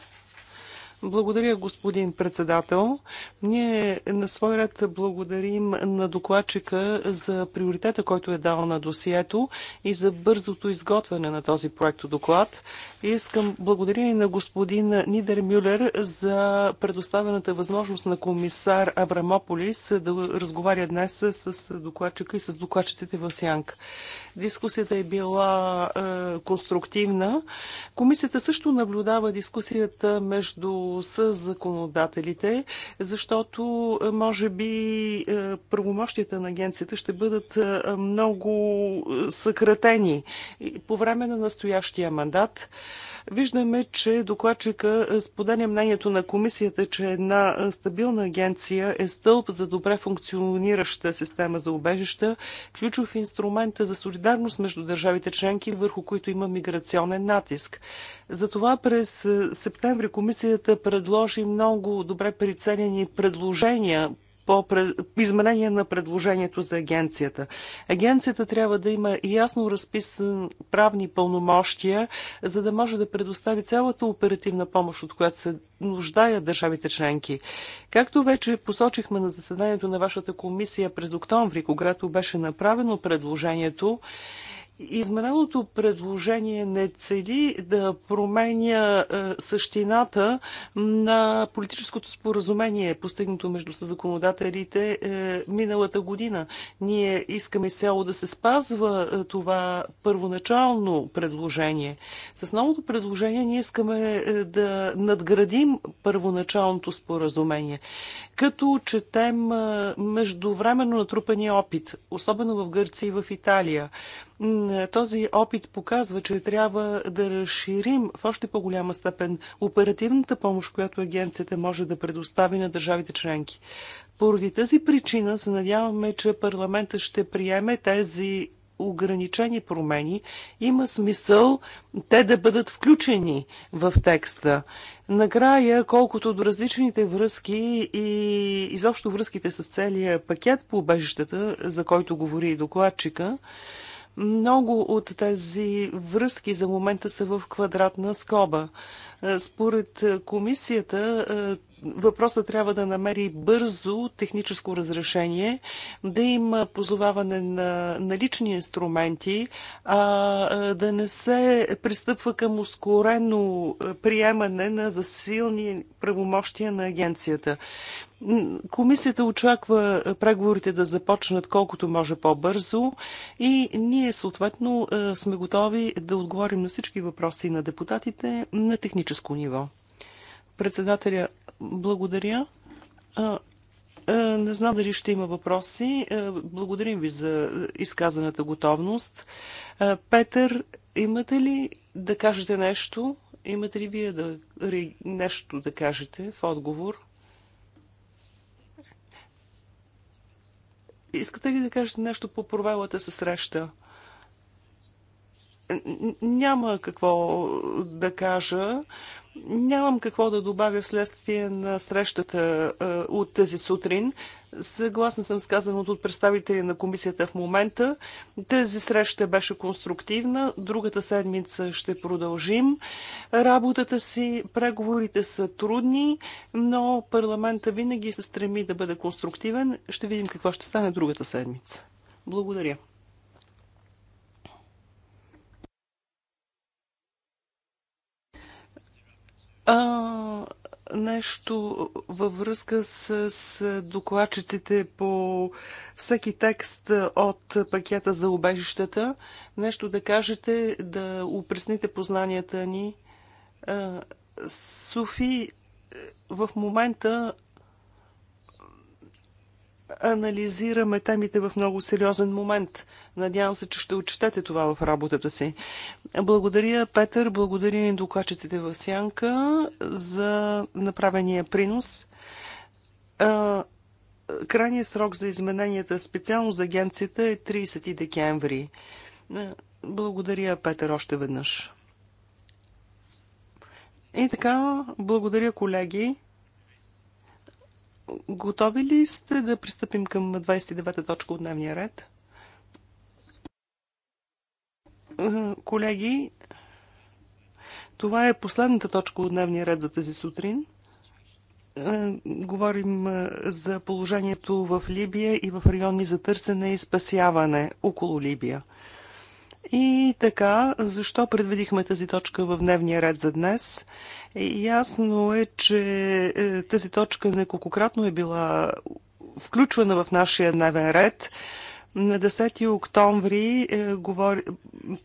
Благодаря, господин председател. Ние на свой ред благодарим на докладчика за приоритета, който е дал на досието и за бързото изготвяне на този проект доклад. Искам благодаря и на господин Нидер Мюлер за предоставената възможност на комисар Абрамополис да разговаря днес с докладчика и с докладчиците в Сянка. Дискусията е била е, конструктивна. Комисията също наблюдава дискусията между законодателите, защото е, може би е, правомощията на агенцията ще бъдат е, много е, съкратени по време на настоящия мандат. Виждаме, че докладчика е, споделя мнението на комисията, че една е, стабилна агенция е стълб за добре функционираща система за убежища, ключов инструмент за солидарност между държавите членки, върху които има миграционен натиск. Затова през е, септември комисията предложи много добре прицелени предложения по изменение на предложението за агенцията. Агенцията трябва да има ясно разписан правни пълномощия, за да може да предостави цялата оперативна помощ, от която се нуждаят държавите членки. Както вече посочихме на заседанието на вашата комисия през октомври, когато беше направено предложението, Измененото предложение не цели да променя е, същината на политическото споразумение, постигнато между законодателите е, миналата година. Ние искаме цяло да се спазва е, това първоначално предложение. С новото предложение ние искаме да надградим първоначалното споразумение, като четем междувременно натрупания опит, особено в Гърция и в Италия. Този опит показва, че трябва да разширим в още по-голяма степен оперативната помощ, която агенцията може да предостави на държавите членки. Поради тази причина се надяваме, че парламента ще приеме тези ограничени промени, има смисъл те да бъдат включени в текста. Накрая, колкото до различните връзки и изобщо връзките с целия пакет по убежищата, за който говори и докладчика, много от тези връзки за момента са в квадратна скоба. Е, според е, комисията е, въпросът трябва да намери бързо техническо разрешение, да има позоваване на налични инструменти, а да не се пристъпва към ускорено приемане на засилни правомощия на агенцията. Комисията очаква преговорите да започнат колкото може по-бързо и ние съответно сме готови да отговорим на всички въпроси на депутатите на техническо ниво. Председателя, благодаря. Не знам дали ще има въпроси. Благодарим ви за изказаната готовност. Петър, имате ли да кажете нещо? Имате ли вие да, нещо да кажете в отговор? Искате ли да кажете нещо по провелата се среща? Няма какво да кажа. Нямам какво да добавя вследствие на срещата е, от тази сутрин. Съгласна съм с казаното от представители на комисията в момента. Тази среща беше конструктивна. Другата седмица ще продължим. Работата си, преговорите са трудни, но парламента винаги се стреми да бъде конструктивен. Ще видим какво ще стане другата седмица. Благодаря. А, нещо във връзка с, с докладчиците по всеки текст от пакета за убежищата. Нещо да кажете, да упресните познанията ни. А, Софи, в момента анализираме темите в много сериозен момент. Надявам се, че ще отчетете това в работата си. Благодаря, Петър, благодаря и докачиците в Сянка за направения принос. Крайният срок за измененията специално за агенцията е 30 декември. Благодаря, Петър, още веднъж. И така, благодаря, колеги. Готови ли сте да пристъпим към 29-та точка от дневния ред? Е, колеги, това е последната точка от дневния ред за тази сутрин. Е, говорим е, за положението в Либия и в райони за търсене и спасяване около Либия. И така, защо предвидихме тази точка в дневния ред за днес? Ясно е, че е, тази точка неколкократно е била включвана в нашия дневен ред. На 10 октомври е,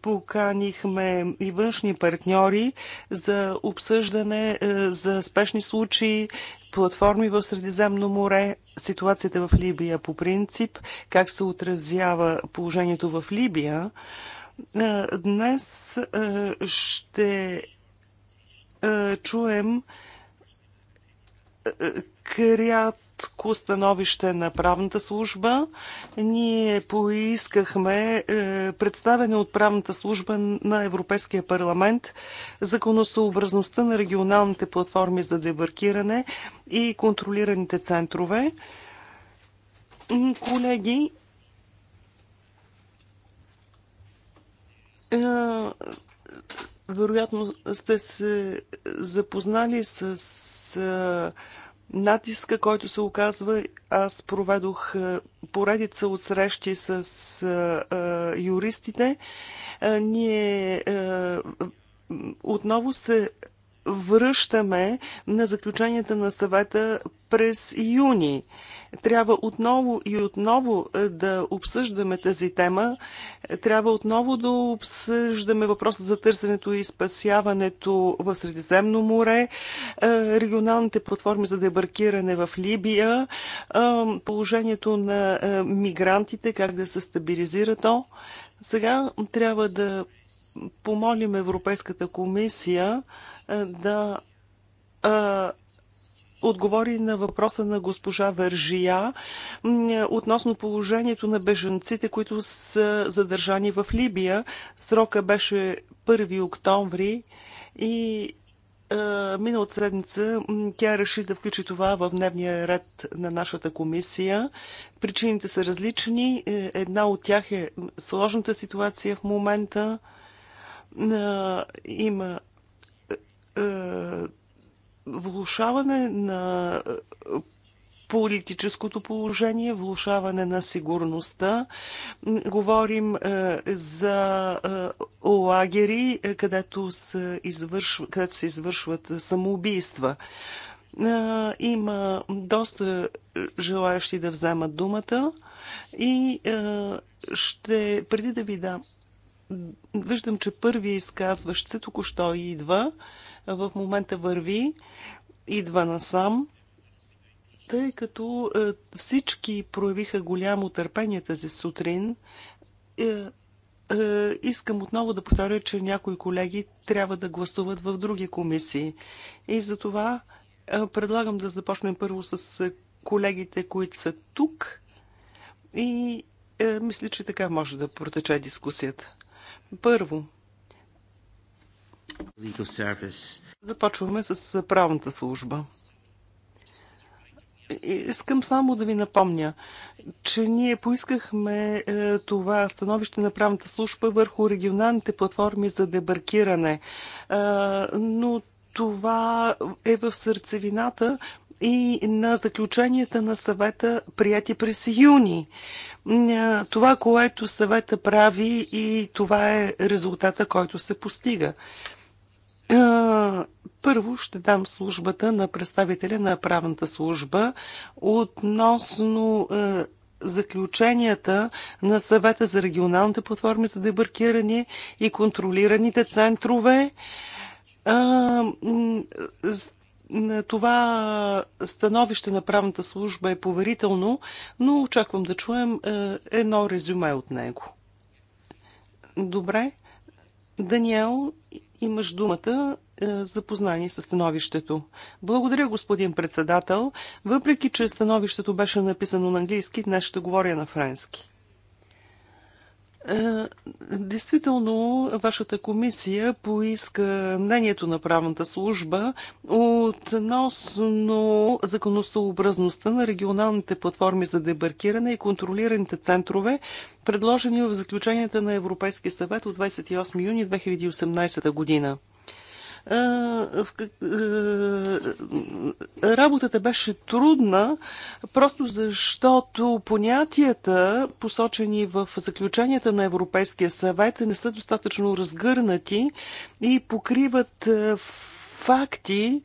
поканихме и външни партньори за обсъждане е, за спешни случаи, платформи в Средиземно море, ситуацията в Либия по принцип, как се отразява положението в Либия. Днес ще е, чуем е, е, кратко становище на правната служба. Ние поискахме представене от правната служба на Европейския парламент законосъобразността на регионалните платформи за дебаркиране и контролираните центрове. Колеги, вероятно сте се запознали с натиска, който се оказва. Аз проведох поредица от срещи с юристите. Ние отново се връщаме на заключенията на съвета през юни. Трябва отново и отново е, да обсъждаме тази тема. Трябва отново да обсъждаме въпроса за търсенето и спасяването в Средиземно море, е, регионалните платформи за дебаркиране в Либия, е, положението на мигрантите, как да се стабилизира то. Сега трябва да помолим Европейската комисия да отговори на въпроса на госпожа Вържия относно положението на бежанците, които са задържани в Либия. Срока беше 1 октомври и миналата седмица тя реши да включи това в дневния ред на нашата комисия. Причините са различни. Е, една от тях е сложната ситуация в момента. Има е, е, влушаване на е, политическото положение, влушаване на сигурността. Говорим е, за е, лагери, където, се извършва, където се извършват самоубийства. има доста желаящи да вземат думата и ще, преди да ви дам, виждам, че първият изказващ се току-що идва в момента върви, идва насам, тъй като е, всички проявиха голямо търпение тази сутрин. Е, е, искам отново да повторя, че някои колеги трябва да гласуват в други комисии. И за това предлагам да започнем първо с колегите, които са тук. И мисля, че така може да протече дискусията. Първо, Започваме с правната служба. Искам само да ви напомня, че ние поискахме е, това становище на правната служба върху регионалните платформи за дебаркиране. Е, но това е в сърцевината и на заключенията на съвета, прияти през юни. Е, това, което съвета прави и това е резултата, който се постига. Първо ще дам службата на представителя на правната служба относно заключенията на съвета за регионалните платформи за дебаркиране и контролираните центрове. Това становище на правната служба е поверително, но очаквам да чуем едно резюме от него. Добре. Даниел, Имаш думата е, за познание със становището. Благодаря, господин председател. Въпреки, че становището беше написано на английски, днес ще говоря на френски. Е, действително, вашата комисия поиска мнението на правната служба относно законосообразността на регионалните платформи за дебаркиране и контролираните центрове, предложени в заключенията на Европейски съвет от 28 юни 2018 година работата беше трудна, просто защото понятията, посочени в заключенията на Европейския съвет, не са достатъчно разгърнати и покриват факти,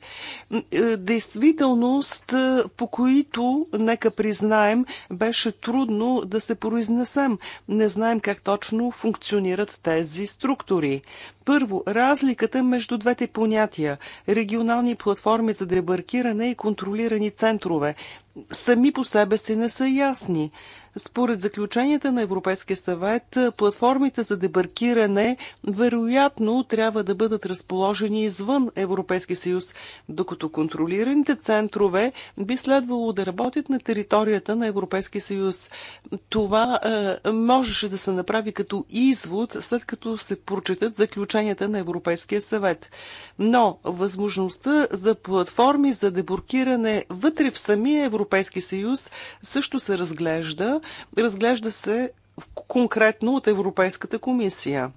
е, действителност, е, по които, нека признаем, беше трудно да се произнесем. Не знаем как точно функционират тези структури. Първо, разликата между двете понятия – регионални платформи за дебаркиране и контролирани центрове – сами по себе си не са ясни. Според заключенията на Европейския съвет, платформите за дебаркиране вероятно трябва да бъдат разположени извън Европейския съюз, докато контролираните центрове би следвало да работят на територията на Европейския съюз. Това е, можеше да се направи като извод, след като се прочитат заключенията на Европейския съвет. Но възможността за платформи за дебаркиране вътре в самия Европейски съюз също се разглежда разглежда се конкретно от Европейската комисия.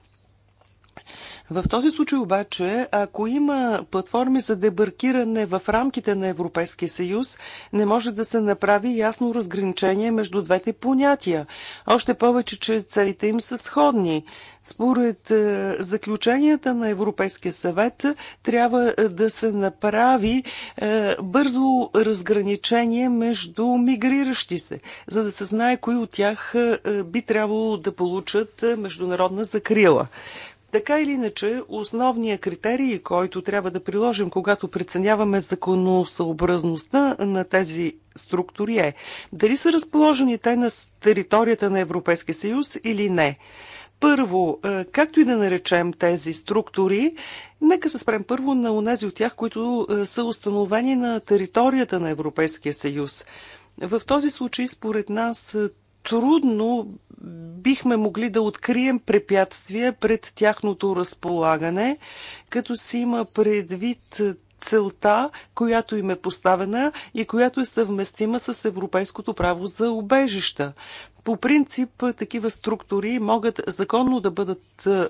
В този случай обаче, ако има платформи за дебаркиране в рамките на Европейския съюз, не може да се направи ясно разграничение между двете понятия. Още повече, че целите им са сходни. Според е, заключенията на Европейския съвет трябва е, да се направи е, бързо разграничение между мигриращи се, за да се знае кои от тях би трябвало да получат международна закрила. Така или иначе, основният критерий, който трябва да приложим, когато преценяваме законосъобразността на тези структури е дали са разположени те на територията на Европейския съюз или не. Първо, е, както и да наречем тези структури, нека се спрем първо на онези от тях, които е, са установени на територията на Европейския съюз. В този случай, според нас, трудно бихме могли да открием препятствия пред тяхното разполагане, като си има предвид целта, която им е поставена и която е съвместима с европейското право за убежища. По принцип, такива структури могат законно да бъдат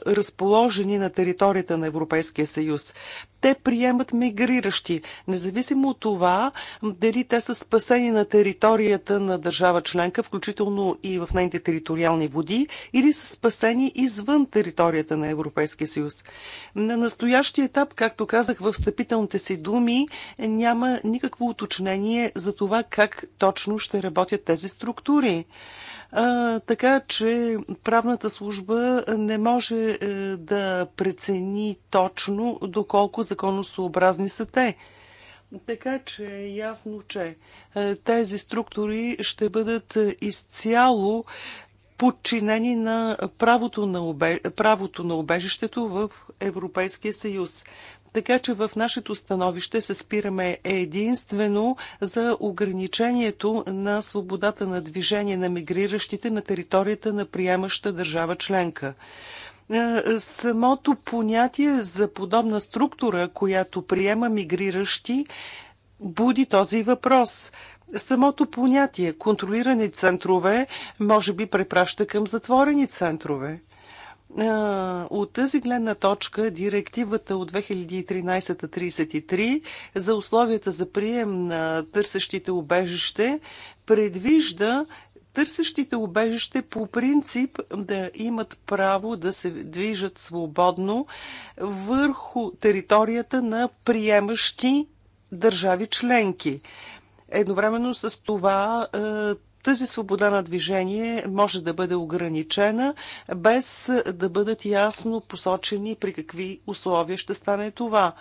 разположени на територията на Европейския съюз. Те приемат мигриращи, независимо от това дали те са спасени на територията на държава членка, включително и в нейните териториални води, или са спасени извън територията на Европейския съюз. На настоящия етап, както казах в встъпителните си думи, няма никакво уточнение за това как точно ще работят тези структури. А, така че правната служба не може е, да прецени точно доколко законосообразни са те. Така че е ясно, че е, тези структури ще бъдат изцяло подчинени на правото на, обе... правото на обежището в Европейския съюз. Така че в нашето становище се спираме единствено за ограничението на свободата на движение на мигриращите на територията на приемаща държава членка е, самото понятие за подобна структура, която приема мигриращи, буди този въпрос. Самото понятие контролирани центрове може би препраща към затворени центрове. От тази гледна точка директивата от 2013-33 за условията за прием на търсещите обежище предвижда търсещите убежище по принцип да имат право да се движат свободно върху територията на приемащи държави членки. Едновременно с това тази свобода на движение може да бъде ограничена, без да бъдат ясно посочени при какви условия ще стане това.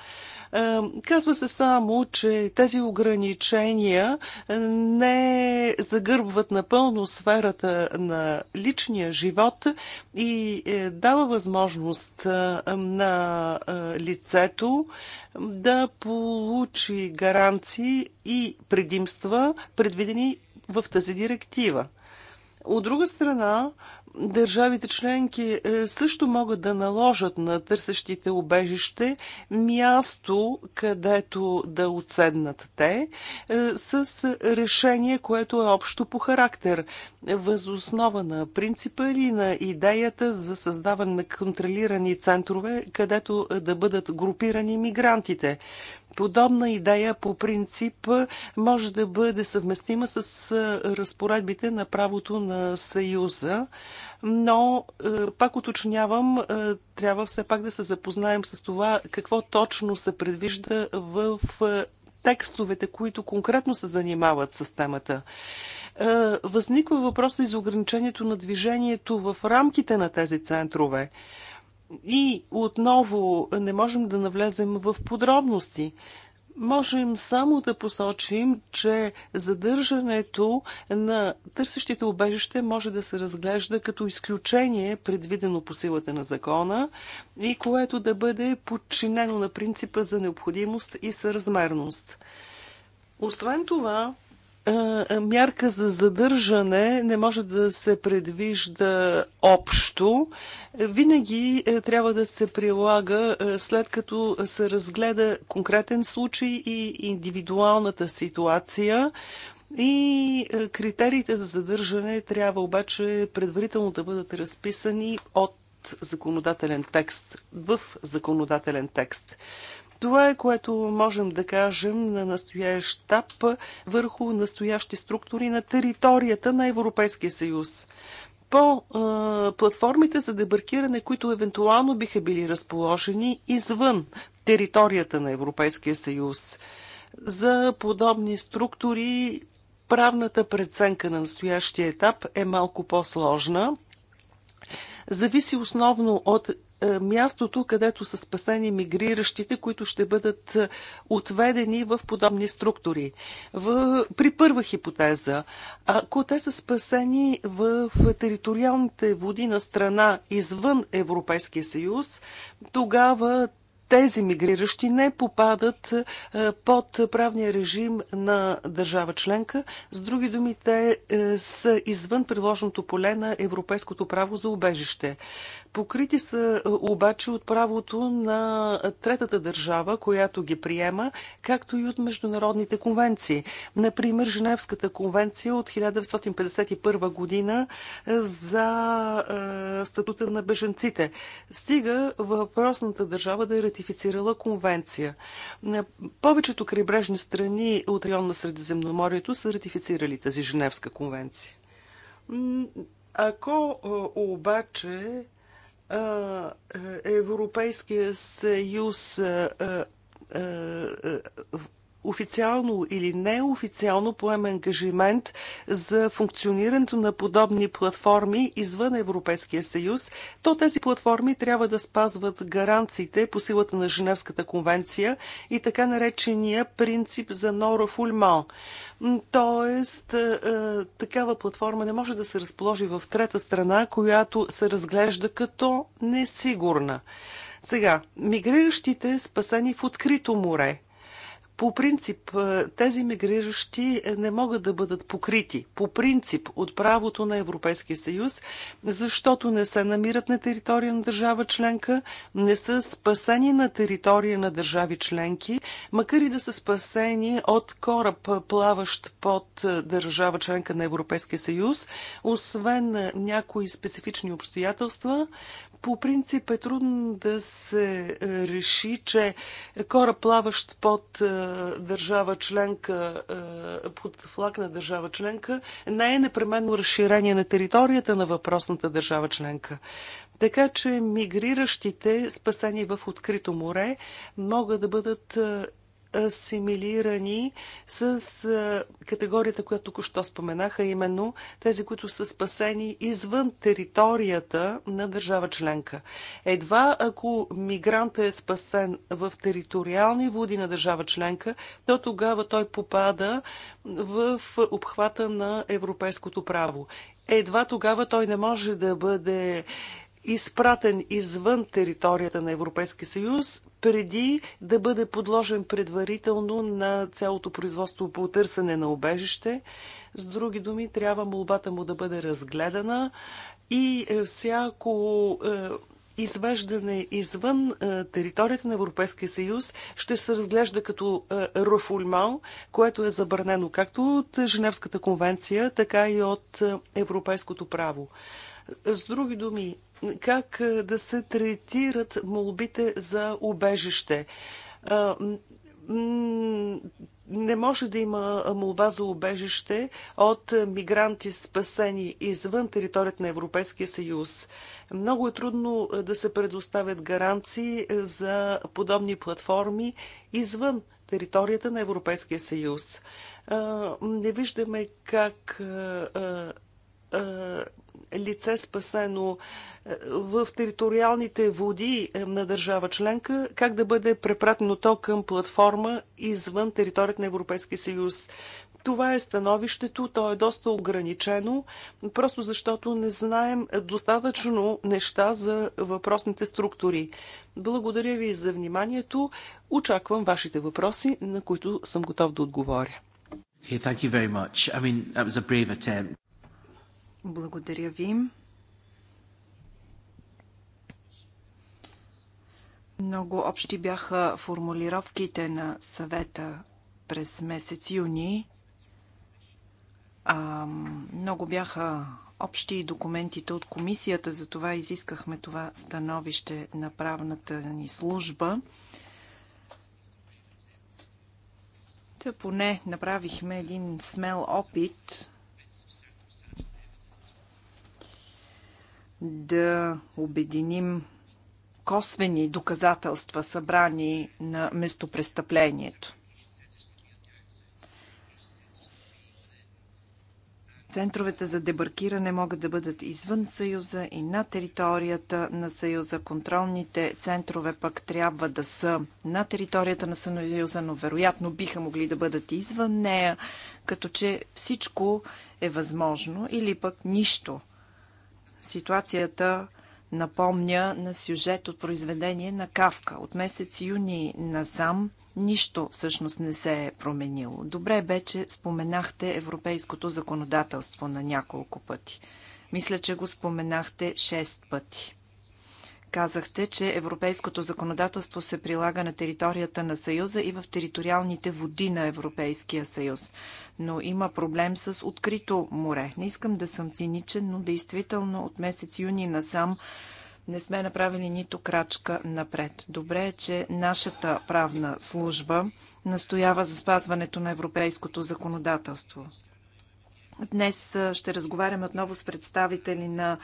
Е, казва се само, че тези ограничения не загърбват напълно сферата на личния живот и е, дава възможност е, на лицето да получи гаранции и предимства, предвидени в тази директива. От друга страна, държавите членки е, също могат да наложат на търсещите обежище място, където да отседнат те, е, с решение, което е общо по характер възоснова на принципа или на идеята за създаване на контролирани центрове, където да бъдат групирани мигрантите. Подобна идея по принцип може да бъде съвместима с разпоредбите на правото на Съюза, но пак уточнявам, трябва все пак да се запознаем с това какво точно се предвижда в текстовете, които конкретно се занимават с темата. Е, възниква въпроса и за ограничението на движението в рамките на тези центрове. И отново не можем да навлезем в подробности. Можем само да посочим, че задържането на търсещите обежище може да се разглежда като изключение, предвидено по силата на закона и което да бъде подчинено на принципа за необходимост и съразмерност. Освен това, мярка за задържане не може да се предвижда общо. Винаги е, трябва да се прилага е, след като се разгледа конкретен случай и индивидуалната ситуация. И е, критериите за задържане трябва обаче предварително да бъдат разписани от законодателен текст, в законодателен текст. Това е което можем да кажем на настоящ етап върху настоящи структури на територията на Европейския съюз по а, платформите за дебаркиране, които евентуално биха били разположени извън територията на Европейския съюз. За подобни структури правната преценка на настоящия етап е малко по-сложна. Зависи основно от е, мястото, където са спасени мигриращите, които ще бъдат е, отведени в подобни структури. В, при първа хипотеза, ако те са спасени в териториалните води на страна извън Европейския съюз, тогава тези мигриращи не попадат е, под правния режим на държава членка. С други думи, те са извън приложното поле на европейското право за убежище. Покрити са е, обаче от правото на третата държава, която ги приема, както и от международните конвенции. Например, Женевската конвенция от 1951 година е, за е, статута на беженците. Стига въпросната държава да е ратифицирала конвенция. Повечето крайбрежни страни от район на Средиземноморието са ратифицирали тази Женевска конвенция. Ако обаче Европейския съюз официално или неофициално поема ангажимент за функционирането на подобни платформи извън Европейския съюз, то тези платформи трябва да спазват гаранциите по силата на Женевската конвенция и така наречения принцип за Нора Фульман. Тоест, е, е, такава платформа не може да се разположи в трета страна, която се разглежда като несигурна. Сега, мигриращите спасени в открито море – по принцип, е, тези мигриращи е, не могат да бъдат покрити по принцип от правото на Европейския съюз, защото не се намират на територия на държава членка, не са спасени на територия на държави членки, макар и да са спасени от кораб, е, плаващ под държава членка на Европейския съюз, освен някои специфични обстоятелства, по принцип е трудно да се е, реши, че кора плаващ под е, държава членка, е, под флаг на държава членка, не е непременно разширение на територията на въпросната държава членка. Така че мигриращите, спасени в открито море, могат да бъдат асимилирани с категорията, която току-що споменаха, именно тези, които са спасени извън територията на държава членка. Едва ако мигранта е спасен в териториални води на държава членка, то тогава той попада в обхвата на европейското право. Едва тогава той не може да бъде изпратен извън територията на Европейския съюз, преди да бъде подложен предварително на цялото производство по търсене на обежище. С други думи, трябва молбата му да бъде разгледана и е, всяко е, извеждане извън е, територията на Европейския съюз ще се разглежда като рефульман, което е забранено както от Женевската конвенция, така и от европейското право. С други думи, как е, да се третират молбите за убежище не може да има молба за убежище от мигранти спасени извън територията на Европейския съюз. Много е трудно е, да се предоставят гаранции е, за подобни платформи извън територията на Европейския съюз. Не виждаме как лице спасено е, в териториалните води е, на държава членка, как да бъде препратено то към платформа извън територията на Европейския съюз. Това е становището, то е доста ограничено, просто защото не знаем достатъчно неща за въпросните структури. Благодаря ви за вниманието. Очаквам вашите въпроси, на които съм готов да отговоря. Okay, thank you very much. I mean, that was a brave attempt. Благодаря ви. Много общи бяха формулировките на съвета през месец юни. А, много бяха общи документите от комисията, затова изискахме това становище на правната ни служба. Та поне направихме един смел опит да обединим косвени доказателства, събрани на местопрестъплението. Центровете за дебаркиране могат да бъдат извън Съюза и на територията на Съюза. Контролните центрове пък трябва да са на територията на Съюза, но вероятно биха могли да бъдат извън нея, като че всичко е възможно или пък нищо – Ситуацията напомня на сюжет от произведение на Кавка. От месец юни насам нищо всъщност не се е променило. Добре бе, че споменахте европейското законодателство на няколко пъти. Мисля, че го споменахте шест пъти. Казахте, че европейското законодателство се прилага на територията на Съюза и в териториалните води на Европейския съюз. Но има проблем с открито море. Не искам да съм циничен, но действително от месец юни насам не сме направили нито крачка напред. Добре е, че нашата правна служба настоява за спазването на европейското законодателство. Днес ще разговаряме отново с представители на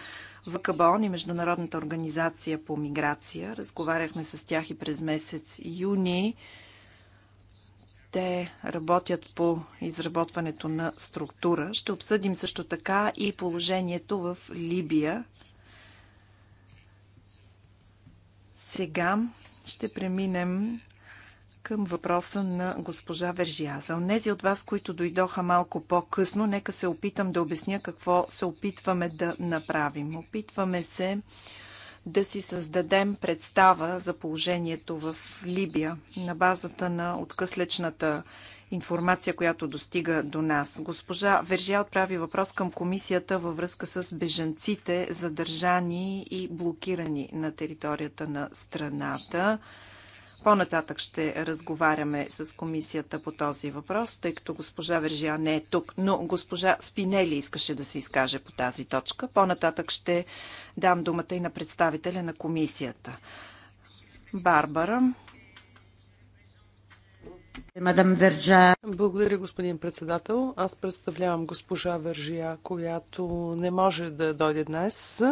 ВКБОН и Международната организация по миграция. Разговаряхме с тях и през месец юни. Те работят по изработването на структура. Ще обсъдим също така и положението в Либия. Сега ще преминем към въпроса на госпожа Вержия. За онези от вас, които дойдоха малко по-късно, нека се опитам да обясня какво се опитваме да направим. Опитваме се да си създадем представа за положението в Либия на базата на откъслечната информация, която достига до нас. Госпожа Вержия отправи въпрос към комисията във връзка с бежанците, задържани и блокирани на територията на страната. По-нататък ще разговаряме с комисията по този въпрос, тъй като госпожа Вержия не е тук, но госпожа Спинели искаше да се изкаже по тази точка. По-нататък ще дам думата и на представителя на комисията. Барбара. Мадам Вержа. Благодаря, господин председател. Аз представлявам госпожа Вържия, която не може да дойде днес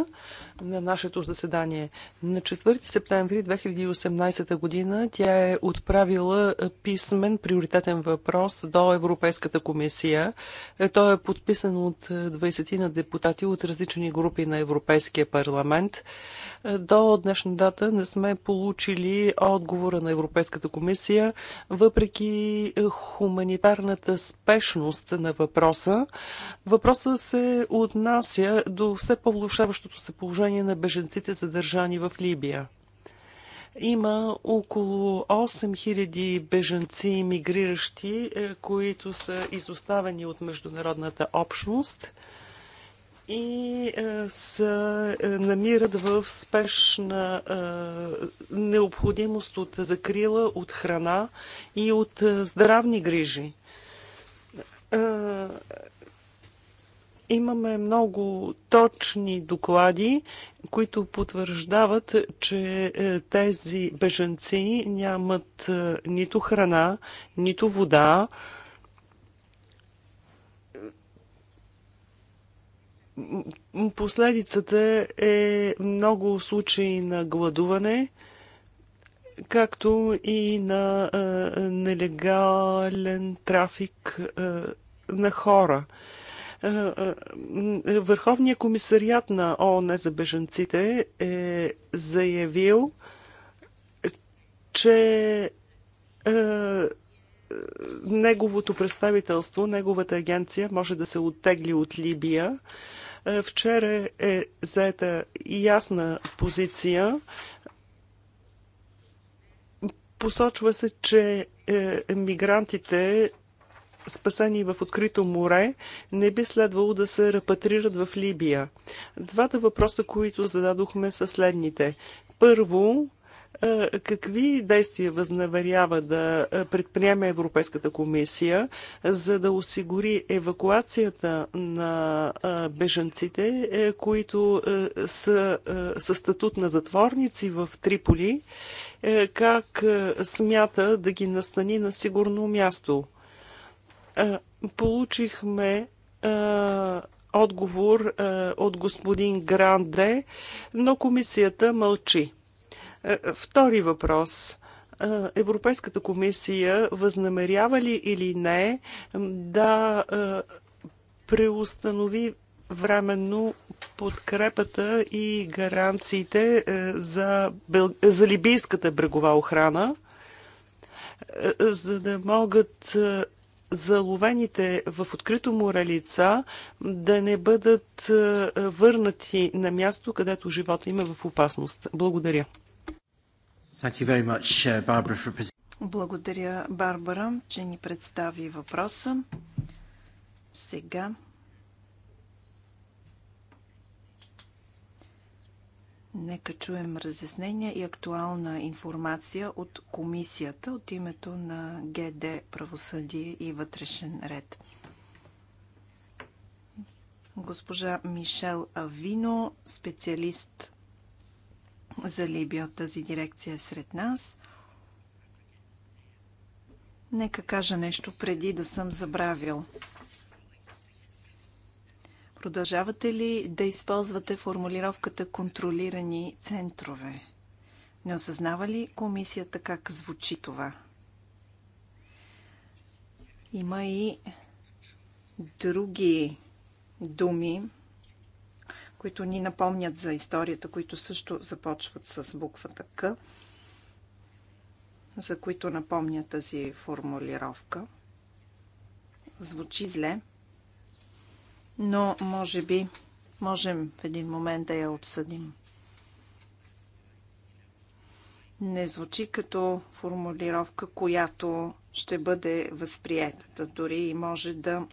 на нашето заседание. На 4 септември 2018 година тя е отправила писмен приоритетен въпрос до Европейската комисия. Той е подписан от 20 на депутати от различни групи на Европейския парламент. До днешна дата не сме получили отговора на Европейската комисия, въпреки хуманитарната спешност на въпроса. Въпросът се отнася до все по-влушаващото се положение на беженците, задържани в Либия. Има около 8000 беженци мигриращи, е, които са изоставени от международната общност – и е, се е, намират в спешна е, необходимост от закрила, от храна и от здравни грижи. Имаме много точни доклади, които потвърждават, че тези бежанци нямат нито храна, нито вода, Последицата е много случаи на гладуване, както и на а, нелегален трафик а, на хора. Върховният комисариат на ООН за бежанците е заявил, че е, неговото представителство, неговата агенция може да се оттегли от Либия, е, вчера е заета ясна позиция. Посочва се, че е, мигрантите спасени в открито море, не би следвало да се репатрират в Либия. Двата въпроса, които зададохме са следните. Първо, е, какви действия възнаверява да е, предприеме Европейската комисия, за да осигури евакуацията на е, бежанците, които са със статут на затворници в Триполи, как смята да ги настани на сигурно място? Получихме отговор от господин Гранде, но комисията мълчи. Е, е, втори въпрос. Е, Европейската комисия възнамерява ли или не да преустанови временно подкрепата и гаранциите за, бел... за либийската брегова охрана, за да могат заловените в открито море лица да не бъдат върнати на място, където живота им е в опасност. Благодаря. Uh, Благодаря, Барбара, че ни представи въпроса. Сега Нека чуем разяснения и актуална информация от комисията от името на ГД Правосъдие и вътрешен ред. Госпожа Мишел Авино, специалист за Либия от тази дирекция сред нас. Нека кажа нещо преди да съм забравил. Продължавате ли да използвате формулировката контролирани центрове? Не осъзнава ли комисията как звучи това? Има и други думи, които ни напомнят за историята, които също започват с буквата К, за които напомня тази формулировка. Звучи зле, но може би можем в един момент да я обсъдим. Не звучи като формулировка, която ще бъде възприета, дори и може да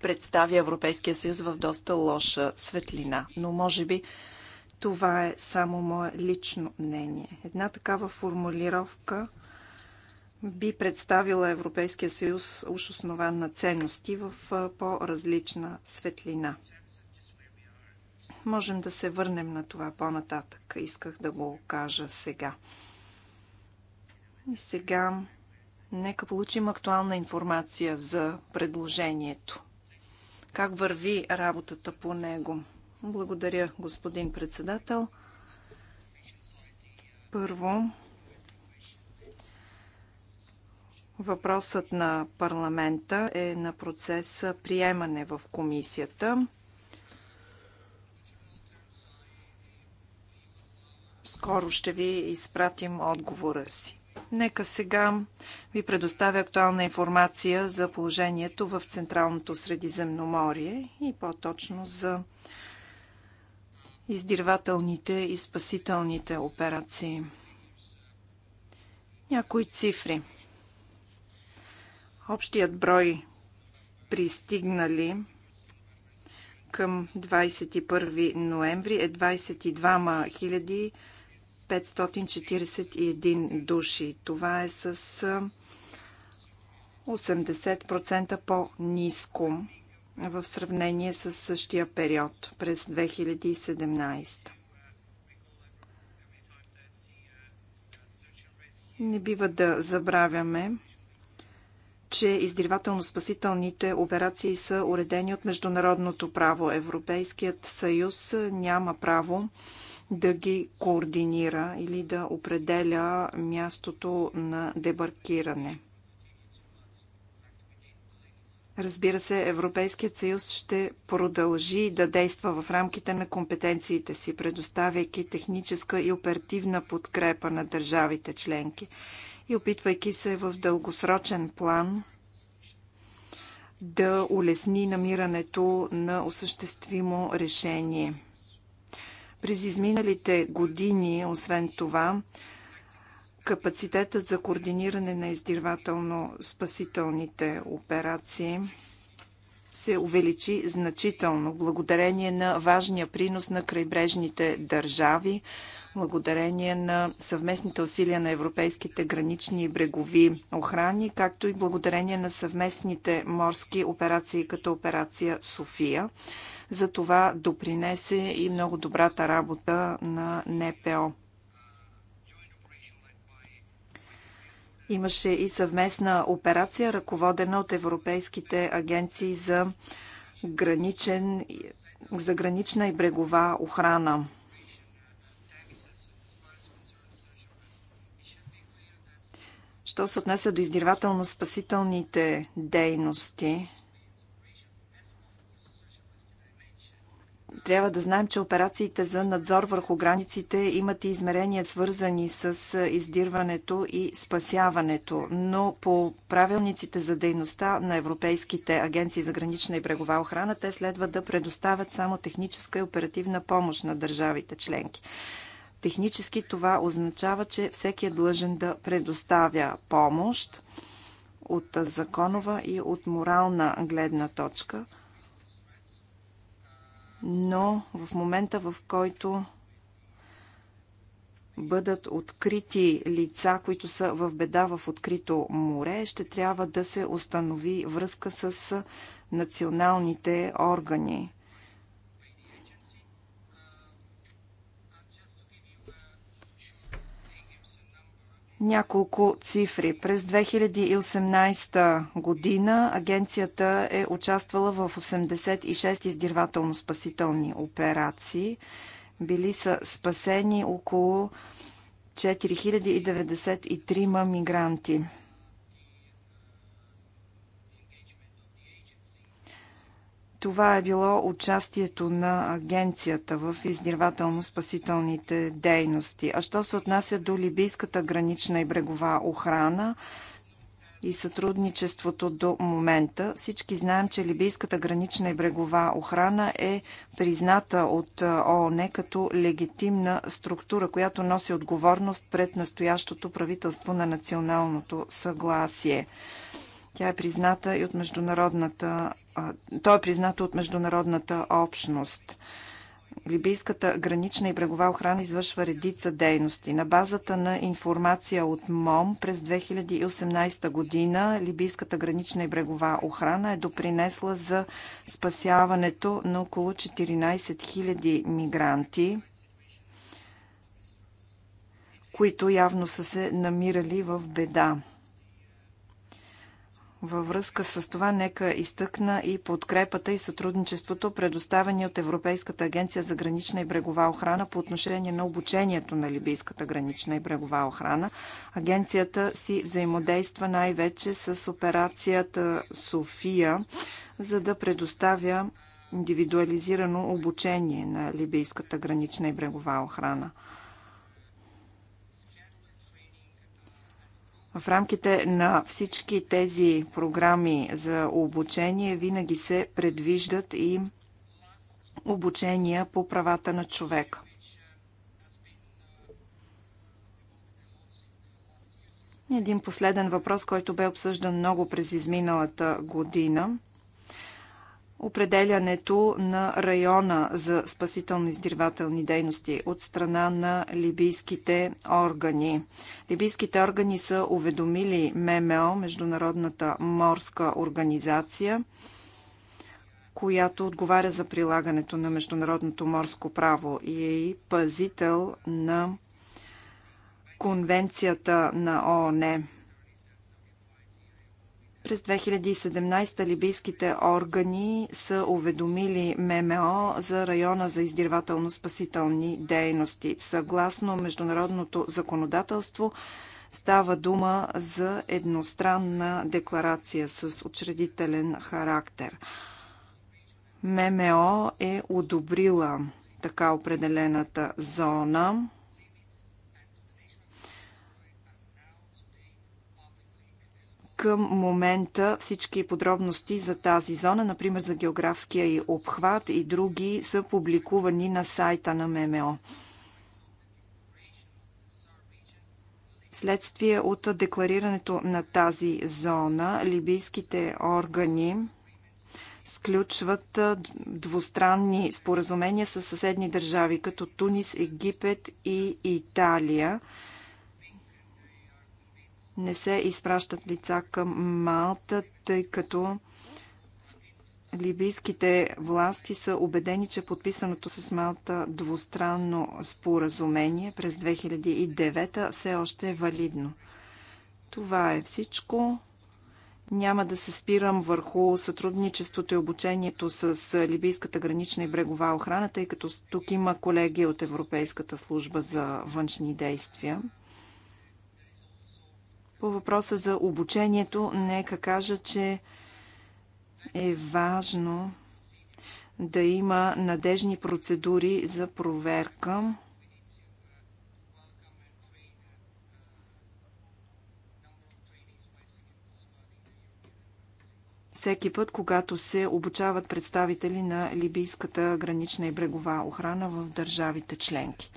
представя Европейския съюз в доста лоша светлина. Но може би това е само мое лично мнение. Една такава формулировка би представила Европейския съюз уж основан на ценности в по-различна светлина. Можем да се върнем на това по-нататък. Исках да го кажа сега. И сега нека получим актуална информация за предложението как върви работата по него. Благодаря, господин председател. Първо, въпросът на парламента е на процес приемане в комисията. Скоро ще ви изпратим отговора си. Нека сега ви предоставя актуална информация за положението в Централното Средиземноморие и по-точно за издирвателните и спасителните операции. Някои цифри. Общият брой пристигнали към 21 ноември е 22 000 541 души. Това е с 80% по-низко в сравнение с същия период през 2017. Не бива да забравяме, че издирвателно-спасителните операции са уредени от международното право. Европейският съюз няма право да ги координира или да определя мястото на дебаркиране. Разбира се, Европейският съюз ще продължи да действа в рамките на компетенциите си, предоставяйки техническа и оперативна подкрепа на държавите членки и опитвайки се в дългосрочен план да улесни намирането на осъществимо решение. През изминалите години, освен това, капацитетът за координиране на издирвателно-спасителните операции се увеличи значително благодарение на важния принос на крайбрежните държави, благодарение на съвместните усилия на европейските гранични и брегови охрани, както и благодарение на съвместните морски операции като операция София. За това допринесе и много добрата работа на НПО. Имаше и съвместна операция, ръководена от европейските агенции за, граничен, за гранична и брегова охрана. Що се отнася до издирвателно-спасителните дейности, трябва да знаем, че операциите за надзор върху границите имат и измерения свързани с издирването и спасяването, но по правилниците за дейността на европейските агенции за гранична и брегова охрана, те следва да предоставят само техническа и оперативна помощ на държавите членки. Технически това означава, че всеки е длъжен да предоставя помощ от законова и от морална гледна точка – но в момента в който бъдат открити лица, които са в беда в открито море, ще трябва да се установи връзка с националните органи. Няколко цифри. През 2018 година агенцията е участвала в 86 издирвателно-спасителни операции. Били са спасени около 4093 мигранти. Това е било участието на агенцията в издирвателно-спасителните дейности. А що се отнася до либийската гранична и брегова охрана, и сътрудничеството до момента. Всички знаем, че либийската гранична и брегова охрана е призната от ООН като легитимна структура, която носи отговорност пред настоящото правителство на националното съгласие. Тя е призната и от международната то е признато от международната общност. Либийската гранична и брегова охрана извършва редица дейности. На базата на информация от МОМ през 2018 година Либийската гранична и брегова охрана е допринесла за спасяването на около 14 000 мигранти, които явно са се намирали в беда. Във връзка с това нека изтъкна и подкрепата и сътрудничеството, предоставени от Европейската агенция за гранична и брегова охрана по отношение на обучението на либийската гранична и брегова охрана. Агенцията си взаимодейства най-вече с операцията София, за да предоставя индивидуализирано обучение на либийската гранична и брегова охрана. В рамките на всички тези програми за обучение винаги се предвиждат и обучения по правата на човека. Един последен въпрос, който бе обсъждан много през изминалата година определянето на района за спасително-издирвателни дейности от страна на либийските органи. Либийските органи са уведомили ММО, Международната морска организация, която отговаря за прилагането на международното морско право и е и пазител на Конвенцията на ООН през 2017 либийските органи са уведомили ММО за района за издирвателно-спасителни дейности. Съгласно международното законодателство става дума за едностранна декларация с учредителен характер. ММО е одобрила така определената зона към момента всички подробности за тази зона, например за географския и обхват и други, са публикувани на сайта на ММО. Следствие от декларирането на тази зона, либийските органи сключват двустранни споразумения с съседни държави, като Тунис, Египет и Италия – не се изпращат лица към Малта, тъй като либийските власти са убедени, че подписаното с Малта двустранно споразумение през 2009 все още е валидно. Това е всичко. Няма да се спирам върху сътрудничеството и обучението с Либийската гранична и брегова охрана, тъй като тук има колеги от Европейската служба за външни действия. По въпроса за обучението, нека кажа, че е важно да има надежни процедури за проверка. всеки път, когато се обучават представители на либийската гранична и брегова охрана в държавите членки.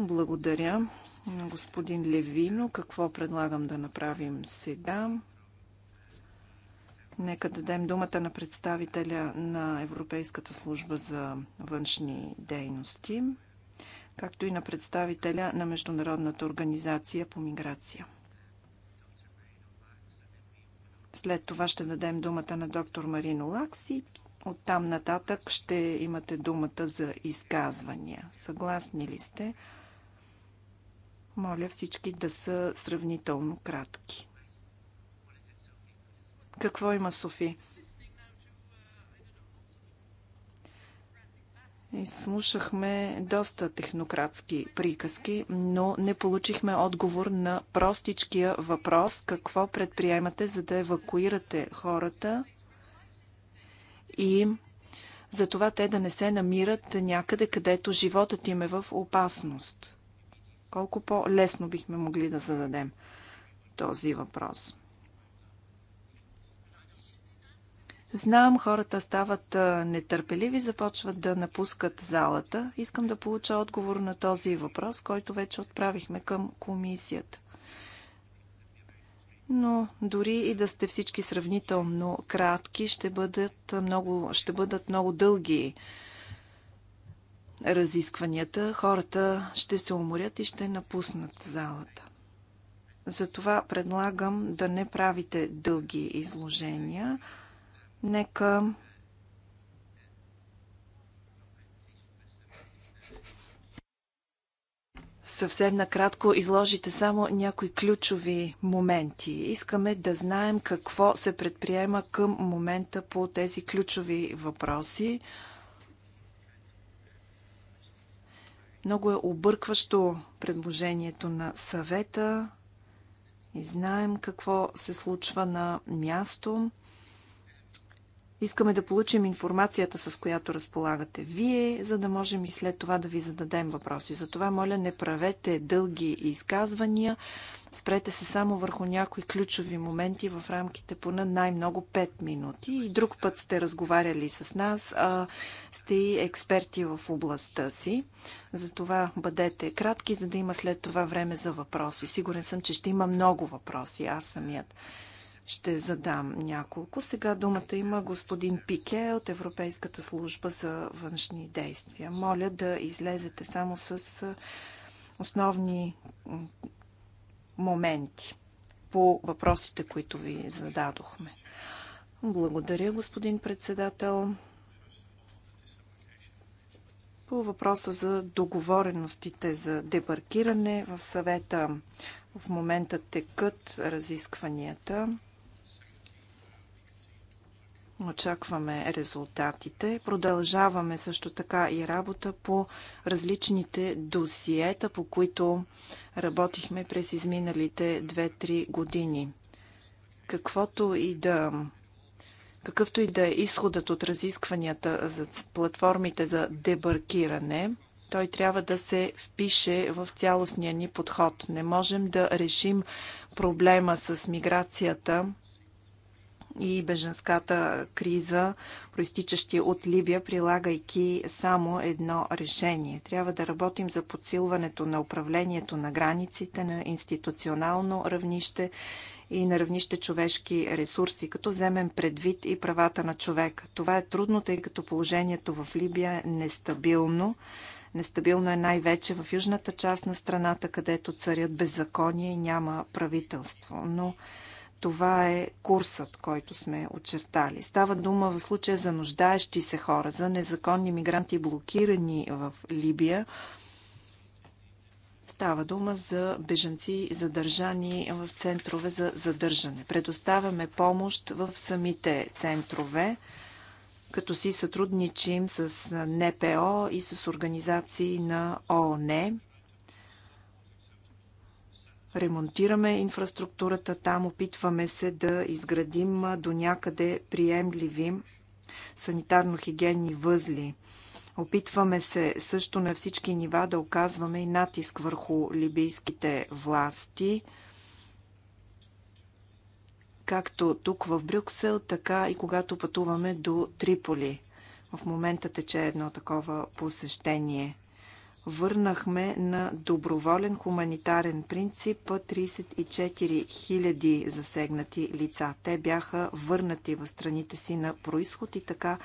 Благодаря на господин Левино. Какво предлагам да направим сега? Нека дадем думата на представителя на Европейската служба за външни дейности, както и на представителя на Международната организация по миграция. След това ще дадем думата на доктор Марино Лакс и оттам нататък ще имате думата за изказвания. Съгласни ли сте? Моля всички да са сравнително кратки. Какво има Софи? слушахме доста технократски приказки, но не получихме отговор на простичкия въпрос какво предприемате, за да евакуирате хората и за това те да не се намират някъде, където животът им е в опасност колко по-лесно бихме могли да зададем този въпрос. Знам, хората стават нетърпеливи, започват да напускат залата. Искам да получа отговор на този въпрос, който вече отправихме към комисията. Но дори и да сте всички сравнително кратки, ще бъдат много, ще бъдат много дълги разискванията, хората ще се уморят и ще напуснат залата. Затова предлагам да не правите дълги изложения. Нека съвсем накратко изложите само някои ключови моменти. Искаме да знаем какво се предприема към момента по тези ключови въпроси. Много е объркващо предложението на съвета и знаем какво се случва на място. Искаме да получим информацията, с която разполагате вие, за да можем и след това да ви зададем въпроси. Затова, моля, не правете дълги изказвания. Спрете се само върху някои ключови моменти в рамките поне най-много 5 минути. И друг път сте разговаряли с нас, а сте и експерти в областта си. Затова бъдете кратки, за да има след това време за въпроси. Сигурен съм, че ще има много въпроси. Аз самият ще задам няколко. Сега думата има господин Пике от Европейската служба за външни действия. Моля да излезете само с основни моменти по въпросите, които ви зададохме. Благодаря, господин председател. По въпроса за договореностите за дебаркиране в съвета в момента текат разискванията. Очакваме резултатите. Продължаваме също така и работа по различните досиета, по които работихме през изминалите 2-3 години. Каквото и да какъвто и да е изходът от разискванията за платформите за дебаркиране, той трябва да се впише в цялостния ни подход. Не можем да решим проблема с миграцията и беженската криза, проистичащи от Либия, прилагайки само едно решение. Трябва да работим за подсилването на управлението на границите на институционално равнище и на равнище човешки ресурси, като вземем предвид и правата на човека. Това е трудно, тъй като положението в Либия е нестабилно. Нестабилно е най-вече в южната част на страната, където царят беззаконие и няма правителство. Но това е курсът, който сме очертали. Става дума в случая за нуждаещи се хора, за незаконни мигранти, блокирани в Либия. Става дума за бежанци, задържани в центрове за задържане. Предоставяме помощ в самите центрове, като си сътрудничим с НПО и с организации на ООН е ремонтираме инфраструктурата там, опитваме се да изградим до някъде приемливи санитарно-хигиенни възли. Опитваме се също на всички нива да оказваме и натиск върху либийските власти, както тук в Брюксел, така и когато пътуваме до Триполи. В момента тече едно такова посещение – върнахме на доброволен хуманитарен принцип 34 000 засегнати лица. Те бяха върнати в страните си на происход и така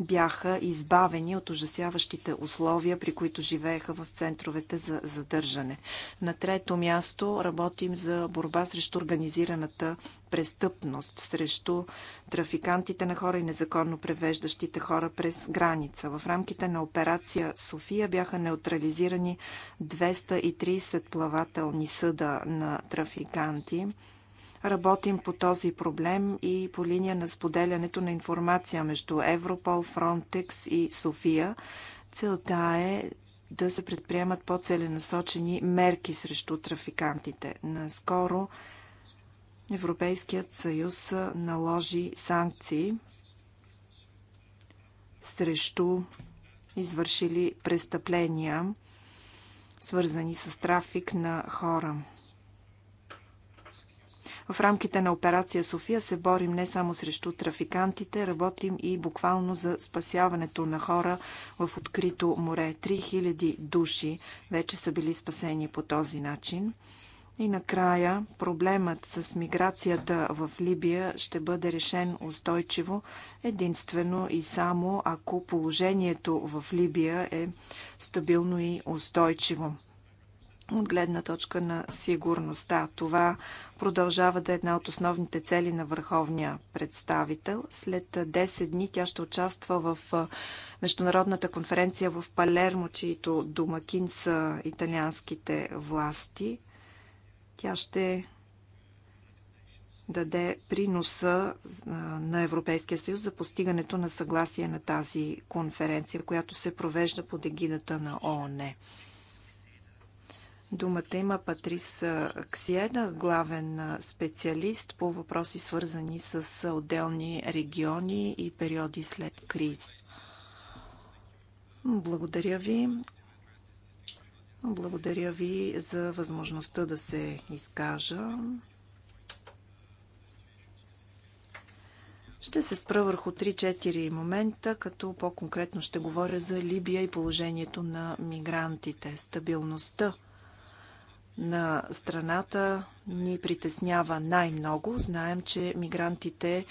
бяха избавени от ужасяващите условия, при които живееха в центровете за задържане. На трето място работим за борба срещу организираната престъпност, срещу трафикантите на хора и незаконно превеждащите хора през граница. В рамките на операция София бяха неутрализирани 230 плавателни съда на трафиканти. Работим по този проблем и по линия на споделянето на информация между Европол, Фронтекс и София. Целта е да се предприемат по-целенасочени мерки срещу трафикантите. Наскоро Европейският съюз наложи санкции срещу извършили престъпления, свързани с трафик на хора. В рамките на операция София се борим не само срещу трафикантите, работим и буквално за спасяването на хора в открито море. 3000 души вече са били спасени по този начин. И накрая проблемът с миграцията в Либия ще бъде решен устойчиво единствено и само ако положението в Либия е стабилно и устойчиво от гледна точка на сигурността. Това продължава да е една от основните цели на върховния представител. След 10 дни тя ще участва в Международната конференция в Палермо, чието домакин са италианските власти. Тя ще даде приноса на Европейския съюз за постигането на съгласие на тази конференция, която се провежда под егидата на ООН. Думата има Патрис Ксиеда, главен специалист по въпроси свързани с отделни региони и периоди след криз. Благодаря ви. Благодаря ви за възможността да се изкажа. Ще се спра върху 3-4 момента, като по-конкретно ще говоря за Либия и положението на мигрантите, стабилността на страната ни притеснява най-много. Знаем, че мигрантите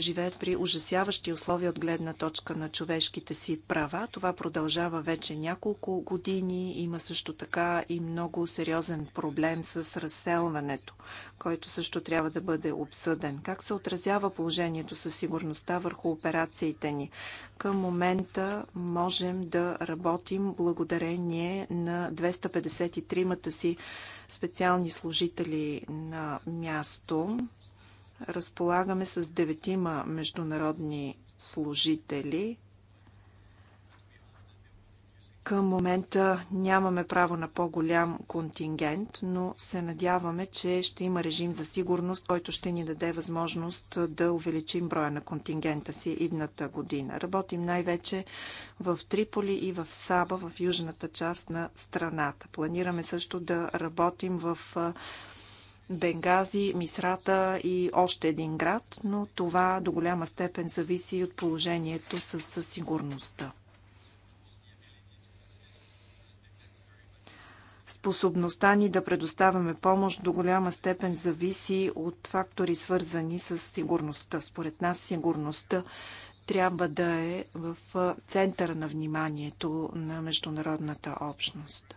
живеят при ужасяващи условия от гледна точка на човешките си права. Това продължава вече няколко години. Има също така и много сериозен проблем с разселването, който също трябва да бъде обсъден. Как се отразява положението със сигурността върху операциите ни? Към момента можем да работим благодарение на 253-мата си специални служители на място Разполагаме с деветима международни служители. Към момента нямаме право на по-голям контингент, но се надяваме, че ще има режим за сигурност, който ще ни даде възможност да увеличим броя на контингента си идната година. Работим най-вече в Триполи и в Саба, в южната част на страната. Планираме също да работим в Бенгази, Мисрата и още един град, но това до голяма степен зависи от положението с, със сигурността. Способността ни да предоставяме помощ до голяма степен зависи от фактори, свързани с сигурността. Според нас сигурността трябва да е в центъра на вниманието на международната общност.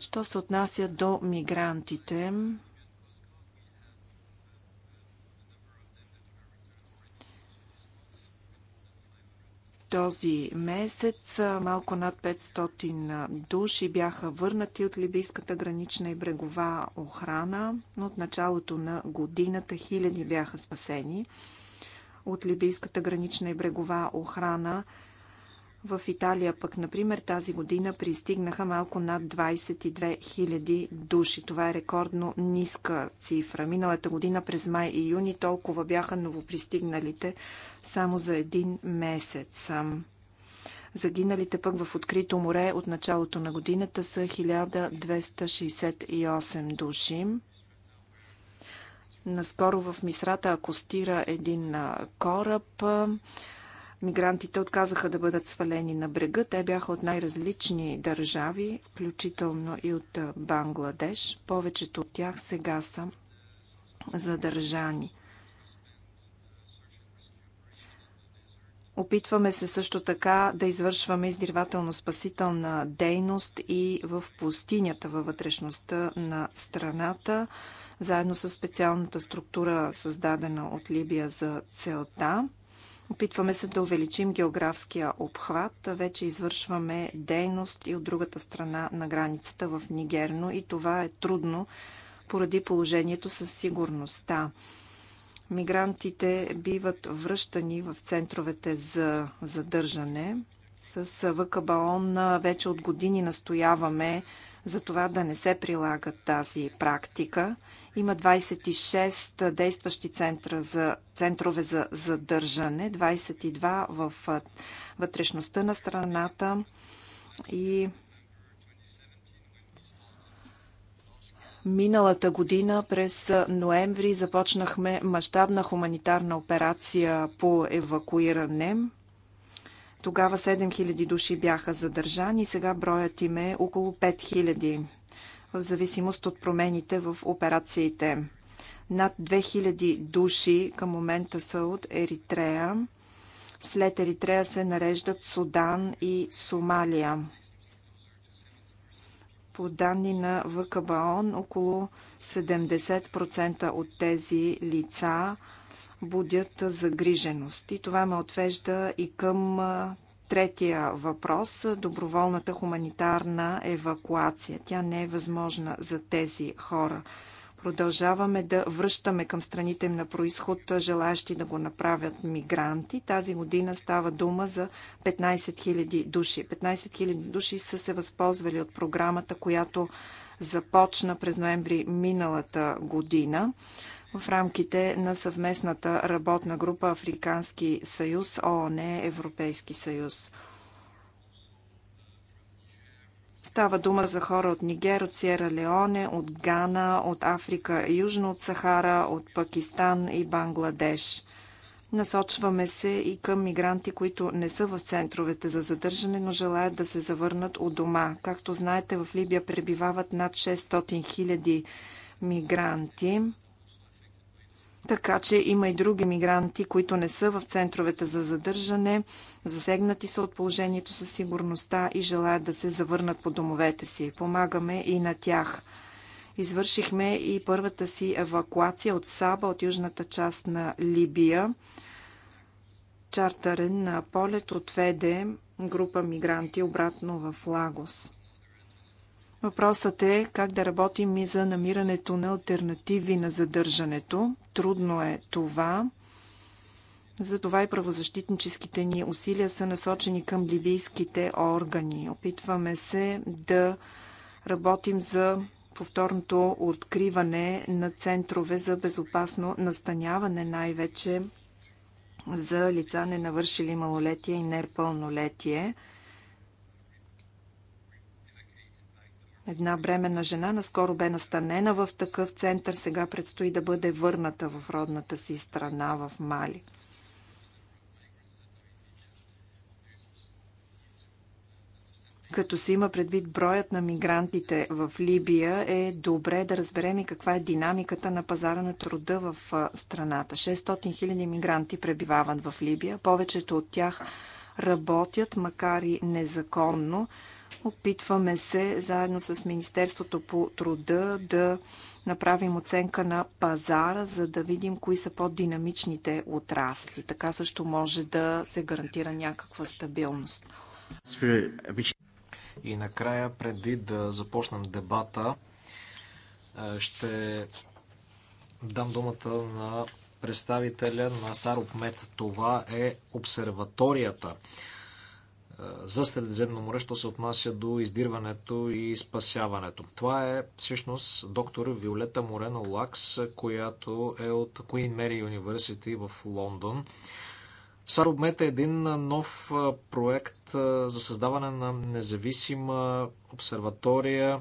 Що се отнася до мигрантите, този месец малко над 500 души бяха върнати от либийската гранична и брегова охрана. От началото на годината хиляди бяха спасени. От либийската гранична и брегова охрана в Италия пък, например, тази година пристигнаха малко над 22 000 души. Това е рекордно ниска цифра. Миналата година през май и юни толкова бяха новопристигналите само за един месец. Загиналите пък в открито море от началото на годината са 1268 души. Наскоро в Мисрата акостира един кораб. Мигрантите отказаха да бъдат свалени на брега. Те бяха от най-различни държави, включително и от Бангладеш. Повечето от тях сега са задържани. Опитваме се също така да извършваме издирвателно-спасителна дейност и в пустинята във вътрешността на страната, заедно с специалната структура, създадена от Либия за целта. Опитваме се да увеличим географския обхват. Вече извършваме дейност и от другата страна на границата в Нигерно и това е трудно поради положението със сигурността. Мигрантите биват връщани в центровете за задържане. С ВКБОН вече от години настояваме за това да не се прилага тази практика – има 26 действащи центра за, центрове за задържане, 22 в вътрешността на страната и Миналата година през ноември започнахме мащабна хуманитарна операция по евакуиране. Тогава 7000 души бяха задържани, сега броят им е около 5000 в зависимост от промените в операциите. Над 2000 души към момента са от Еритрея. След Еритрея се нареждат Судан и Сомалия. По данни на ВКБОН, около 70% от тези лица будят загриженост. И това ме отвежда и към Третия въпрос – доброволната хуманитарна евакуация. Тя не е възможна за тези хора. Продължаваме да връщаме към страните им на происход желаящи да го направят мигранти. Тази година става дума за 15 000 души. 15 000 души са се възползвали от програмата, която започна през ноември миналата година в рамките на съвместната работна група Африкански съюз, ООН, Европейски съюз. Става дума за хора от Нигер, от Сиера Леоне, от Гана, от Африка, южно от Сахара, от Пакистан и Бангладеш. Насочваме се и към мигранти, които не са в центровете за задържане, но желаят да се завърнат у дома. Както знаете, в Либия пребивават над 600 000 мигранти. Така че има и други мигранти, които не са в центровете за задържане, засегнати са от положението със сигурността и желаят да се завърнат по домовете си. Помагаме и на тях. Извършихме и първата си евакуация от Саба, от южната част на Либия. Чартарен на полет отведе група мигранти обратно в Лагос. Въпросът е как да работим и за намирането на альтернативи на задържането. Трудно е това. Затова и правозащитническите ни усилия са насочени към ливийските органи. Опитваме се да работим за повторното откриване на центрове за безопасно настаняване, най-вече за лица ненавършили малолетие и непълнолетие. Една бременна жена наскоро бе настанена в такъв център, сега предстои да бъде върната в родната си страна в Мали. Като се има предвид броят на мигрантите в Либия, е добре да разберем и каква е динамиката на пазара на труда в страната. 600 000 мигранти пребивават в Либия. Повечето от тях работят, макар и незаконно. Опитваме се заедно с Министерството по труда да направим оценка на пазара, за да видим кои са по-динамичните отрасли. Така също може да се гарантира някаква стабилност. И накрая, преди да започнем дебата, е, ще дам думата на представителя на Саропмет. Това е обсерваторията за Средиземно море, що се отнася до издирването и спасяването. Това е всъщност доктор Виолета Морено Лакс, която е от Queen Mary University в Лондон. Сарубмет е един нов проект за създаване на независима обсерватория,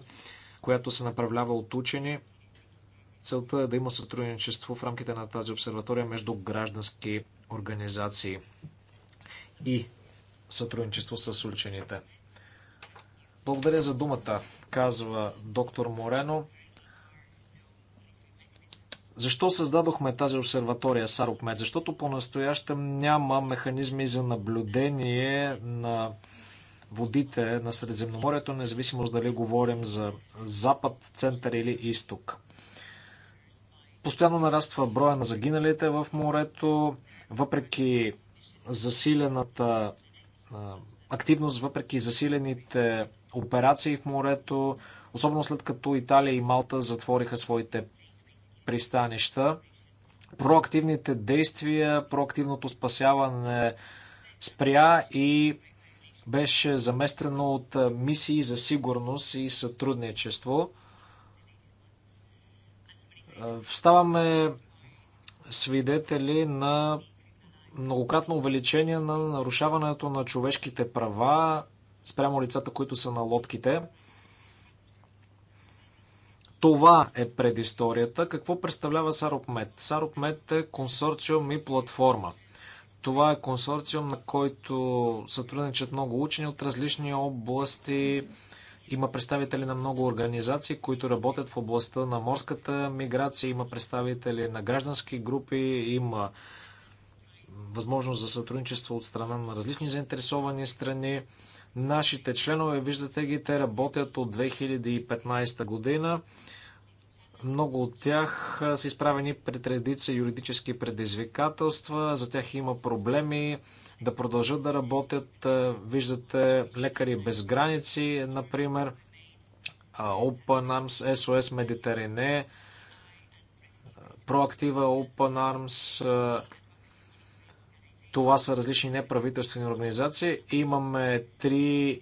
която се направлява от учени. Целта е да има сътрудничество в рамките на тази обсерватория между граждански организации и сътрудничество с учените. Благодаря за думата, казва доктор Морено. Защо създадохме тази обсерватория Саропмет? Защото по-настоящем няма механизми за наблюдение на водите на Средиземноморието, независимо дали говорим за запад, център или изток. Постоянно нараства броя на загиналите в морето, въпреки засилената активност въпреки засилените операции в морето, особено след като Италия и Малта затвориха своите пристанища. Проактивните действия, проактивното спасяване спря и беше заместено от мисии за сигурност и сътрудничество. Ставаме свидетели на многократно увеличение на нарушаването на човешките права спрямо лицата, които са на лодките. Това е предисторията. Какво представлява Саропмет? Саропмет е консорциум и платформа. Това е консорциум, на който сътрудничат много учени от различни области. Има представители на много организации, които работят в областта на морската миграция. Има представители на граждански групи, има възможност за сътрудничество от страна на различни заинтересовани страни. Нашите членове, виждате ги, те работят от 2015 година. Много от тях са изправени пред редица юридически предизвикателства, за тях има проблеми да продължат да работят. Виждате лекари без граници, например, Open Arms, SOS Mediterranean, Проактива Open Arms, това са различни неправителствени организации. Имаме три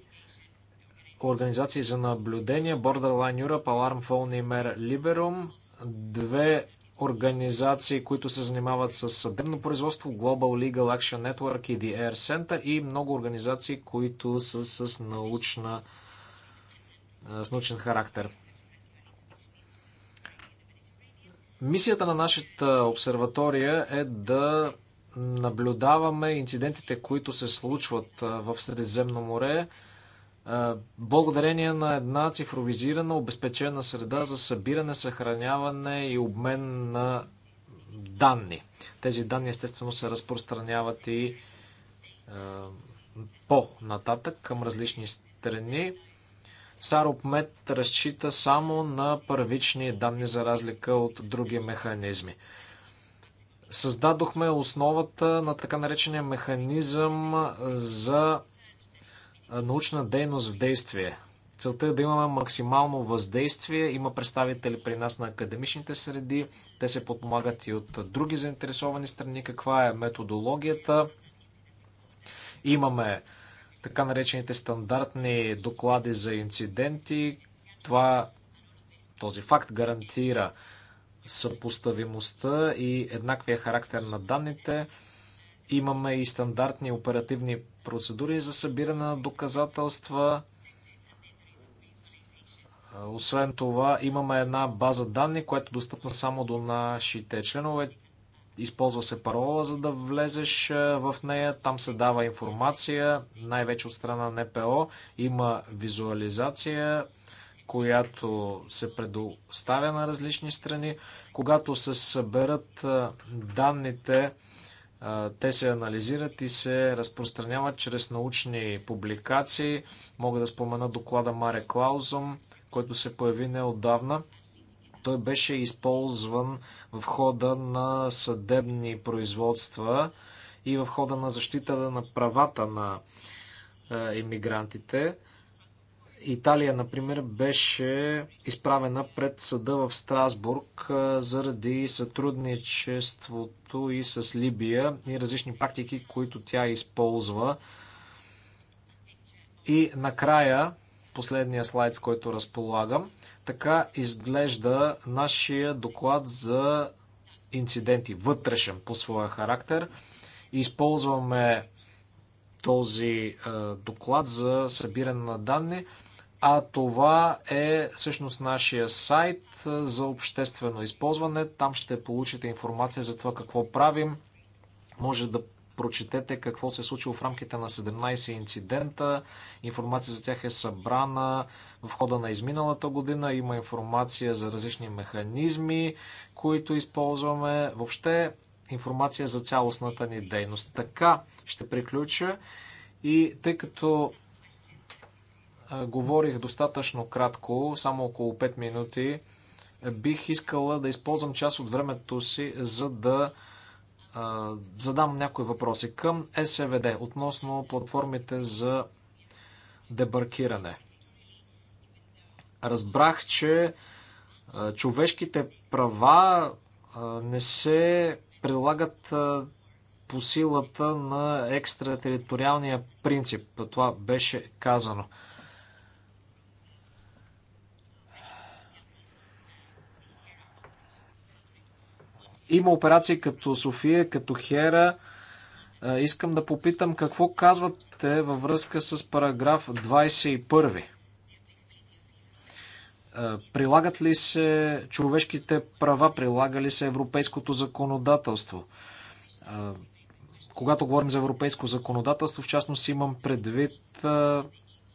организации за наблюдение Borderline Europe, Alarm Phone и Mer Liberum, две организации, които се занимават с съдебно производство, Global Legal Action Network и The Air Center и много организации, които са с, научна, с научен характер. Мисията на нашата обсерватория е да наблюдаваме инцидентите, които се случват в Средиземно море, благодарение на една цифровизирана, обезпечена среда за събиране, съхраняване и обмен на данни. Тези данни естествено се разпространяват и по-нататък към различни страни. Саропмет разчита само на първични данни за разлика от други механизми създадохме основата на така наречения механизъм за научна дейност в действие. Целта е да имаме максимално въздействие. Има представители при нас на академичните среди. Те се подпомагат и от други заинтересовани страни. Каква е методологията? Имаме така наречените стандартни доклади за инциденти. Това, този факт гарантира съпоставимостта и еднаквия характер на данните. Имаме и стандартни оперативни процедури за събиране на доказателства. Освен това, имаме една база данни, която е достъпна само до нашите членове. Използва се парола, за да влезеш в нея. Там се дава информация, най-вече от страна на НПО. Има визуализация която се предоставя на различни страни. Когато се съберат данните, те се анализират и се разпространяват чрез научни публикации. Мога да спомена доклада Маре Клаузум, който се появи неодавна. Той беше използван в хода на съдебни производства и в хода на защита на правата на иммигрантите. Италия, например, беше изправена пред съда в Страсбург заради сътрудничеството и с Либия и различни практики, които тя използва. И накрая, последния слайд, с който разполагам, така изглежда нашия доклад за инциденти, вътрешен по своя характер. Използваме този доклад за събиране на данни. А това е всъщност нашия сайт за обществено използване. Там ще получите информация за това какво правим. Може да прочетете какво се е случило в рамките на 17 инцидента. Информация за тях е събрана в хода на изминалата година. Има информация за различни механизми, които използваме. Въобще информация за цялостната ни дейност. Така ще приключа. И тъй като Говорих достатъчно кратко, само около 5 минути. Бих искала да използвам част от времето си, за да задам някои въпроси към СВД относно платформите за дебаркиране. Разбрах, че човешките права не се прилагат по силата на екстратериториалния принцип. Това беше казано. Има операции като София, като Хера. Е, искам да попитам какво казвате във връзка с параграф 21. Е, прилагат ли се човешките права, прилага ли се европейското законодателство? Е, когато говорим за европейско законодателство, в частност имам предвид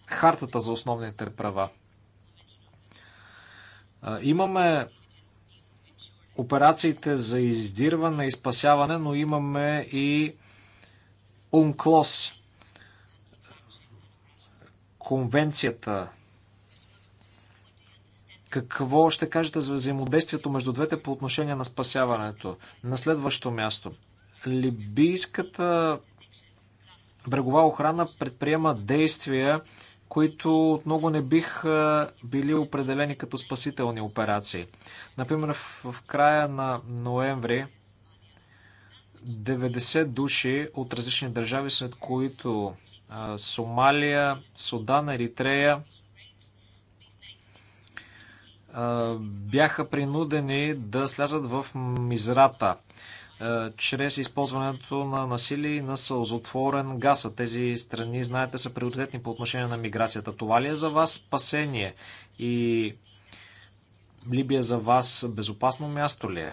хартата за основните права. Имаме операциите за издирване и спасяване, но имаме и УНКЛОС, конвенцията. Какво ще кажете за взаимодействието между двете по отношение на спасяването? На следващо място. Либийската брегова охрана предприема действия които отново не биха били определени като спасителни операции. Например, в края на ноември 90 души от различни държави, след които Сомалия, Судан, Еритрея, бяха принудени да слязат в мизрата е, чрез използването на насилие и на сълзотворен газ. тези страни, знаете, са приоритетни по отношение на миграцията. Това ли е за вас спасение? И Либия за вас безопасно място ли е?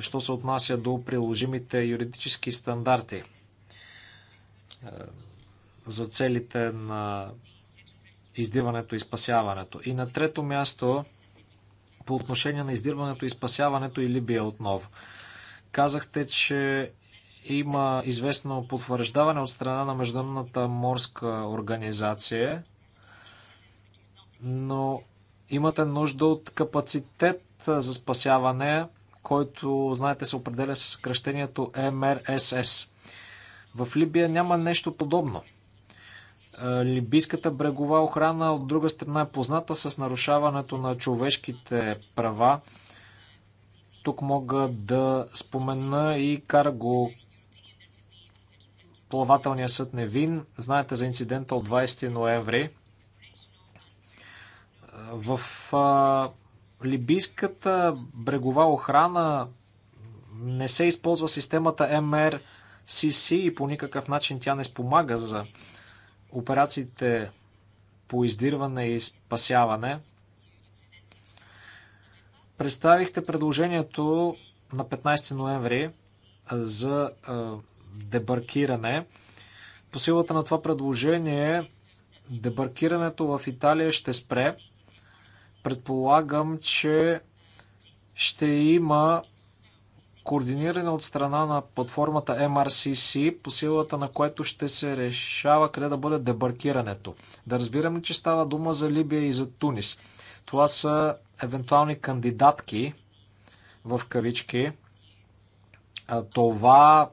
Що се отнася до приложимите юридически стандарти е, за целите на издиването и спасяването? И на трето място, по отношение на издирването и спасяването и Либия отново. Казахте, че има известно потвърждаване от страна на Международната морска организация, но имате нужда от капацитет за спасяване, който, знаете, се определя с кръщението МРСС. В Либия няма нещо подобно. Либийската брегова охрана от друга страна е позната с нарушаването на човешките права. Тук мога да спомена и карго плавателния съд Невин. Знаете за инцидента от 20 ноември. В либийската брегова охрана не се използва системата МРСС и по никакъв начин тя не спомага за операциите по издирване и спасяване. Представихте предложението на 15 ноември за дебаркиране. По силата на това предложение, дебаркирането в Италия ще спре. Предполагам, че ще има координиране от страна на платформата MRCC, по силата на което ще се решава къде да бъде дебаркирането. Да разбирам ли, че става дума за Либия и за Тунис? Това са евентуални кандидатки в кавички. Това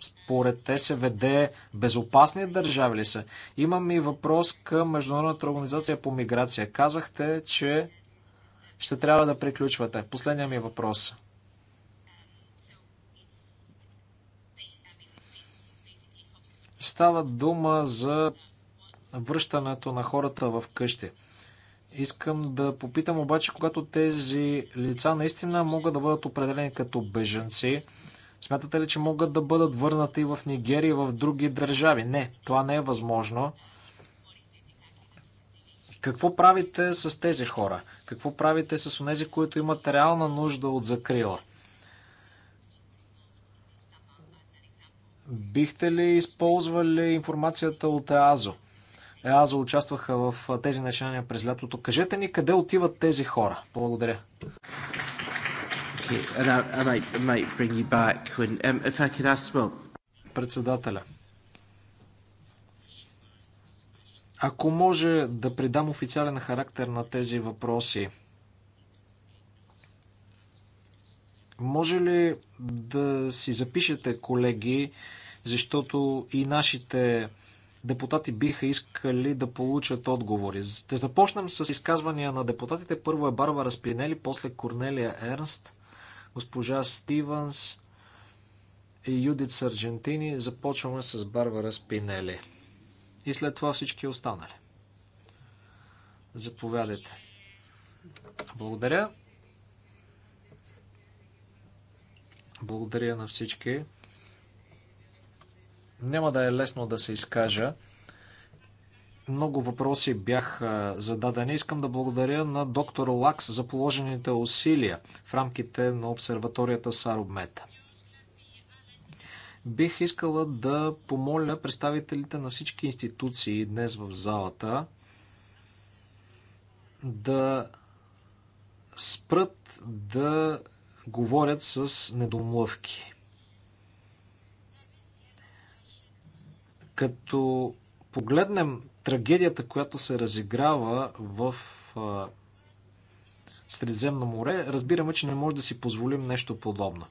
според те се веде безопасни държави ли са? Имам и въпрос към Международната организация по миграция. Казахте, че ще трябва да приключвате. Последният ми въпрос. Става дума за връщането на хората в къщи. Искам да попитам обаче, когато тези лица наистина могат да бъдат определени като беженци, смятате ли, че могат да бъдат върнати в Нигерия и в други държави? Не, това не е възможно. Какво правите с тези хора? Какво правите с онези, които имат реална нужда от закрила? Бихте ли използвали информацията от ЕАЗО? ЕАЗО участваха в тези начинания през лятото. Кажете ни къде отиват тези хора. Благодаря. Um, Председателя. Ако може да придам официален характер на тези въпроси, Може ли да си запишете, колеги, защото и нашите депутати биха искали да получат отговори. Ще започнем с изказвания на депутатите. Първо е Барбара Спинели, после Корнелия Ернст, госпожа Стивенс и Юдит Сарджентини. Започваме с Барбара Спинели. И след това всички останали. Заповядайте. Благодаря. Благодаря на всички. Няма да е лесно да се изкажа. Много въпроси бях зададени. Искам да благодаря на доктор Лакс за положените усилия в рамките на обсерваторията Сарубмета. Бих искала да помоля представителите на всички институции днес в залата да спрат да говорят с недомлъвки. Като погледнем трагедията, която се разиграва в Средиземно море, разбираме, че не може да си позволим нещо подобно.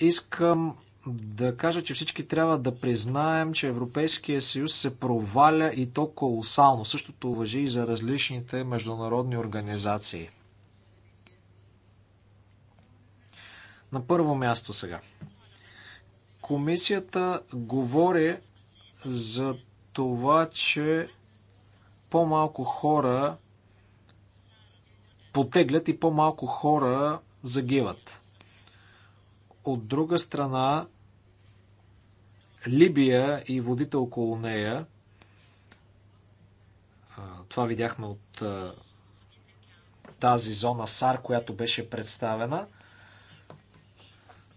Искам да кажа, че всички трябва да признаем, че Европейския съюз се проваля и то колосално. Същото въжи и за различните международни организации. На първо място сега. Комисията говори за това, че по-малко хора потеглят и по-малко хора загиват. От друга страна, Либия и водите около нея, това видяхме от тази зона САР, която беше представена –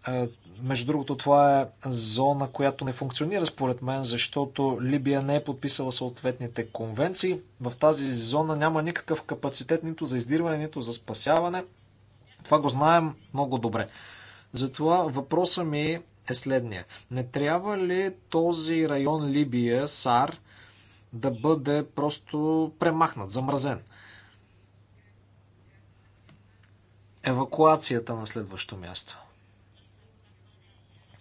е, между другото, това е зона, която не функционира според мен, защото Либия не е подписала съответните конвенции. В тази зона няма никакъв капацитет нито за издирване, нито за спасяване. Това го знаем много добре. Затова въпросът ми е следния. Не трябва ли този район Либия, САР, да бъде просто премахнат, замразен? Евакуацията на следващо място.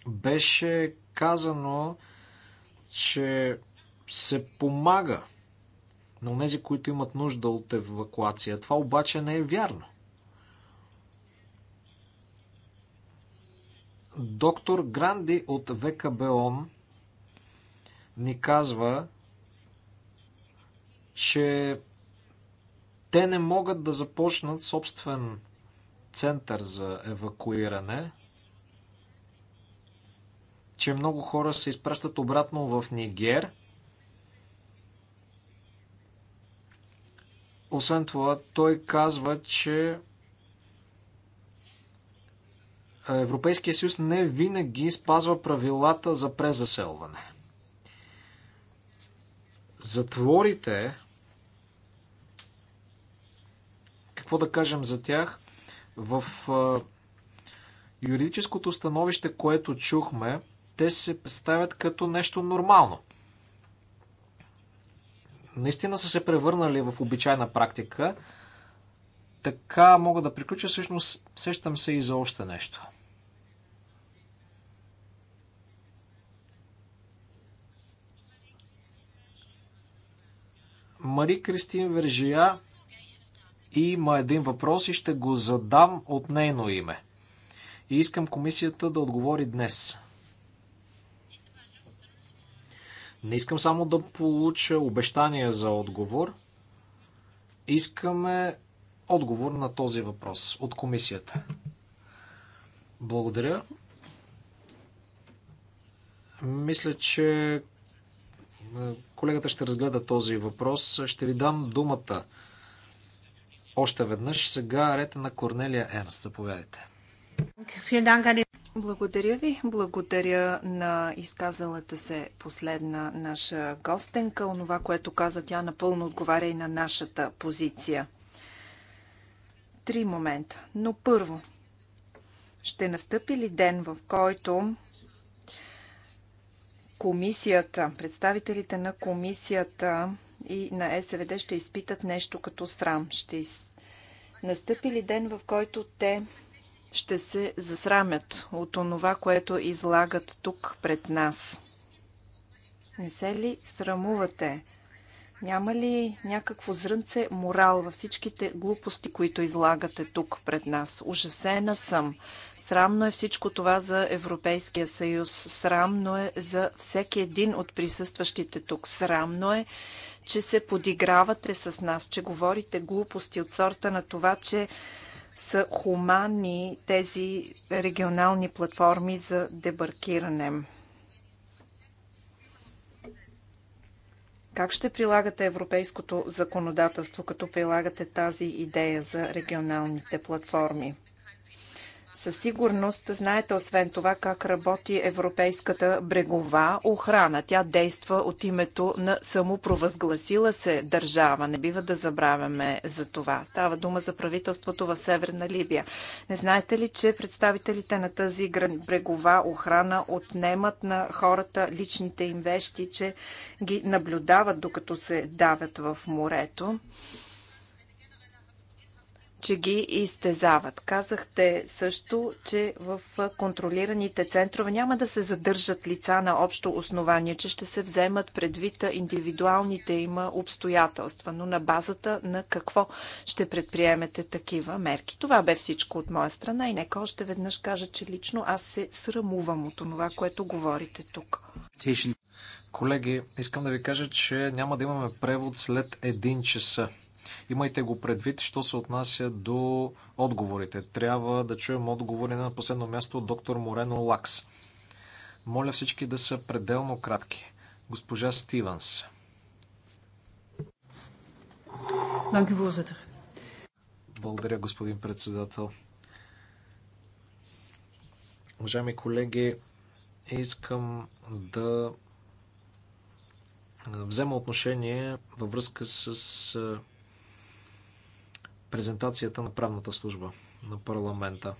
Беше казано, че се помага на тези, които имат нужда от евакуация. Това обаче не е вярно. Доктор Гранди от ВКБОМ ни казва, че те не могат да започнат собствен център за евакуиране че много хора се изпращат обратно в Нигер. Освен това, той казва, че Европейския съюз не винаги спазва правилата за презаселване. Затворите, какво да кажем за тях, в юридическото становище, което чухме, те се представят като нещо нормално. Наистина са се превърнали в обичайна практика. Така мога да приключа, всъщност сещам се и за още нещо. Мари Кристин Вержия има един въпрос и ще го задам от нейно име. И искам комисията да отговори днес. Не искам само да получа обещания за отговор. Искаме отговор на този въпрос от комисията. Благодаря. Мисля, че е, колегата ще разгледа този въпрос. Ще ви дам думата още веднъж. Сега ред на Корнелия Ернст. Заповядайте. Благодаря ви. Благодаря на изказалата се последна наша гостенка. Онова, което каза тя, напълно отговаря и на нашата позиция. Три момента. Но първо, ще настъпи ли ден, в който комисията, представителите на комисията и на СВД ще изпитат нещо като срам? Ще из... Настъпи ли ден, в който те ще се засрамят от онова, което излагат тук пред нас. Не се ли срамувате? Няма ли някакво зрънце морал във всичките глупости, които излагате тук пред нас? Ужасена съм. Срамно е всичко това за Европейския съюз. Срамно е за всеки един от присъстващите тук. Срамно е, че се подигравате с нас, че говорите глупости от сорта на това, че са хуманни тези регионални платформи за дебаркиране? Как ще прилагате европейското законодателство, като прилагате тази идея за регионалните платформи? Със сигурност знаете освен това как работи европейската брегова охрана. Тя действа от името на самопровъзгласила се държава. Не бива да забравяме за това. Става дума за правителството в Северна Либия. Не знаете ли, че представителите на тази брегова охрана отнемат на хората личните им вещи, че ги наблюдават докато се давят в морето? че ги изтезават. Казахте също, че в контролираните центрове няма да се задържат лица на общо основание, че ще се вземат предвид индивидуалните им обстоятелства, но на базата на какво ще предприемете такива мерки. Това бе всичко от моя страна и нека още веднъж кажа, че лично аз се срамувам от това, което говорите тук. Колеги, искам да ви кажа, че няма да имаме превод след един часа. Имайте го предвид, що се отнася до отговорите. Трябва да чуем отговори на последно място от доктор Морено Лакс. Моля всички да са пределно кратки. Госпожа Стивенс. Благодаря, господин председател. Уважаеми колеги, искам да взема отношение във връзка с презентацията на правната служба на парламента.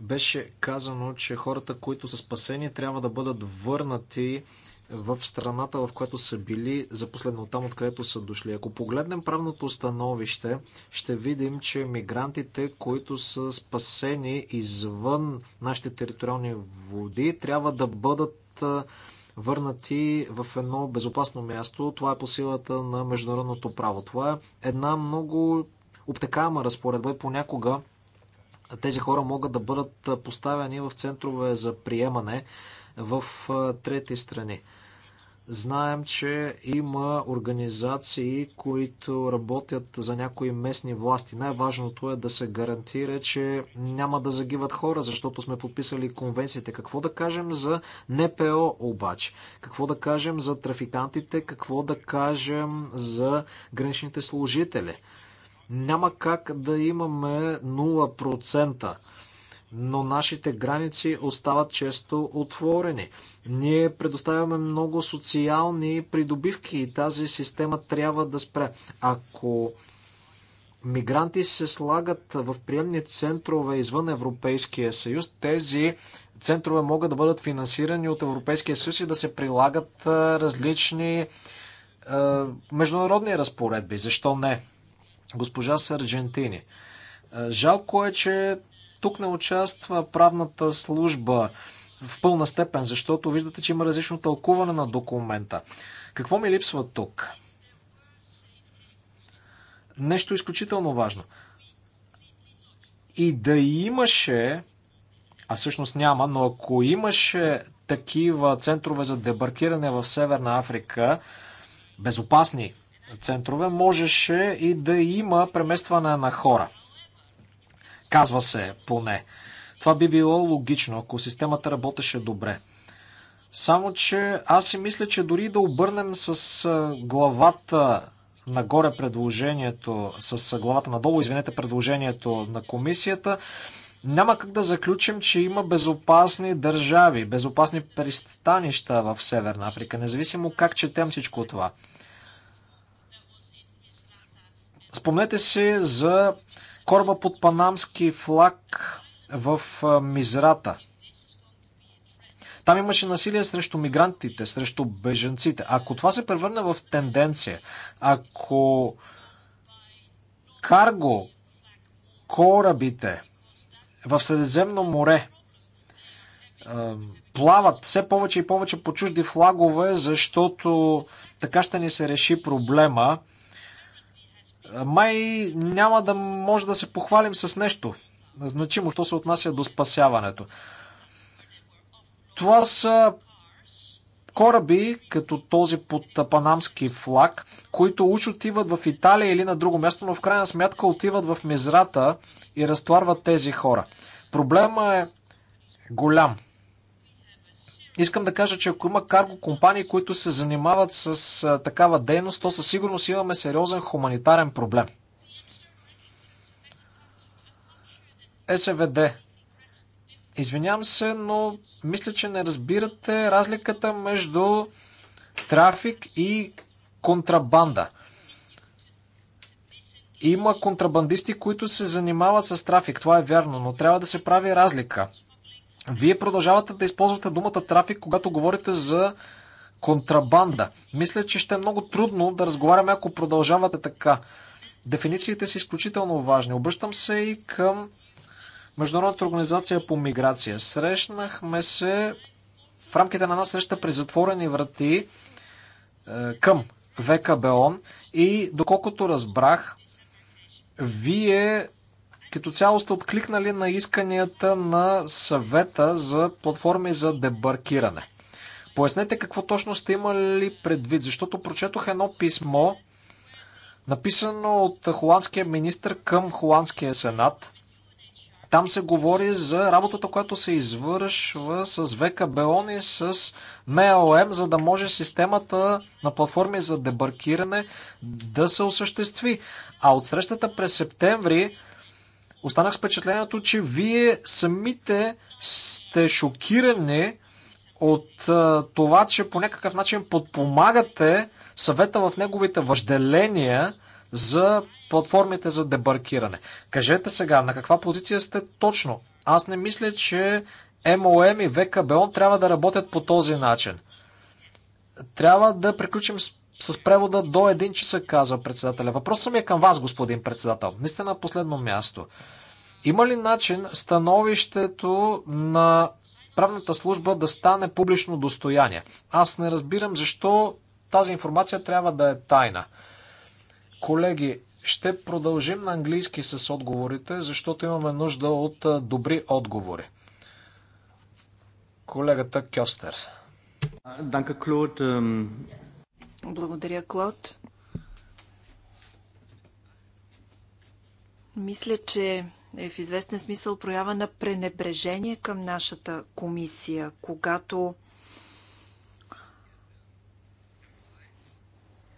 Беше казано, че хората, които са спасени, трябва да бъдат върнати в страната, в която са били за последно там, откъдето са дошли. Ако погледнем правното становище, ще видим, че мигрантите, които са спасени извън нашите териториални води, трябва да бъдат върнати в едно безопасно място. Това е по силата на международното право. Това е една много обтекаема разпоредба и понякога тези хора могат да бъдат поставени в центрове за приемане в трети страни. Знаем, че има организации, които работят за някои местни власти. Най-важното е да се гарантира, че няма да загиват хора, защото сме подписали конвенциите. Какво да кажем за НПО обаче? Какво да кажем за трафикантите? Какво да кажем за граничните служители? Няма как да имаме 0% но нашите граници остават често отворени. Ние предоставяме много социални придобивки и тази система трябва да спре. Ако мигранти се слагат в приемни центрове извън Европейския съюз, тези центрове могат да бъдат финансирани от Европейския съюз и да се прилагат различни е, международни разпоредби. Защо не? Госпожа Сарджентини. Жалко е, че тук не участва правната служба в пълна степен, защото виждате, че има различно тълкуване на документа. Какво ми липсва тук? Нещо изключително важно. И да имаше, а всъщност няма, но ако имаше такива центрове за дебаркиране в Северна Африка, безопасни центрове, можеше и да има преместване на хора. Казва се поне. Това би било логично, ако системата работеше добре. Само, че аз си мисля, че дори да обърнем с главата нагоре предложението, с главата надолу, извинете, предложението на комисията, няма как да заключим, че има безопасни държави, безопасни пристанища в Северна Африка, независимо как четем всичко това. Спомнете си за кораба под панамски флаг в Мизрата. Там имаше насилие срещу мигрантите, срещу беженците. Ако това се превърне в тенденция, ако карго корабите в Средиземно море плават все повече и повече по чужди флагове, защото така ще ни се реши проблема – май няма да може да се похвалим с нещо значимо, що се отнася до спасяването. Това са кораби, като този под панамски флаг, които уж отиват в Италия или на друго място, но в крайна смятка отиват в мизрата и разтварват тези хора. Проблема е голям. Искам да кажа, че ако има карго компании, които се занимават с такава дейност, то със сигурност имаме сериозен хуманитарен проблем. СВД. Извинявам се, но мисля, че не разбирате разликата между трафик и контрабанда. Има контрабандисти, които се занимават с трафик, това е вярно, но трябва да се прави разлика. Вие продължавате да използвате думата трафик, когато говорите за контрабанда. Мисля, че ще е много трудно да разговаряме, ако продължавате така. Дефинициите са изключително важни. Обръщам се и към Международната организация по миграция. Срещнахме се в рамките на една среща при затворени врати е, към ВКБОН и доколкото разбрах, вие като цяло сте откликнали на исканията на съвета за платформи за дебаркиране. Пояснете какво точно сте имали предвид, защото прочетох едно писмо, написано от холандския министр към холандския сенат. Там се говори за работата, която се извършва с ВКБОН и с МЛМ, за да може системата на платформи за дебаркиране да се осъществи. А от срещата през септември останах с впечатлението, че вие самите сте шокирани от това, че по някакъв начин подпомагате съвета в неговите въжделения за платформите за дебаркиране. Кажете сега, на каква позиция сте точно? Аз не мисля, че МОМ и ВКБОН трябва да работят по този начин. Трябва да приключим с с превода до 1 часа, казва председателя. Въпросът ми е към вас, господин председател. Наистина на последно място. Има ли начин становището на правната служба да стане публично достояние? Аз не разбирам защо тази информация трябва да е тайна. Колеги, ще продължим на английски с отговорите, защото имаме нужда от добри отговори. Колегата Кьостер. Данка Клод. Благодаря, Клод. Мисля, че е в известен смисъл проява на пренебрежение към нашата комисия, когато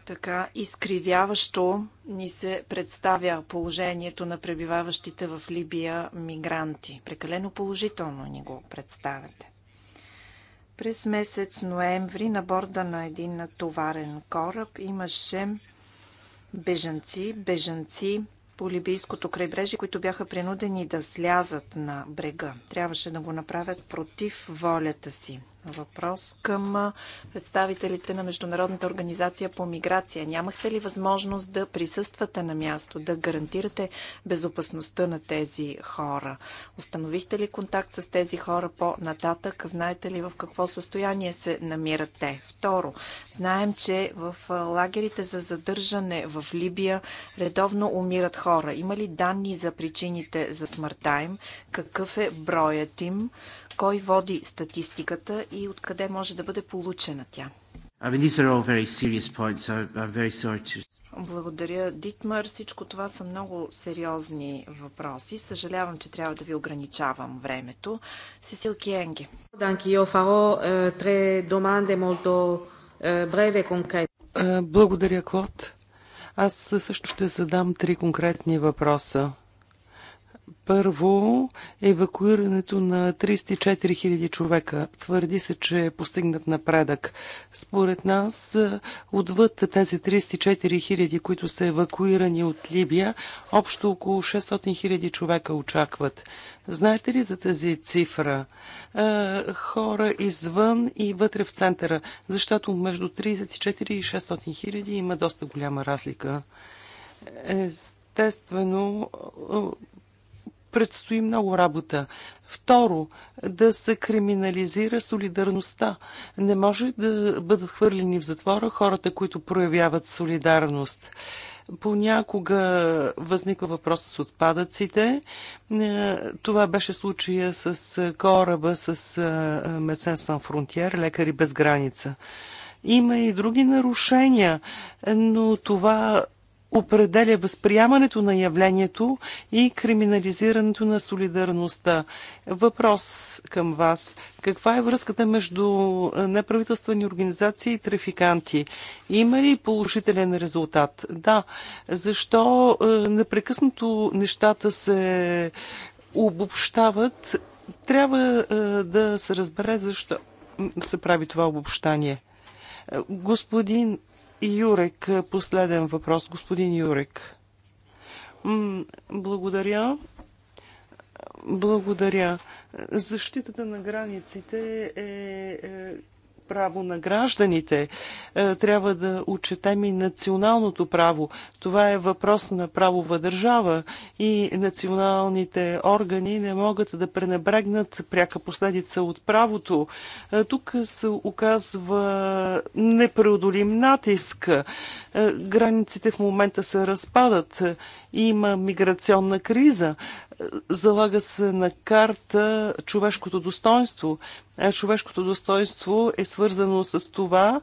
така изкривяващо ни се представя положението на пребиваващите в Либия мигранти. Прекалено положително ни го представяте. През месец ноември на борда на един натоварен кораб имаше бежанци, бежанци по Либийското крайбрежие, които бяха принудени да слязат на брега. Трябваше да го направят против волята си. Въпрос към представителите на Международната организация по миграция. Нямахте ли възможност да присъствате на място, да гарантирате безопасността на тези хора? Установихте ли контакт с тези хора по-нататък? Знаете ли в какво състояние се намират те? Второ, знаем, че в лагерите за задържане в Либия редовно умират хора. Има ли данни за причините за смъртта им? Какъв е броят им? кой води статистиката и откъде може да бъде получена тя? Благодаря, Дитмар. Всичко това са много сериозни въпроси. Съжалявам, че трябва да ви ограничавам времето. Сесил Киенги. Eh, eh, e Благодаря, Клод. Аз също ще задам три конкретни въпроса. Първо, евакуирането на 34 000 човека. Твърди се, че е постигнат напредък. Според нас, отвъд тези 34 000, които са евакуирани от Либия, общо около 600 000 човека очакват. Знаете ли за тази цифра? Е, хора извън и вътре в центъра, защото между 34 и 600 хиляди има доста голяма разлика. Естествено, предстои много работа. Второ, да се криминализира солидарността. Не може да бъдат хвърлени в затвора хората, които проявяват солидарност. Понякога възниква въпрос с отпадъците. Е, това беше случая с кораба с е, Медсен Сан Фронтиер, лекари без граница. Има и други нарушения, но това определя възприемането на явлението и криминализирането на солидарността. Въпрос към вас. Каква е връзката между неправителствени организации и трафиканти? Има ли положителен резултат? Да. Защо непрекъснато нещата се обобщават? Трябва да се разбере защо се прави това обобщание. Господин Юрек, последен въпрос, господин Юрек. Благодаря. Благодаря. Защитата на границите е, е право на гражданите. Е, трябва да отчетем и националното право. Това е въпрос на правова държава и националните органи не могат да пренебрегнат пряка последица от правото. Е, тук се оказва непреодолим натиск. Е, границите в момента се разпадат. Има миграционна криза залага се на карта човешкото достоинство. Е, човешкото достоинство е свързано с това,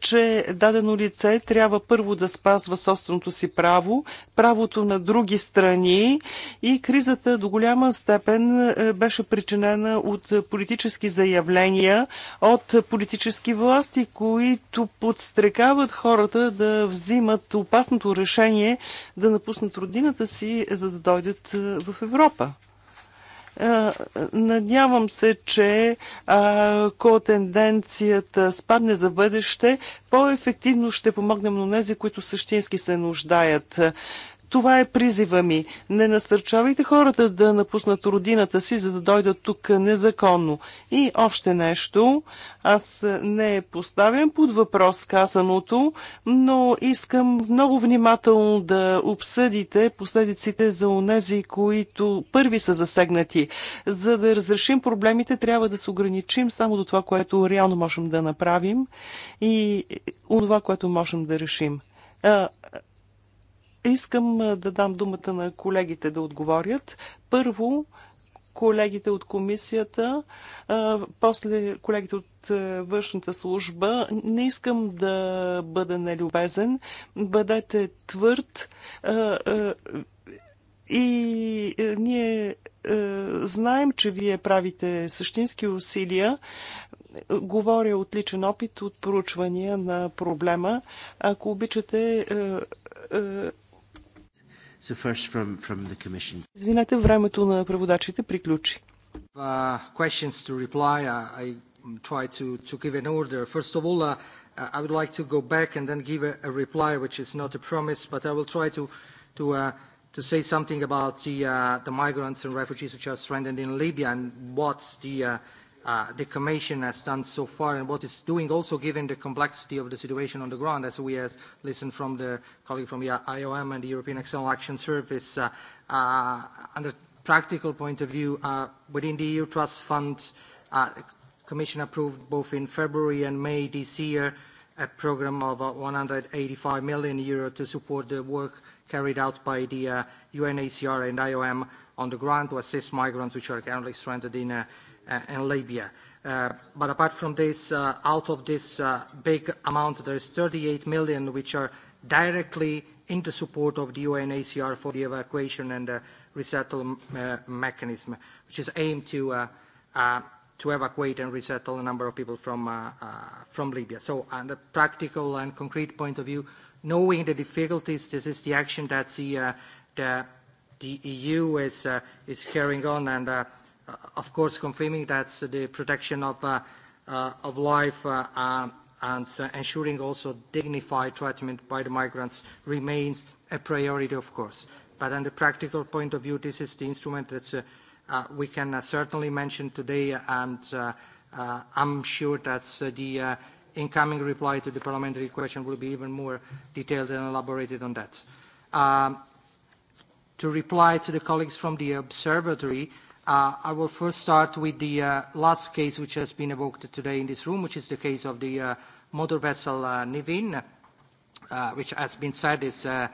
че дадено лице трябва първо да спазва собственото си право, правото на други страни и кризата до голяма степен е, беше причинена от политически заявления, от политически власти, които подстрекават хората да взимат опасното решение да напуснат родината си, за да дойдат е, в Европа. Е, надявам се, че ако тенденцията спадне за бъдеще, по-ефективно ще помогнем на тези, които същински се нуждаят. Това е призива ми. Не насърчавайте хората да напуснат родината си, за да дойдат тук незаконно. И още нещо. Аз не поставям под въпрос казаното, но искам много внимателно да обсъдите последиците за онези, които първи са засегнати. За да разрешим проблемите, трябва да се ограничим само до това, което реално можем да направим и онова, което можем да решим. Искам да дам думата на колегите да отговорят. Първо, колегите от комисията, после колегите от външната служба. Не искам да бъда нелюбезен. Бъдете твърд. И ние знаем, че вие правите същински усилия. Говоря от личен опит, от проучвания на проблема. Ако обичате, So first from, from the commission. Извинете, времето на преводачите приключи. Uh, questions to reply. Uh, I try to, to give an order. First of all, uh, I would like to go back and then give a, a reply, which is not a promise, but I will try to, to, uh, to say something about the, uh, the migrants and refugees which are stranded in Libya and what's the uh, uh, the Commission has done so far and what it's doing, also given the complexity of the situation on the ground, as we have listened from the colleague from the IOM and the European External Action Service, uh, uh, under practical point of view, uh, within the EU Trust Fund, uh, Commission approved both in February and May this year a program of 185 million euro to support the work carried out by the uh, UNHCR and IOM on the ground to assist migrants which are currently stranded in uh, uh, and Libya. Uh, but apart from this, uh, out of this uh, big amount, there is 38 million which are directly into support of the UNHCR for the evacuation and the resettlement uh, mechanism, which is aimed to, uh, uh, to evacuate and resettle a number of people from, uh, uh, from Libya. So on the practical and concrete point of view, knowing the difficulties, this is the action that the, the, the EU is, uh, is carrying on and uh, uh, of course, confirming that the protection of, uh, uh, of life uh, uh, and uh, ensuring also dignified treatment by the migrants remains a priority, of course. But on the practical point of view, this is the instrument that uh, uh, we can uh, certainly mention today, and uh, uh, I'm sure that uh, the uh, incoming reply to the parliamentary question will be even more detailed and elaborated on that. Um, to reply to the colleagues from the observatory, I will first start with the last case which has been evoked today in this room, which is the case of the motor vessel Nivin, which has been said is a,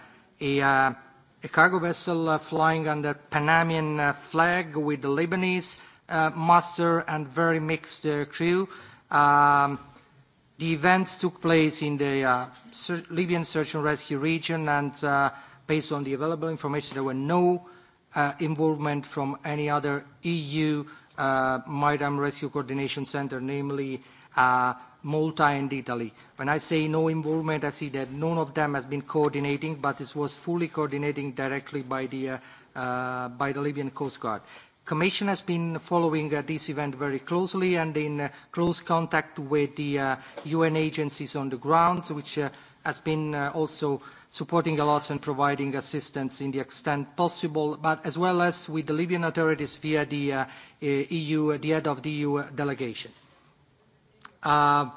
cargo vessel flying under Panamanian flag with the Lebanese master and very mixed crew. the events took place in the Libyan search and rescue region, and uh, based on the available information, there were no uh, involvement from any other EU uh, maritime rescue coordination center, namely uh, Malta and Italy. When I say no involvement, I see that none of them has been coordinating, but this was fully coordinating directly by the, uh, uh, by the Libyan Coast Guard. Commission has been following uh, this event very closely and in uh, close contact with the uh, UN agencies on the ground, which uh, has been uh, also supporting a lot and providing assistance in the extent possible, but as well as with the Libyan authorities via the EU, the head of the EU delegation. going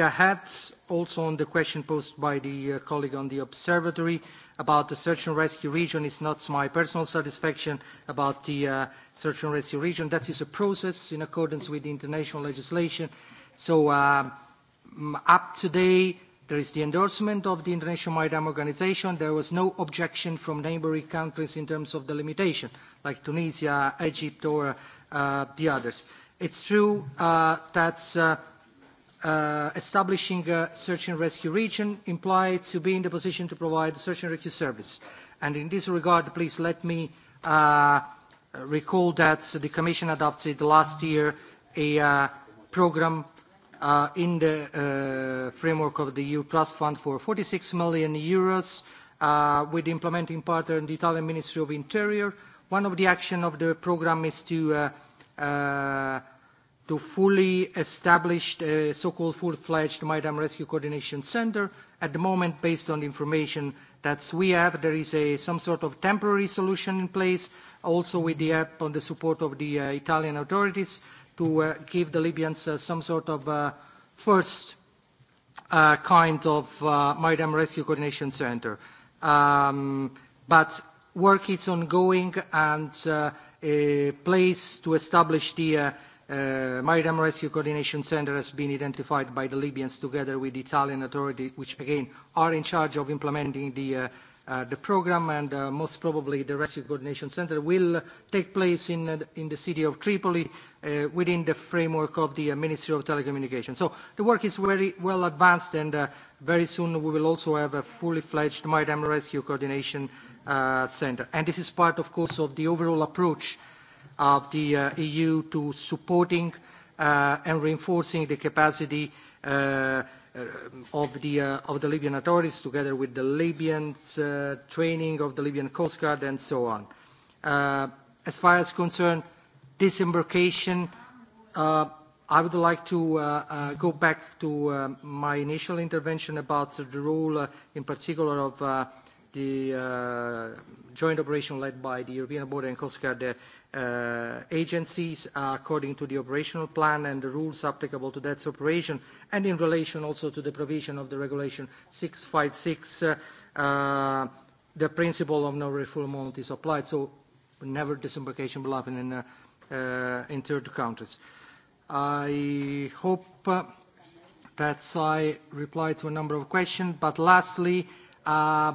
ahead, also on the question posed by the colleague on the observatory about the search and rescue region, it's not my personal satisfaction about the search and rescue region. That is a process in accordance with international legislation. So to date, There is the endorsement of the International Maritime Organization. There was no objection from neighboring countries in terms of the limitation, like Tunisia, Egypt, or uh, the others. It's true uh, that uh, uh, establishing a search and rescue region implied to be in the position to provide search and rescue service. And in this regard, please let me uh, recall that the Commission adopted last year a uh, program uh, in the framework of the EU Trust Fund for 46 million euros uh, with the implementing partner the Italian Ministry of Interior. One of the actions of the program is to fully establish a so-called full-fledged maritime rescue coordination center. At the moment, based on the information that we have, there is a, some sort of temporary solution in place, also with the help and the support of the Italian authorities to uh, give the Libyans uh, some sort of uh, first uh, kind of uh, maritime rescue coordination center. Um, but work is ongoing and uh, a place to establish the uh, uh, Maritime Rescue Coordination Center has been identified by the Libyans together with the Italian authorities, which again are in charge of implementing the uh, the program and uh, most probably the Rescue Coordination Center will take place in, in the city of Tripoli uh, within the framework of the uh, Ministry of Telecommunications. So the work is very well advanced and uh, very soon we will also have a fully fledged maritime rescue coordination uh, center. And this is part, of course, of the overall approach of the uh, EU to supporting uh, and reinforcing the capacity uh, of the uh, of the Libyan authorities, together with the Libyan uh, training of the Libyan Coast Guard, and so on. Uh, as far as concern disembarkation, uh, I would like to uh, uh, go back to uh, my initial intervention about the role, uh, in particular, of uh, the uh, joint operation led by the European Border and Coast Guard uh, uh, agencies uh, according to the operational plan and the rules applicable to that operation and in relation also to the provision of the regulation 656 uh, the principle of no refoulement is applied so never disembarkation will happen in, uh, uh, in third countries I hope that I replied to a number of questions but lastly uh,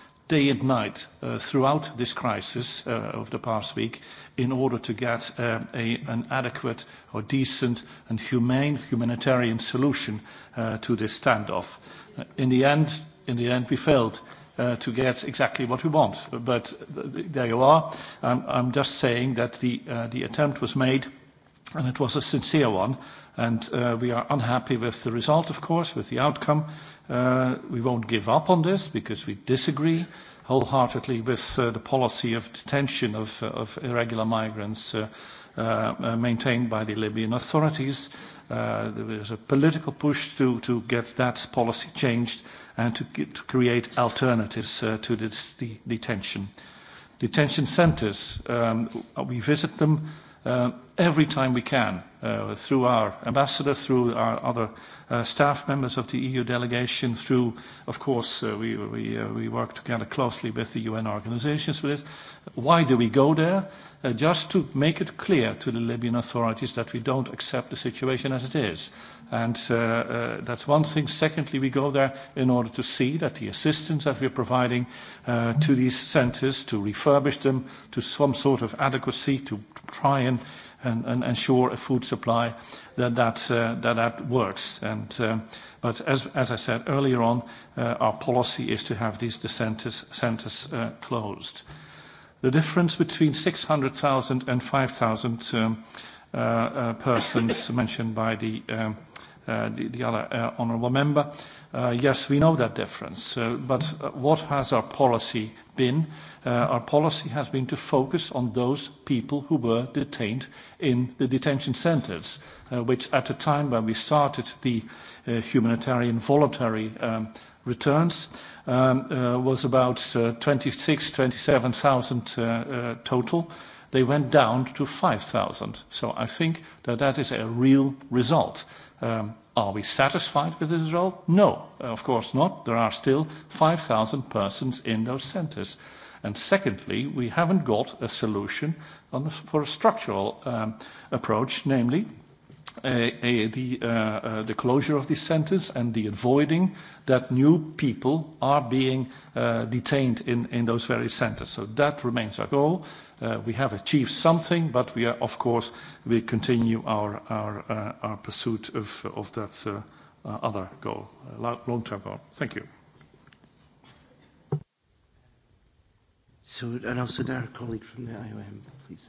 day and night uh, throughout this crisis uh, of the past week in order to get uh, a, an adequate or decent and humane humanitarian solution uh, to this standoff. Uh, in the end, in the end, we failed uh, to get exactly what we want. But there you are. I'm, I'm just saying that the, uh, the attempt was made, and it was a sincere one. And uh, we are unhappy with the result, of course, with the outcome Uh, we won't give up on this because we disagree wholeheartedly with uh, the policy of detention of, uh, of irregular migrants uh, uh, maintained by the Libyan authorities. Uh, there is a political push to, to get that policy changed and to, get, to create alternatives uh, to this the detention. Detention centres, um, we visit them uh, every time we can uh, through our ambassador, through our other staff members of the EU delegation through, of course, uh, we, we, uh, we work together closely with the UN organizations for this. Why do we go there? Uh, just to make it clear to the Libyan authorities that we don't accept the situation as it is. And uh, uh, that's one thing. Secondly, we go there in order to see that the assistance that we're providing uh, to these centers, to refurbish them to some sort of adequacy, to try and uh, and, and ensure a food supply that that, uh, that, that works. And, but as, as I said earlier on, uh, our policy is to have these the centers, centers uh, closed. The difference between 600,000 and 5,000 um, uh, uh, persons mentioned by the, um, uh, the, the other uh, honourable member Uh, yes, we know that difference, uh, but what has our policy been? Uh, our policy has been to focus on those people who were detained in the detention centres, uh, which at the time when we started the uh, humanitarian voluntary returns um, uh, was about uh, 27,000 uh, uh, total. They went down to 5,000. So I think that that is a real result. Um, Are we satisfied with the result? No, of course not. There are still 5,000 persons in those centres. And secondly, we haven't got a solution on the, for a structural um, approach, namely the closure of these centers and the avoiding that new people are being detained in those very centers. So that remains our goal. We have achieved something, but we are, of course, we continue our pursuit of that other goal, long-term goal. Thank you. So, and also colleague from the IOM, please.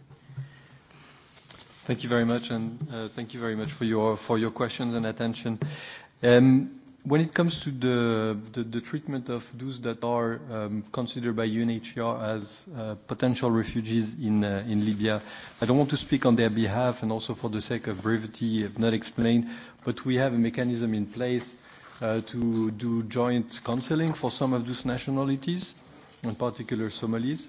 Thank you very much, and uh, thank you very much for your for your questions and attention. Um, when it comes to the, the, the treatment of those that are um, considered by UNHCR as uh, potential refugees in, uh, in Libya, I don't want to speak on their behalf and also for the sake of brevity, if not explained, but we have a mechanism in place uh, to do joint counseling for some of those nationalities, in particular Somalis.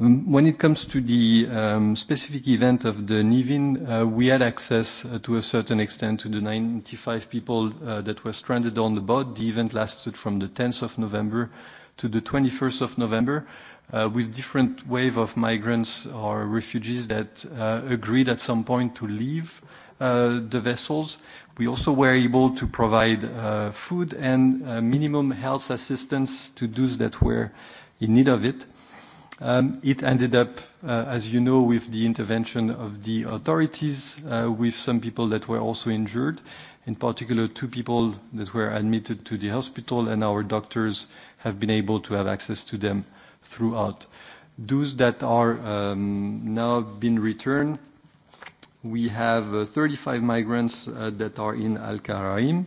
When it comes to the specific event of the Nivin, uh we had access to a certain extent to the 95 people that were stranded on the boat. The event lasted from the 10th of November to the 21st of November, with different wave of migrants or refugees that uh agreed at some point to leave uh the vessels. We also were able to provide uh food and uh minimum health assistance to those that were in need of it. Um, it ended up, uh, as you know, with the intervention of the authorities, uh, with some people that were also injured, in particular two people that were admitted to the hospital, and our doctors have been able to have access to them throughout. Those that are um, now been returned, we have uh, 35 migrants uh, that are in Al-Karaim.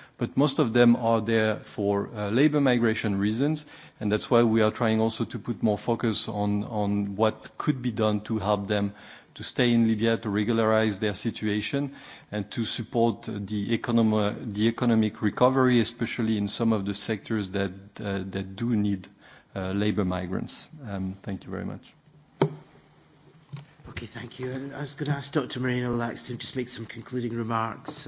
but most of them are there for labor migration reasons, and that's why we are trying also to put more focus on what could be done to help them to stay in Libya, to regularize their situation, and to support the economic recovery, especially in some of the sectors that do need labor migrants. Thank you very much. Okay, thank you. I was gonna ask Dr. Marina Lax to just make some concluding remarks,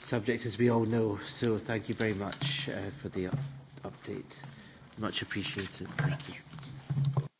subject, as we all know. So thank you very much uh, for the up- update. Much appreciated. Thank you.